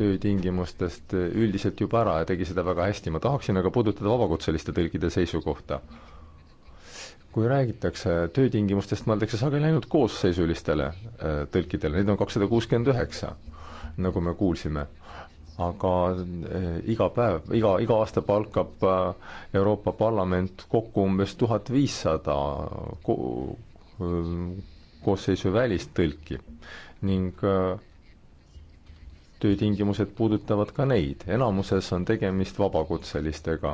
töötingimustest üldiselt juba ära ja tegi seda väga hästi, ma tahaksin aga puudutada vabakutseliste tõlkide seisukohta. kui räägitakse töötingimustest, mõeldakse sageli ainult koosseisulistele äh, tõlkidele, neid on kakssada kuuskümmend üheksa, nagu me kuulsime aga äh, iga päev, iga, iga aasta palkab äh, Euroopa Parlament kokku umbes tuhat viissada ko-, koosseisuvälist tõlki ning töötingimused puudutavad ka neid, enamuses on tegemist vabakutselistega,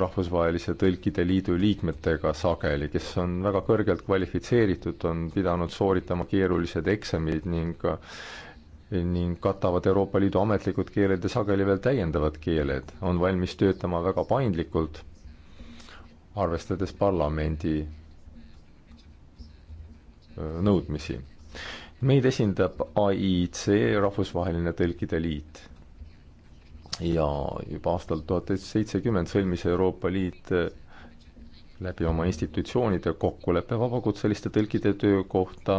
rahvusvahelise Tõlkide Liidu liikmetega sageli, kes on väga kõrgelt kvalifitseeritud, on pidanud sooritama keerulised eksamid ning ning katavad Euroopa Liidu ametlikud keeled ja sageli veel täiendavad keeled, on valmis töötama väga paindlikult, arvestades parlamendi nõudmisi meid esindab AIC, Rahvusvaheline Tõlkide Liit. ja juba aastal tuhat seitsekümmend sõlmis Euroopa Liit eh, läbi oma institutsioonide kokkuleppe vabakutseliste tõlkide töö kohta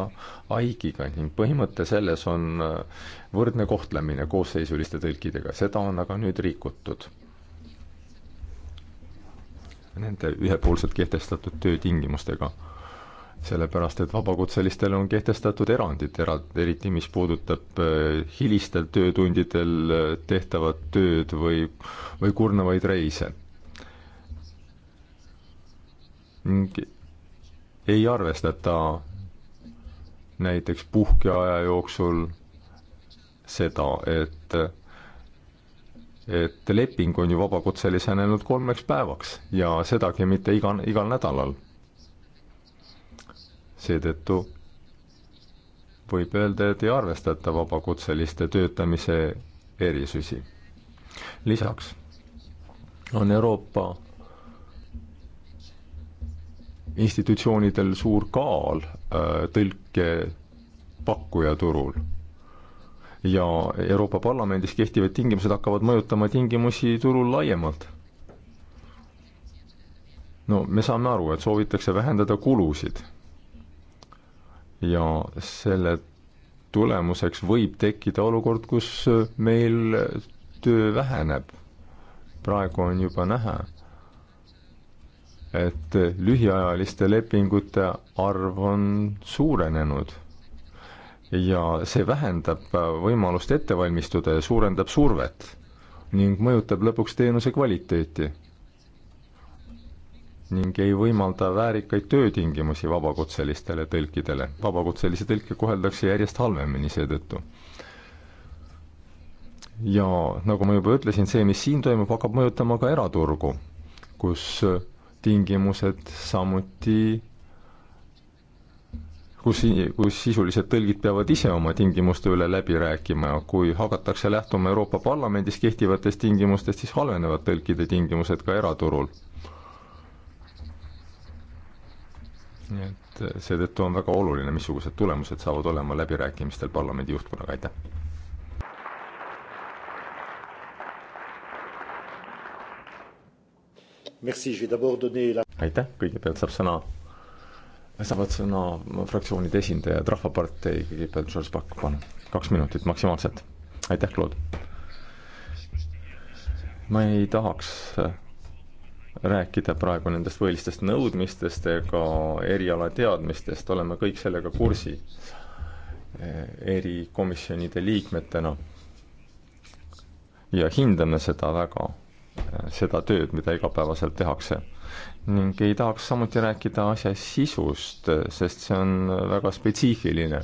AIG-iga ning põhimõte selles on eh, võrdne kohtlemine koosseisuliste tõlkidega, seda on aga nüüd rikutud. Nende ühepoolselt kehtestatud töötingimustega sellepärast et vabakutselistele on kehtestatud erandid, era-, eriti mis puudutab äh, hilistel töötundidel äh, tehtavat tööd või, või kurnavaid reise. ei arvestata näiteks puhkeaja jooksul seda, et et leping on ju vabakutselisena ainult kolmeks päevaks ja sedagi mitte iga, igal nädalal seetõttu võib öelda, et ei arvestata vabakutseliste töötamise erisusi. lisaks on Euroopa institutsioonidel suur kaal äh, tõlke pakkuja turul. ja Euroopa Parlamendis kehtivad tingimused hakkavad mõjutama tingimusi turul laiemalt. no me saame aru, et soovitakse vähendada kulusid ja selle tulemuseks võib tekkida olukord, kus meil töö väheneb. praegu on juba näha, et lühiajaliste lepingute arv on suurenenud ja see vähendab võimalust ette valmistuda ja suurendab survet ning mõjutab lõpuks teenuse kvaliteeti ning ei võimalda väärikaid töötingimusi vabakutselistele tõlkidele. vabakutselisi tõlke koheldakse järjest halvemini seetõttu. ja nagu ma juba ütlesin, see, mis siin toimub, hakkab mõjutama ka eraturgu, kus tingimused samuti kus, kus sisuliselt tõlgid peavad ise oma tingimuste üle läbi rääkima ja kui hakatakse lähtuma Euroopa Parlamendis kehtivatest tingimustest, siis halvenevad tõlkide tingimused ka eraturul nii et äh, seetõttu on väga oluline, missugused tulemused saavad olema läbirääkimistel parlamendi juhtkonnaga, aitäh! aitäh, kõigepealt saab sõna, saavad sõna fraktsioonide esindajad, Rahvapartei kõigepealt, George Buck, palun, kaks minutit maksimaalselt. aitäh, Claude! ma ei tahaks äh, rääkida praegu nendest põhilistest nõudmistest ega erialateadmistest, oleme kõik sellega kursis e, eri komisjonide liikmetena. ja hindame seda väga, e, seda tööd, mida igapäevaselt tehakse. ning ei tahaks samuti rääkida asja sisust, sest see on väga spetsiifiline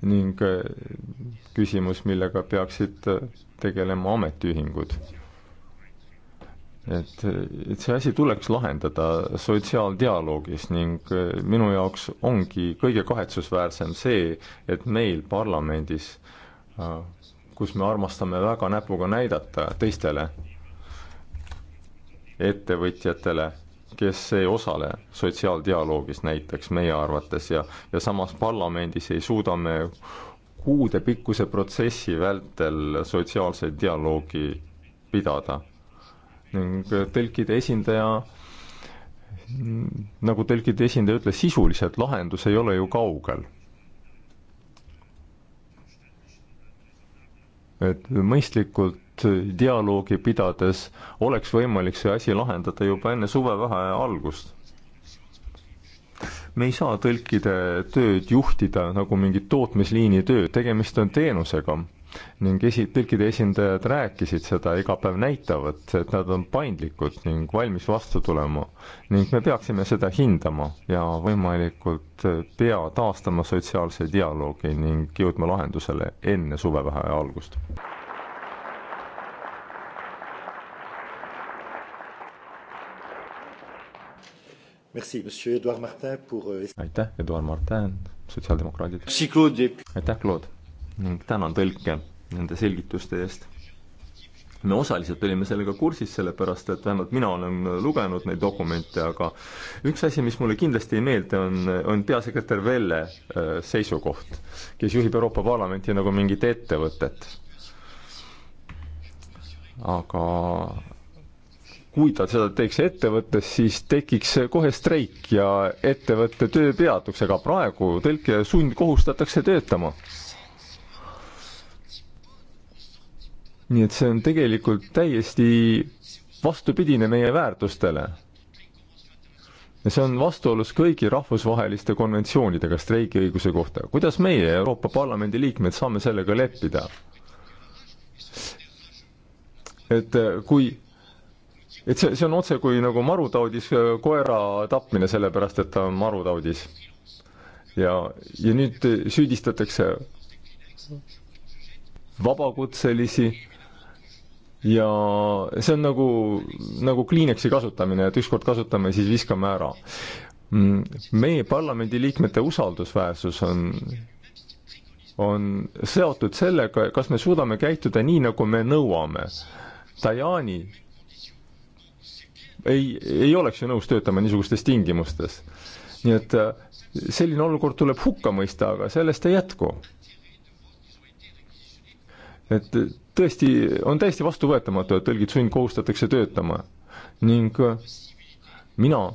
ning eh, küsimus, millega peaksid eh, tegelema ametiühingud. et, eh, et see asi tuleks lahendada sotsiaaldialoogis ning minu jaoks ongi kõige kahetsusväärsem see, et meil parlamendis, kus me armastame väga näpuga näidata teistele ettevõtjatele kes ei osale sotsiaaldialoogis näiteks meie arvates ja, ja samas parlamendis ei suuda me kuudepikkuse protsessi vältel sotsiaalse dialoogi pidada. ning tõlkide esindaja, nagu tõlkide esindaja ütles, sisuliselt lahendus ei ole ju kaugel et mõistlikult dialoogi pidades oleks võimalik see asi lahendada juba enne suvevaheaja algust. me ei saa tõlkide tööd juhtida nagu mingit tootmisliini tööd, tegemist on teenusega ning esi-, tõlkide esindajad rääkisid seda, iga päev näitavad, et nad on paindlikud ning valmis vastu tulema. ning me peaksime seda hindama ja võimalikult pea taastama sotsiaalse dialoogi ning jõudma lahendusele enne suvevaheaja algust. Euh, aitäh, Eduard Martin, sotsiaaldemokraadid. aitäh, Claude, ning tänan tõlke nende selgituste eest. me osaliselt olime sellega kursis, sellepärast et vähemalt mina olen lugenud neid dokumente, aga üks asi, mis mulle kindlasti ei meeldi, on, on peasekretär Velle äh, seisukoht, kes juhib Euroopa Parlamenti nagu mingit ettevõtet. aga kui ta seda teeks ettevõttes, siis tekiks kohe streik ja ettevõtte töö peatuks, aga praegu tõlke sund kohustatakse töötama. nii et see on tegelikult täiesti vastupidine meie väärtustele ja see on vastuolus kõigi rahvusvaheliste konventsioonidega streigiõiguse kohta. kuidas meie, Euroopa Parlamendi liikmed, saame sellega leppida? et kui et see, see on otse kui nagu marutaudis äh, koera tapmine, sellepärast et ta on marutaudis. ja, ja nüüd süüdistatakse vabakutselisi ja see on nagu, nagu Kleenexi kasutamine, et ükskord kasutame, siis viskame ära. Mm, meie parlamendiliikmete usaldusväärsus on on seotud sellega, kas me suudame käituda nii, nagu me nõuame. Tajani ei, ei oleks ju nõus töötama niisugustes tingimustes. nii et äh, selline olukord tuleb hukka mõista, aga sellest ei jätku. et äh, tõesti, on täiesti vastuvõetamatu, et tõlgid sundkohustatakse töötama ning äh, mina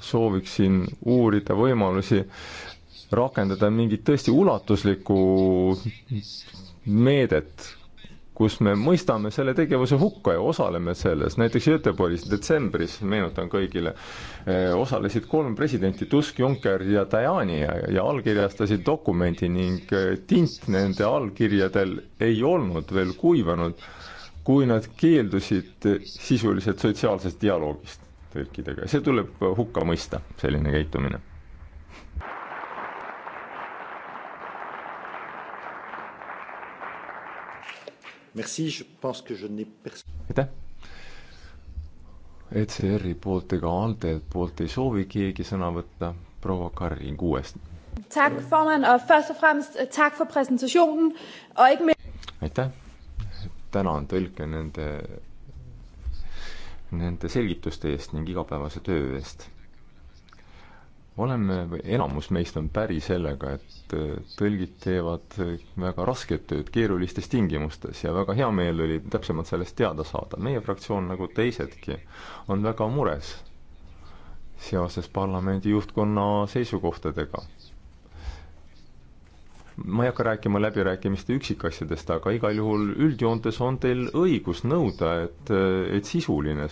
sooviksin uurida võimalusi rakendada mingit tõesti ulatuslikku meedet kus me mõistame selle tegevuse hukka ja osaleme selles, näiteks Göteborgis detsembris, meenutan kõigile, eh, osalesid kolm presidenti, Tusk, Juncker ja Tajani ja, ja allkirjastasid dokumendi ning eh, tint nende allkirjadel ei olnud veel kuivanud, kui nad keeldusid eh, sisuliselt sotsiaalsest dialoogist tõlkidega, see tuleb hukka mõista, selline käitumine aitäh! ECR-i poolt ega ALDE poolt ei soovi keegi sõna võtta, proua Karin Kuuest. Øh, aitäh, tänan tõlke nende, nende selgituste eest ning igapäevase töö eest oleme või enamus meist on päri sellega, et äh, tõlgid teevad äh, väga rasket tööd keerulistes tingimustes ja väga hea meel oli täpsemalt sellest teada saada. meie fraktsioon, nagu teisedki, on väga mures seoses parlamendi juhtkonna seisukohtadega. ma ei hakka rääkima läbirääkimiste üksikasjadest, aga igal juhul üldjoontes on teil õigus nõuda, et, äh, et sisuline,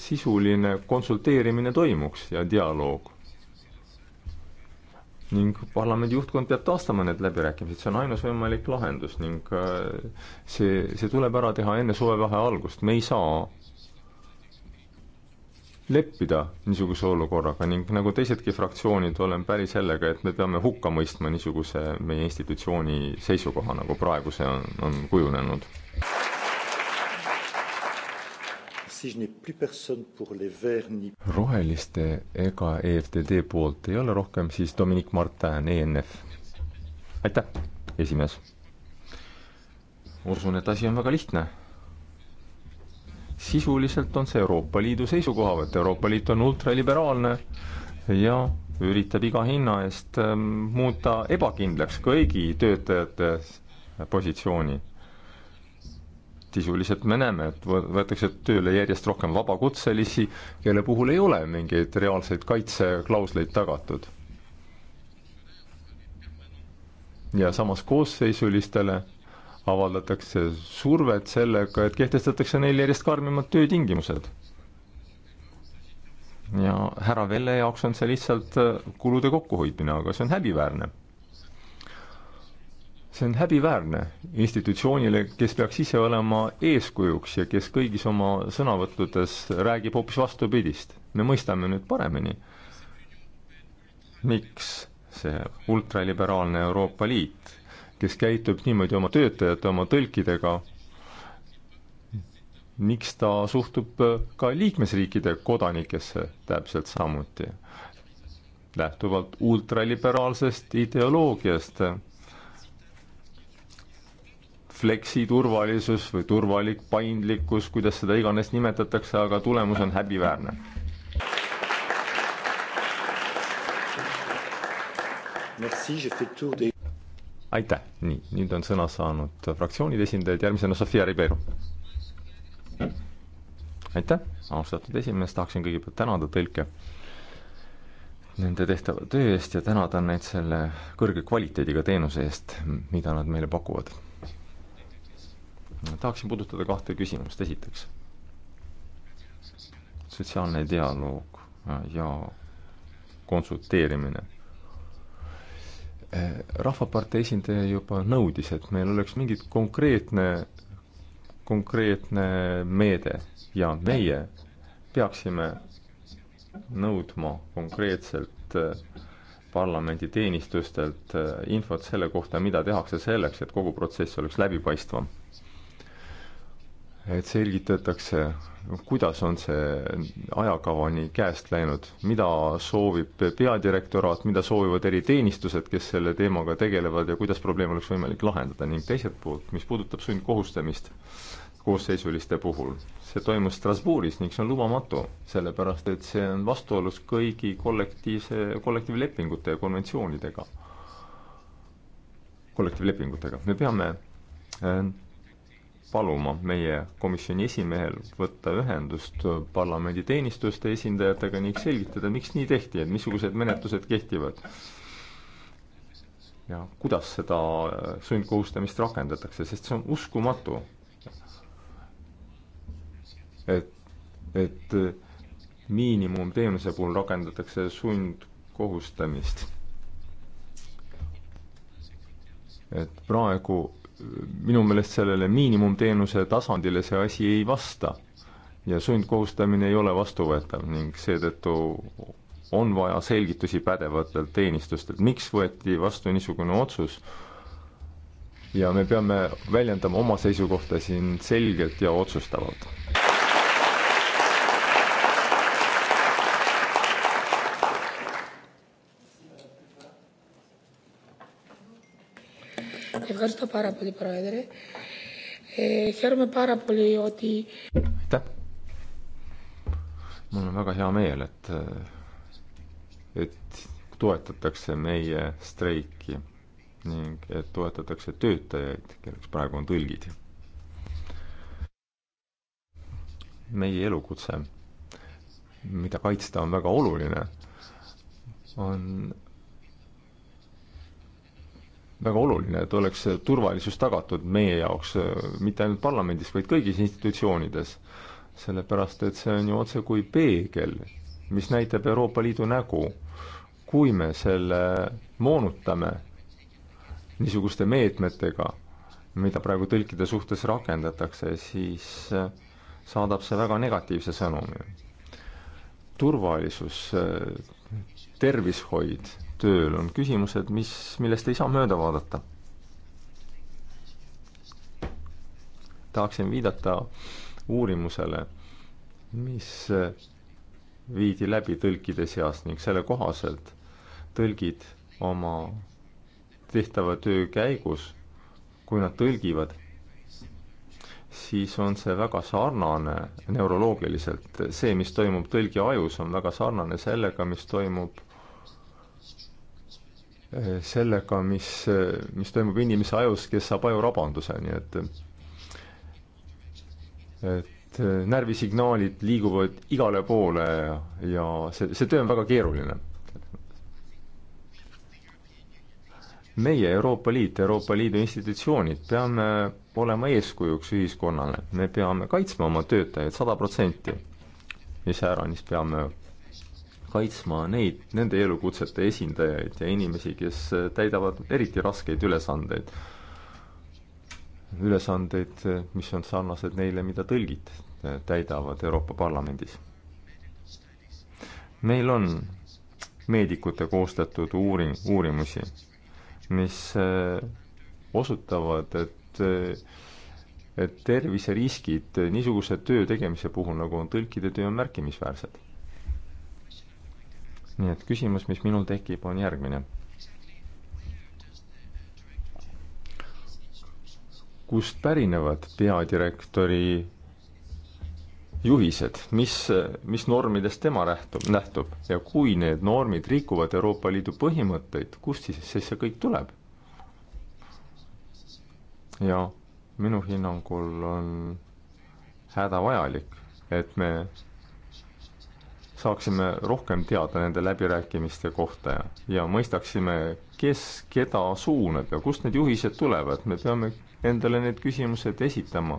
sisuline konsulteerimine toimuks ja dialoog ning parlamendi juhtkond peab taastama need läbirääkimised, see on ainus võimalik lahendus ning äh, see, see tuleb ära teha enne suvevahe algust, me ei saa leppida niisuguse olukorraga ning nagu teisedki fraktsioonid, olen päri sellega, et me peame hukka mõistma niisuguse meie institutsiooni seisukoha, nagu praegu see on, on kujunenud roheliste ega EFTD poolt ei ole rohkem, siis Dominic Martin, ENF. aitäh, esimees. usun, et asi on väga lihtne. sisuliselt on see Euroopa Liidu seisukohavõtt, Euroopa Liit on ultraliberaalne ja üritab iga hinna eest ähm, muuta ebakindlaks kõigi töötajate positsiooni sisuliselt me näeme, et võetakse tööle järjest rohkem vabakutselisi, kelle puhul ei ole mingeid reaalseid kaitseklausleid tagatud. ja samas koosseisulistele avaldatakse survet sellega, et kehtestatakse neile järjest karmimad töötingimused. ja härra Velle jaoks on see lihtsalt kulude kokkuhoidmine, aga see on häbiväärne see on häbiväärne institutsioonile, kes peaks ise olema eeskujuks ja kes kõigis oma sõnavõttudes räägib hoopis vastupidist. me mõistame nüüd paremini, miks see ultraliberaalne Euroopa Liit, kes käitub niimoodi oma töötajate, oma tõlkidega, miks ta suhtub ka liikmesriikide kodanikesse täpselt samuti, lähtuvalt ultraliberaalsest ideoloogiast fleksiturvalisus või turvalik paindlikkus, kuidas seda iganes nimetatakse, aga tulemus on häbiväärne. aitäh, nii, nüüd on sõna saanud fraktsioonide esindajad, järgmisena Sofia Ribeiro. aitäh, austatud esimees, tahaksin kõigepealt tänada tõlke nende tehtava töö eest ja tänada neid selle kõrge kvaliteediga teenuse eest, mida nad meile pakuvad tahaksin puudutada kahte küsimust, esiteks sotsiaalne dialoog äh, ja konsulteerimine. Äh, rahvapartei esindaja juba nõudis, et meil oleks mingi konkreetne, konkreetne meede ja meie peaksime nõudma konkreetselt äh, parlamenditeenistustelt infot selle kohta, mida tehakse selleks, et kogu protsess oleks läbipaistvam et selgitatakse, kuidas on see ajakava nii käest läinud, mida soovib peadirektoraat, mida soovivad eriteenistused, kes selle teemaga tegelevad ja kuidas probleem oleks võimalik lahendada ning teiselt poolt, mis puudutab sundkohustamist koosseisuliste puhul, see toimus Strasbourgis ning see on lubamatu, sellepärast et see on vastuolus kõigi kollektiivse, kollektiivlepingute ja konventsioonidega, kollektiivlepingutega, me peame äh, paluma meie komisjoni esimehel võtta ühendust parlamendi teenistuste esindajatega ning selgitada, miks nii tehti, et missugused menetlused kehtivad. ja kuidas seda äh, sundkohustamist rakendatakse, sest see on uskumatu. et, et äh, miinimumteenuse puhul rakendatakse sundkohustamist. et praegu minu meelest sellele miinimumteenuse tasandile see asi ei vasta. ja sundkohustamine ei ole vastuvõetav ning seetõttu on vaja selgitusi pädevatelt teenistustelt, miks võeti vastu niisugune otsus ja me peame väljendama oma seisukohta siin selgelt ja otsustavalt. Ευχαριστώ πάρα πολύ, Πρόεδρε. Ε, χαίρομαι πάρα πολύ ότι... Aitäh! mul on väga hea meel, et, et toetatakse meie streiki ning et toetatakse töötajaid, kelleks praegu on tõlgid. meie elukutse, mida kaitsta, on väga oluline, on väga oluline, et oleks turvalisus tagatud meie jaoks, mitte ainult parlamendis, vaid kõigis institutsioonides. sellepärast, et see on ju otsekui peegel, mis näitab Euroopa Liidu nägu. kui me selle moonutame niisuguste meetmetega, mida praegu tõlkide suhtes rakendatakse, siis saadab see väga negatiivse sõnumi. turvalisus, tervishoid tööl on küsimused, mis, millest ei saa mööda vaadata. tahaksin viidata uurimusele, mis viidi läbi tõlkide seas ning selle kohaselt tõlgid oma tehtava töö käigus, kui nad tõlgivad, siis on see väga sarnane neuroloogiliselt, see, mis toimub tõlgi ajus, on väga sarnane sellega, mis toimub sellega, mis, mis toimub inimese ajus, kes saab ajurabanduse, nii et et närvisignaalid liiguvad igale poole ja, ja see, see töö on väga keeruline. meie, Euroopa Liit, Euroopa Liidu institutsioonid peame olema eeskujuks ühiskonnale, me peame kaitsma oma töötajaid sada protsenti. iseäranis peame kaitsma neid, nende elukutsete esindajaid ja inimesi, kes täidavad eriti raskeid ülesandeid. ülesandeid, mis on sarnased neile, mida tõlgid täidavad Euroopa Parlamendis. meil on meedikute koostatud uuring, uurimusi, mis eh, osutavad, et eh, et terviseriskid niisuguse töö tegemise puhul, nagu on tõlkide töö, on märkimisväärsed nii et küsimus, mis minul tekib, on järgmine. kust pärinevad peadirektori juhised, mis, mis normidest tema lähtub, lähtub ja kui need normid rikuvad Euroopa Liidu põhimõtteid, kust siis, siis see kõik tuleb? ja minu hinnangul on hädavajalik, et me saaksime rohkem teada nende läbirääkimiste kohta ja, ja mõistaksime, kes keda suunab ja kust need juhised tulevad, me peame endale need küsimused esitama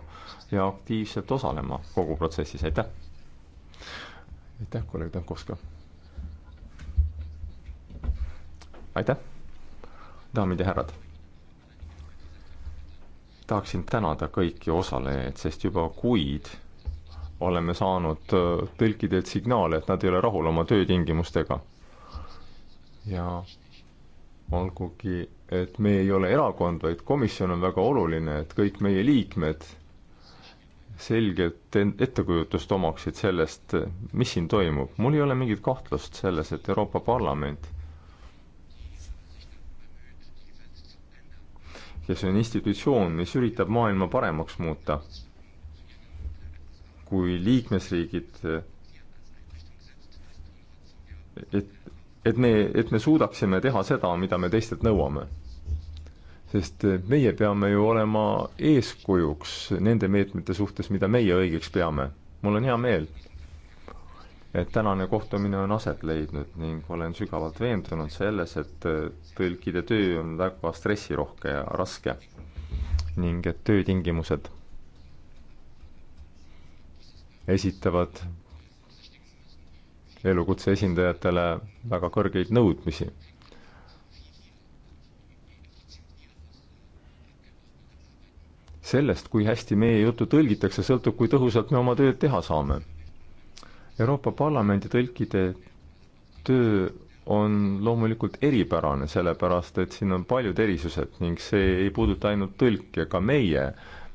ja aktiivselt osalema kogu protsessis, aitäh! aitäh, kolleeg Tankovska! aitäh, daamid ja härrad! tahaksin tänada kõiki osalejaid, sest juba kuid oleme saanud äh, tõlkidelt signaale, et nad ei ole rahul oma töötingimustega. ja olgugi, et me ei ole erakond, vaid komisjon on väga oluline, et kõik meie liikmed selget ettekujutust omaksid sellest, mis siin toimub. mul ei ole mingit kahtlust selles, et Euroopa Parlament, kes on institutsioon, mis üritab maailma paremaks muuta kui liikmesriigid, et, et me, et me suudaksime teha seda, mida me teistelt nõuame. sest meie peame ju olema eeskujuks nende meetmete suhtes, mida meie õigeks peame. mul on hea meel, et tänane kohtumine on aset leidnud ning olen sügavalt veendunud selles, et tõlkide töö on väga stressirohke ja raske ning et töötingimused esitavad elukutse esindajatele väga kõrgeid nõudmisi. sellest, kui hästi meie juttu tõlgitakse, sõltub, kui tõhusalt me oma tööd teha saame. Euroopa Parlamendi tõlkide töö on loomulikult eripärane, sellepärast et siin on paljud erisused ning see ei puuduta ainult tõlke, ka meie,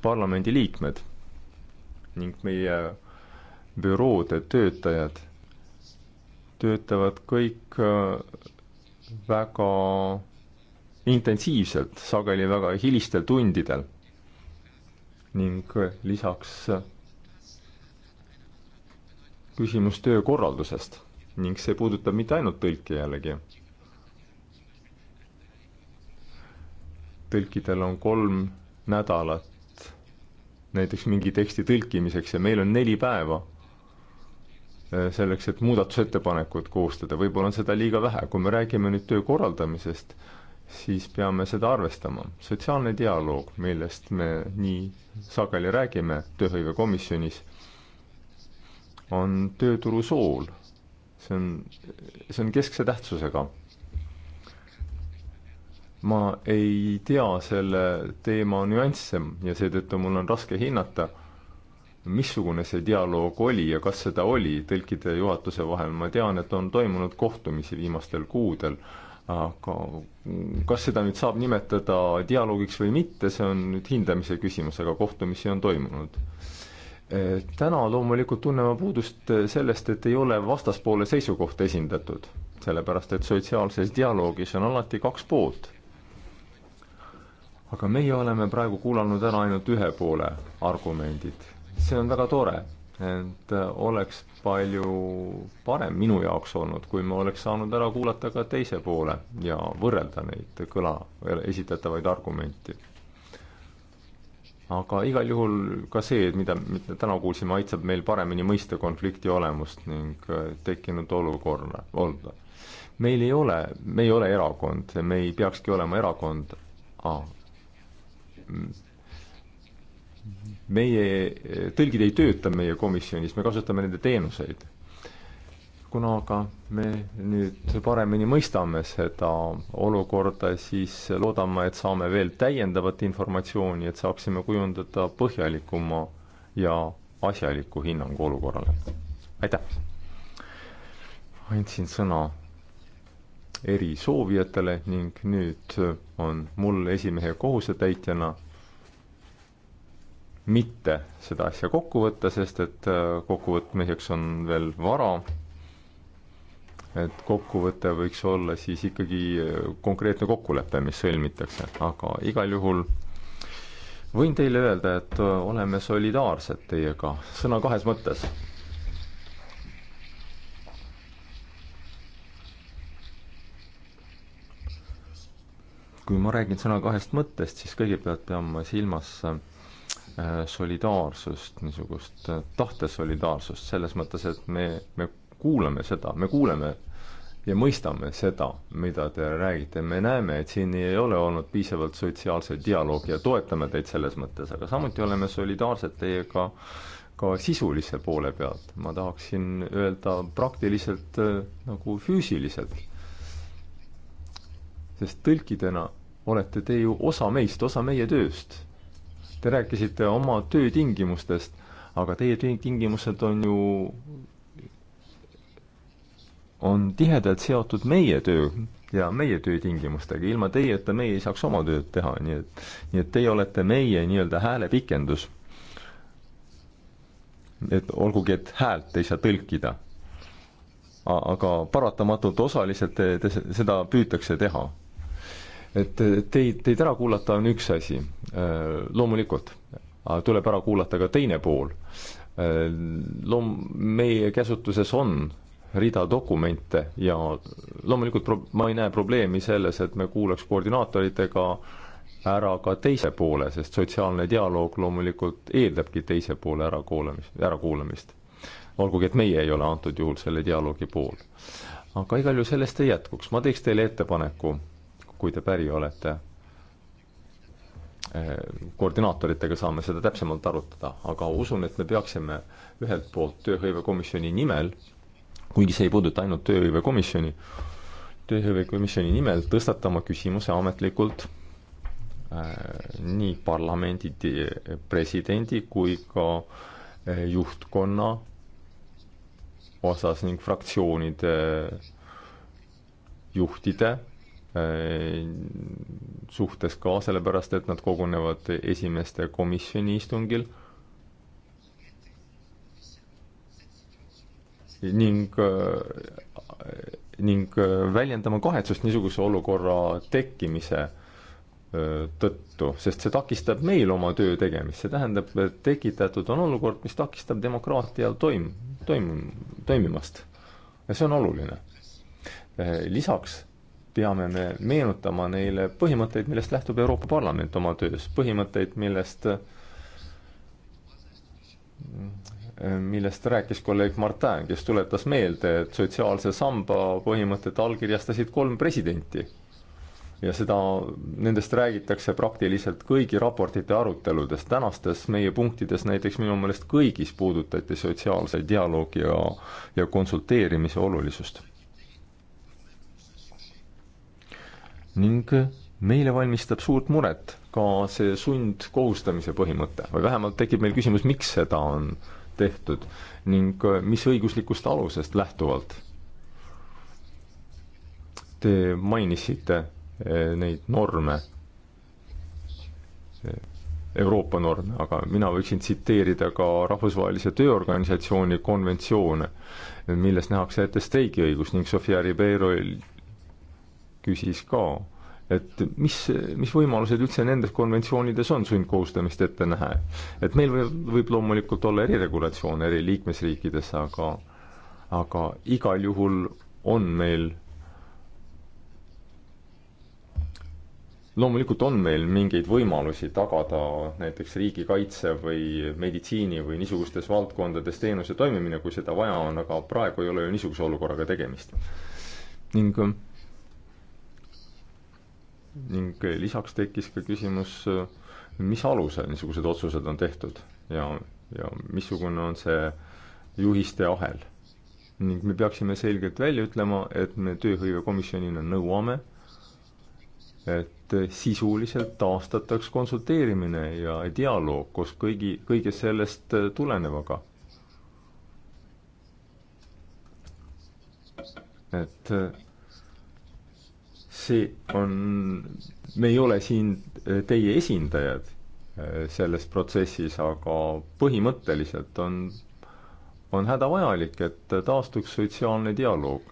parlamendiliikmed ning meie büroode töötajad töötavad kõik äh, väga intensiivselt, sageli väga hilistel tundidel. ning äh, lisaks äh, küsimus töökorraldusest ning see puudutab mitte ainult tõlki jällegi. tõlkidel on kolm nädalat näiteks mingi teksti tõlkimiseks ja meil on neli päeva Äh, selleks, et muudatusettepanekut koostada, võib-olla on seda liiga vähe, kui me räägime nüüd töö korraldamisest, siis peame seda arvestama. sotsiaalne dialoog, millest me nii sageli räägime tööhõivekomisjonis, on tööturu sool. see on, see on keskse tähtsusega. ma ei tea selle teema nüansse ja seetõttu mul on raske hinnata missugune see dialoog oli ja kas seda oli tõlkide ja juhatuse vahel, ma tean, et on toimunud kohtumisi viimastel kuudel, aga kas seda nüüd saab nimetada dialoogiks või mitte, see on nüüd hindamise küsimus, aga kohtumisi on toimunud. Eh, täna loomulikult tunneme puudust sellest, et ei ole vastaspoole seisukohta esindatud, sellepärast et sotsiaalses dialoogis on alati kaks poolt aga meie oleme praegu kuulanud ära ainult ühe poole argumendid see on väga tore, et oleks palju parem minu jaoks olnud, kui ma oleks saanud ära kuulata ka teise poole ja võrrelda neid kõla, esitatavaid argumente. aga igal juhul ka see, mida täna kuulsime, aitab meil paremini mõista konflikti olemust ning tekkinud olukorda, olda. meil ei ole, me ei ole erakond, me ei peakski olema erakond ah,, meie, eh, tõlgid ei tööta meie komisjonis, me kasutame nende teenuseid. kuna aga me nüüd paremini mõistame seda olukorda, siis loodame, et saame veel täiendavat informatsiooni, et saaksime kujundada põhjalikuma ja asjaliku hinnangu olukorrale. aitäh! andsin sõna erisoovijatele ning nüüd on mul esimehe kohusetäitjana mitte seda asja kokku võtta, sest et äh, kokkuvõtmiseks on veel vara, et kokkuvõte võiks olla siis ikkagi äh, konkreetne kokkulepe, mis sõlmitakse, aga igal juhul võin teile öelda, et äh, oleme solidaarsed teiega, sõna kahes mõttes. kui ma räägin sõna kahest mõttest, siis kõigepealt pean ma silmas Äh, solidaarsust, niisugust äh, tahte solidaarsust, selles mõttes, et me, me kuulame seda, me kuuleme ja mõistame seda, mida te räägite, me näeme, et siin ei ole olnud piisavalt sotsiaalset dialoogi ja toetame teid selles mõttes, aga samuti oleme solidaarsed teiega ka sisulise poole pealt, ma tahaksin öelda praktiliselt äh, nagu füüsiliselt. sest tõlkidena olete te ju osa meist, osa meie tööst Te rääkisite oma töötingimustest, aga teie töötingimused on ju, on tihedalt seotud meie töö ja meie töötingimustega, ilma teieta meie ei saaks oma tööd teha, nii et, nii et teie olete meie nii-öelda häälepikendus. et olgugi, et häält ei saa tõlkida. aga paratamatult osaliselt te, te, seda püütakse teha et teid, teid ära kuulata on üks asi, äh, loomulikult, tuleb ära kuulata ka teine pool. Äh, loom-, meie käsutuses on rida dokumente ja loomulikult pro-, ma ei näe probleemi selles, et me kuulaks koordinaatoritega ära ka teise poole, sest sotsiaalne dialoog loomulikult eeldabki teise poole ärakuulamist, ärakuulamist. olgugi, et meie ei ole antud juhul selle dialoogi pool. aga igal juhul sellest ei jätkuks, ma teeks teile ettepaneku kui te päri olete. Äh, koordinaatoritega saame seda täpsemalt arutada, aga usun, et me peaksime ühelt poolt tööhõivekomisjoni nimel, kuigi see ei puuduta ainult tööhõivekomisjoni, tööhõivekomisjoni nimel tõstatama küsimuse ametlikult äh, nii parlamendi presidendi kui ka äh, juhtkonna osas ning fraktsioonide juhtide Äh, suhtes ka, sellepärast et nad kogunevad esimeste komisjoni istungil ning, äh, ning äh, väljendama kahetsust niisuguse olukorra tekkimise tõttu, sest see takistab meil oma töö tegemist, see tähendab, et tekitatud on olukord, mis takistab demokraatial toim-, toim-, toimimast. ja see on oluline. lisaks peame me meenutama neile põhimõtteid, millest lähtub Euroopa Parlament oma töös, põhimõtteid, millest, millest rääkis kolleeg Martin, kes tuletas meelde, et sotsiaalse samba põhimõtet allkirjastasid kolm presidenti. ja seda, nendest räägitakse praktiliselt kõigi raportite aruteludes, tänastes meie punktides näiteks minu meelest kõigis puudutati sotsiaalse dialoogi ja, ja konsulteerimise olulisust ning meile valmistab suurt muret ka see sundkohustamise põhimõte või vähemalt tekib meil küsimus, miks seda on tehtud ning äh, mis õiguslikust alusest lähtuvalt. Te mainisite äh, neid norme, äh, Euroopa norme, aga mina võiksin tsiteerida ka Rahvusvahelise Tööorganisatsiooni konventsioone, milles nähakse ette streigiõigus ning Sofia Ribeiro küsis ka, et mis, mis võimalused üldse nendes konventsioonides on sundkohustamist ette näha. et meil võib, võib loomulikult olla eriregulatsioon eri liikmesriikides, aga aga igal juhul on meil, loomulikult on meil mingeid võimalusi tagada näiteks riigikaitse või meditsiini või niisugustes valdkondades teenuse toimimine, kui seda vaja on, aga praegu ei ole ju niisuguse olukorraga tegemist. ning ning lisaks tekkis ka küsimus, mis alusel niisugused otsused on tehtud ja, ja missugune on see juhiste ahel. ning me peaksime selgelt välja ütlema, et me tööhõivekomisjonina nõuame, et sisuliselt taastataks konsulteerimine ja dialoog koos kõigi, kõige sellest tulenevaga. et see on, me ei ole siin äh, teie esindajad äh, selles protsessis, aga põhimõtteliselt on, on hädavajalik, et taastuks sotsiaalne dialoog,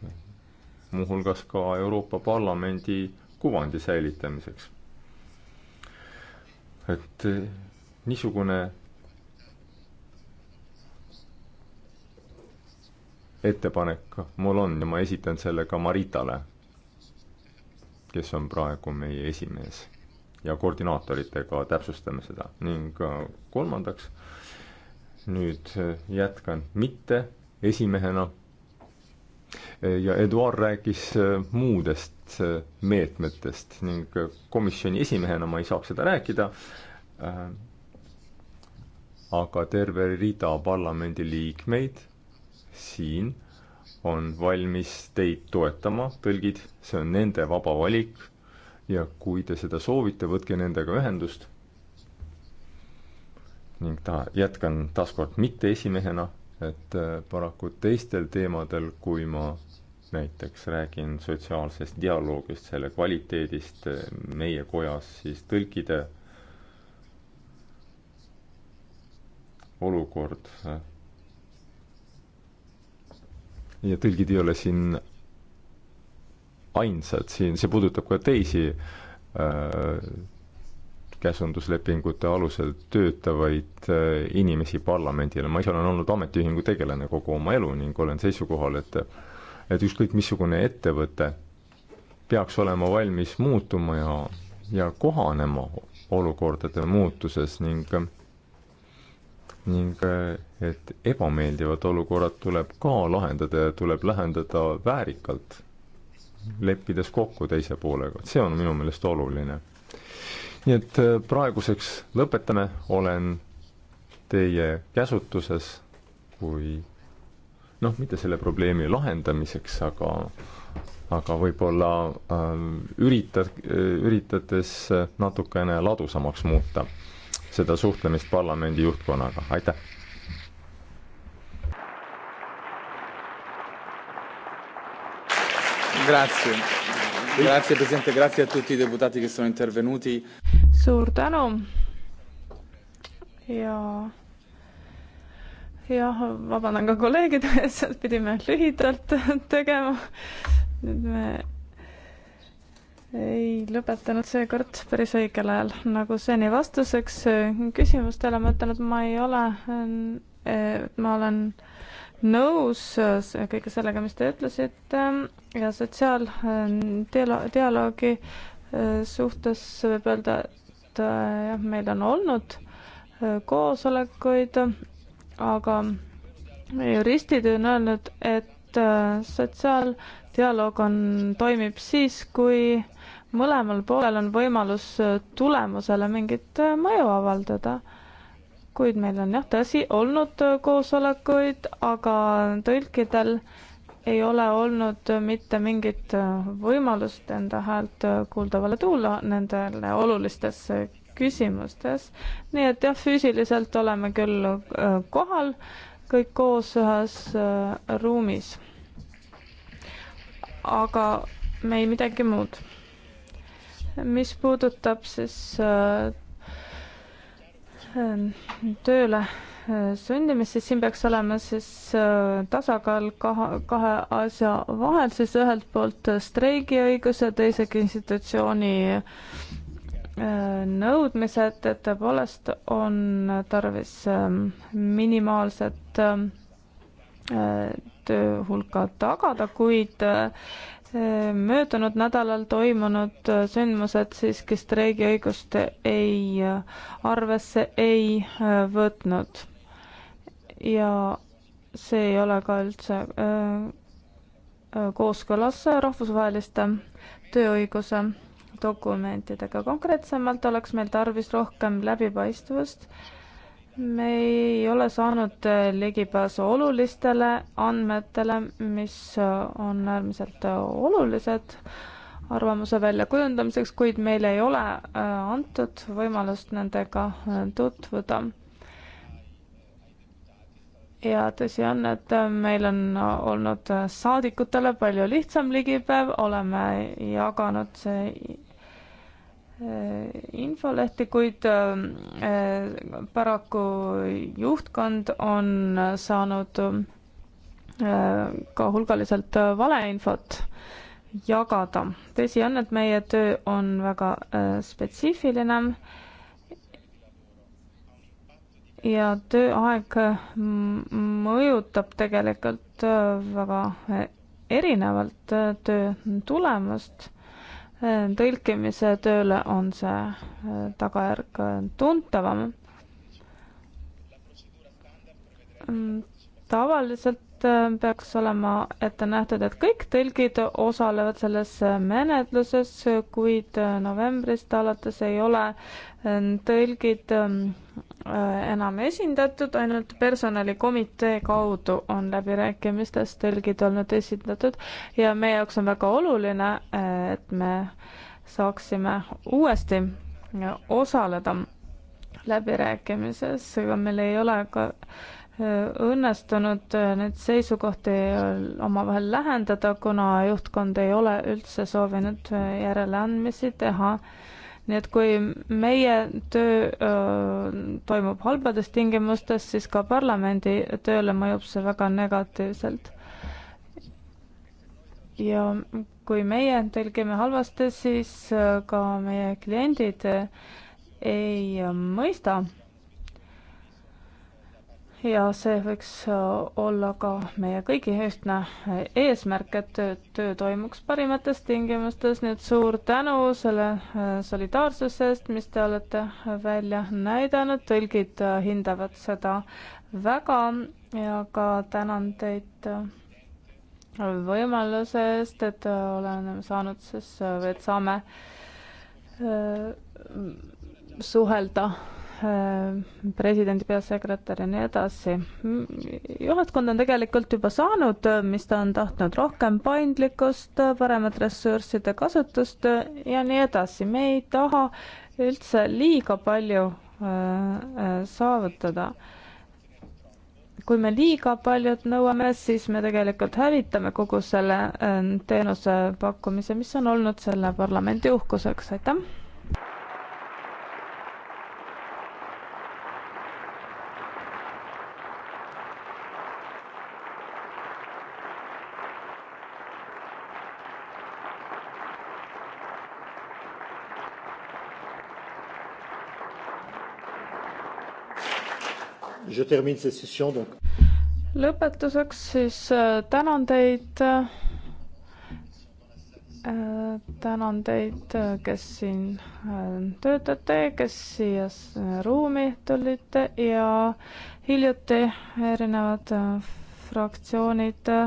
muuhulgas ka Euroopa Parlamendi kuvandi säilitamiseks. et äh, niisugune ettepanek mul on ja ma esitan selle ka Maritale kes on praegu meie esimees ja koordinaatoritega täpsustame seda ning äh, kolmandaks nüüd äh, jätkan mitte esimehena äh, ja Eduard rääkis muudest meetmetest ning komisjoni esimehena ma ei saaks seda rääkida, aga terve rida parlamendiliikmeid siin on valmis teid toetama, tõlgid, see on nende vaba valik ja kui te seda soovite, võtke nendega ühendust. ning ta, jätkan taaskord mitte esimehena, et äh, paraku teistel teemadel, kui ma näiteks räägin sotsiaalsest dialoogist, selle kvaliteedist äh, meie kojas, siis tõlkide olukord äh, ja tõlgid ei ole siin ainsad siin, see puudutab ka teisi äh, käsunduslepingute alusel töötavaid äh, inimesi parlamendile, ma ise olen olnud ametiühingu tegelane kogu oma elu ning olen seisukohal, et et ükskõik missugune ettevõte peaks olema valmis muutuma ja, ja kohanema olukordade muutuses ning äh, ning eh, et ebameeldivad olukorrad tuleb ka lahendada ja tuleb lähendada väärikalt, leppides kokku teise poolega, see on minu meelest oluline. nii et eh, praeguseks lõpetame, olen teie käsutuses, kui noh, mitte selle probleemi lahendamiseks, aga aga võib-olla äh, eh, üritad äh,, üritades natukene ladusamaks muuta seda suhtlemist parlamendi juhtkonnaga, aitäh! Grazie. Grazie Presidente, grazie a tutti i deputati che sono intervenuti. Suur tänu ja jah, vabandan ka kolleegide ees, sealt pidime lühidalt tegema. nüüd me ei lõpetanud seekord päris õigel ajal, nagu seni vastuseks äh, küsimustele ma ütlen, et ma ei ole, äh, ma olen nõus äh, kõige sellega, mis te ütlesite ja sotsiaaldialoogi suhtes võib öelda, et jah, meil on olnud koosolekuid, aga juristid on öelnud, et sotsiaaldialoog on, toimib siis, kui mõlemal poolel on võimalus äh, tulemusele mingit äh, mõju avaldada. kuid meil on jah, tõsi, olnud äh, koosolekuid, aga tõlkidel ei ole olnud mitte mingit võimalust enda häält kuuldavale tulla nendele olulistes küsimustes. nii et jah, füüsiliselt oleme küll kohal, kõik koos ühes ruumis. aga me ei midagi muud mis puudutab siis äh, ähm, tööle äh, sündimist, siis siin peaks olema siis äh, tasakaal kahe, kahe asja vahel, siis ühelt poolt streigiõiguse, teisegi institutsiooni nõudmised, et tõepoolest on tarvis ähm, minimaalset ähm, töö hulka tagada, kuid möödunud nädalal toimunud sündmused siiski streigiõigust ei, arvesse ei äh, võtnud. ja see ei ole ka üldse äh, äh, kooskõlas rahvusvaheliste tööõiguse dokumentidega. konkreetsemalt oleks meil tarvis rohkem läbipaistvust äh, me ei ole saanud äh, ligipääsu olulistele andmetele, mis äh, on äärmiselt äh, olulised arvamuse väljakujundamiseks, kuid meil ei ole antud võimalust nendega tutvuda ja tõsi on, et meil on olnud saadikutele palju lihtsam ligipäev, oleme jaganud see Äh, infolehti, kuid äh, paraku juhtkond on saanud äh, ka hulgaliselt valeinfot jagada. tõsi on, et meie töö on väga spetsiifiline ja tööaeg mõjutab tegelikult väga erinevalt töö tulemust tõlkimise tööle on see äh, tagajärg äh, tuntavam. Mm, tavaliselt äh, peaks olema ette nähtud, et kõik tõlgid osalevad selles menetluses, kuid novembrist alates ei ole tõlgid ähm, Äh, enam esindatud, ainult personalikomitee kaudu on läbirääkimistes tõlgid olnud esindatud ja meie jaoks on väga oluline, et me saaksime uuesti osaleda läbirääkimises, ega meil ei ole ka äh, õnnestunud äh, neid seisukohti omavahel lähendada, kuna juhtkond ei ole üldse soovinud järeleandmisi teha nii et kui meie töö öö, toimub halbades tingimustes, siis ka parlamendi tööle mõjub see väga negatiivselt. ja kui meie tõlgime halvasti, siis ka meie kliendid ei mõista ja see võiks äh, olla ka meie kõigi ühtne äh, eesmärk, et töö, töö toimuks parimates tingimustes, nii et suur tänu selle äh, solidaarsuse eest, mis te olete välja näidanud, tõlgid hindavad seda väga ja ka tänan teid võimaluse eest, et oleme saanud siis, et saame suhelda Äh, presidendi peasekretär ja nii edasi. juhatkond on tegelikult juba saanud, mis ta on tahtnud, rohkem paindlikkust, paremat ressursside kasutust ja nii edasi. me ei taha üldse liiga palju äh, äh, saavutada. kui me liiga paljud nõuame, siis me tegelikult hävitame kogu selle teenuse pakkumise, mis on olnud selle parlamendi uhkuseks, aitäh! lõpetuseks siis äh, tänan teid, äh, tänan teid, äh, kes siin töötate, kes siia ruumi tulite ja hiljuti erinevad fraktsioonid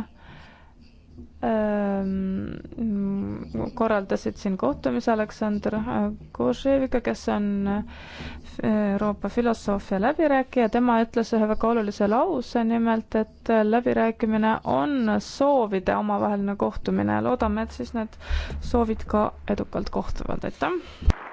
korraldasid siin kohtumise Aleksander Koževiga, kes on äh, Euroopa filosoofia läbirääkija, tema ütles ühe väga olulise lause, nimelt et läbirääkimine on soovide omavaheline kohtumine ja loodame, et siis need soovid ka edukalt kohtuvad, aitäh!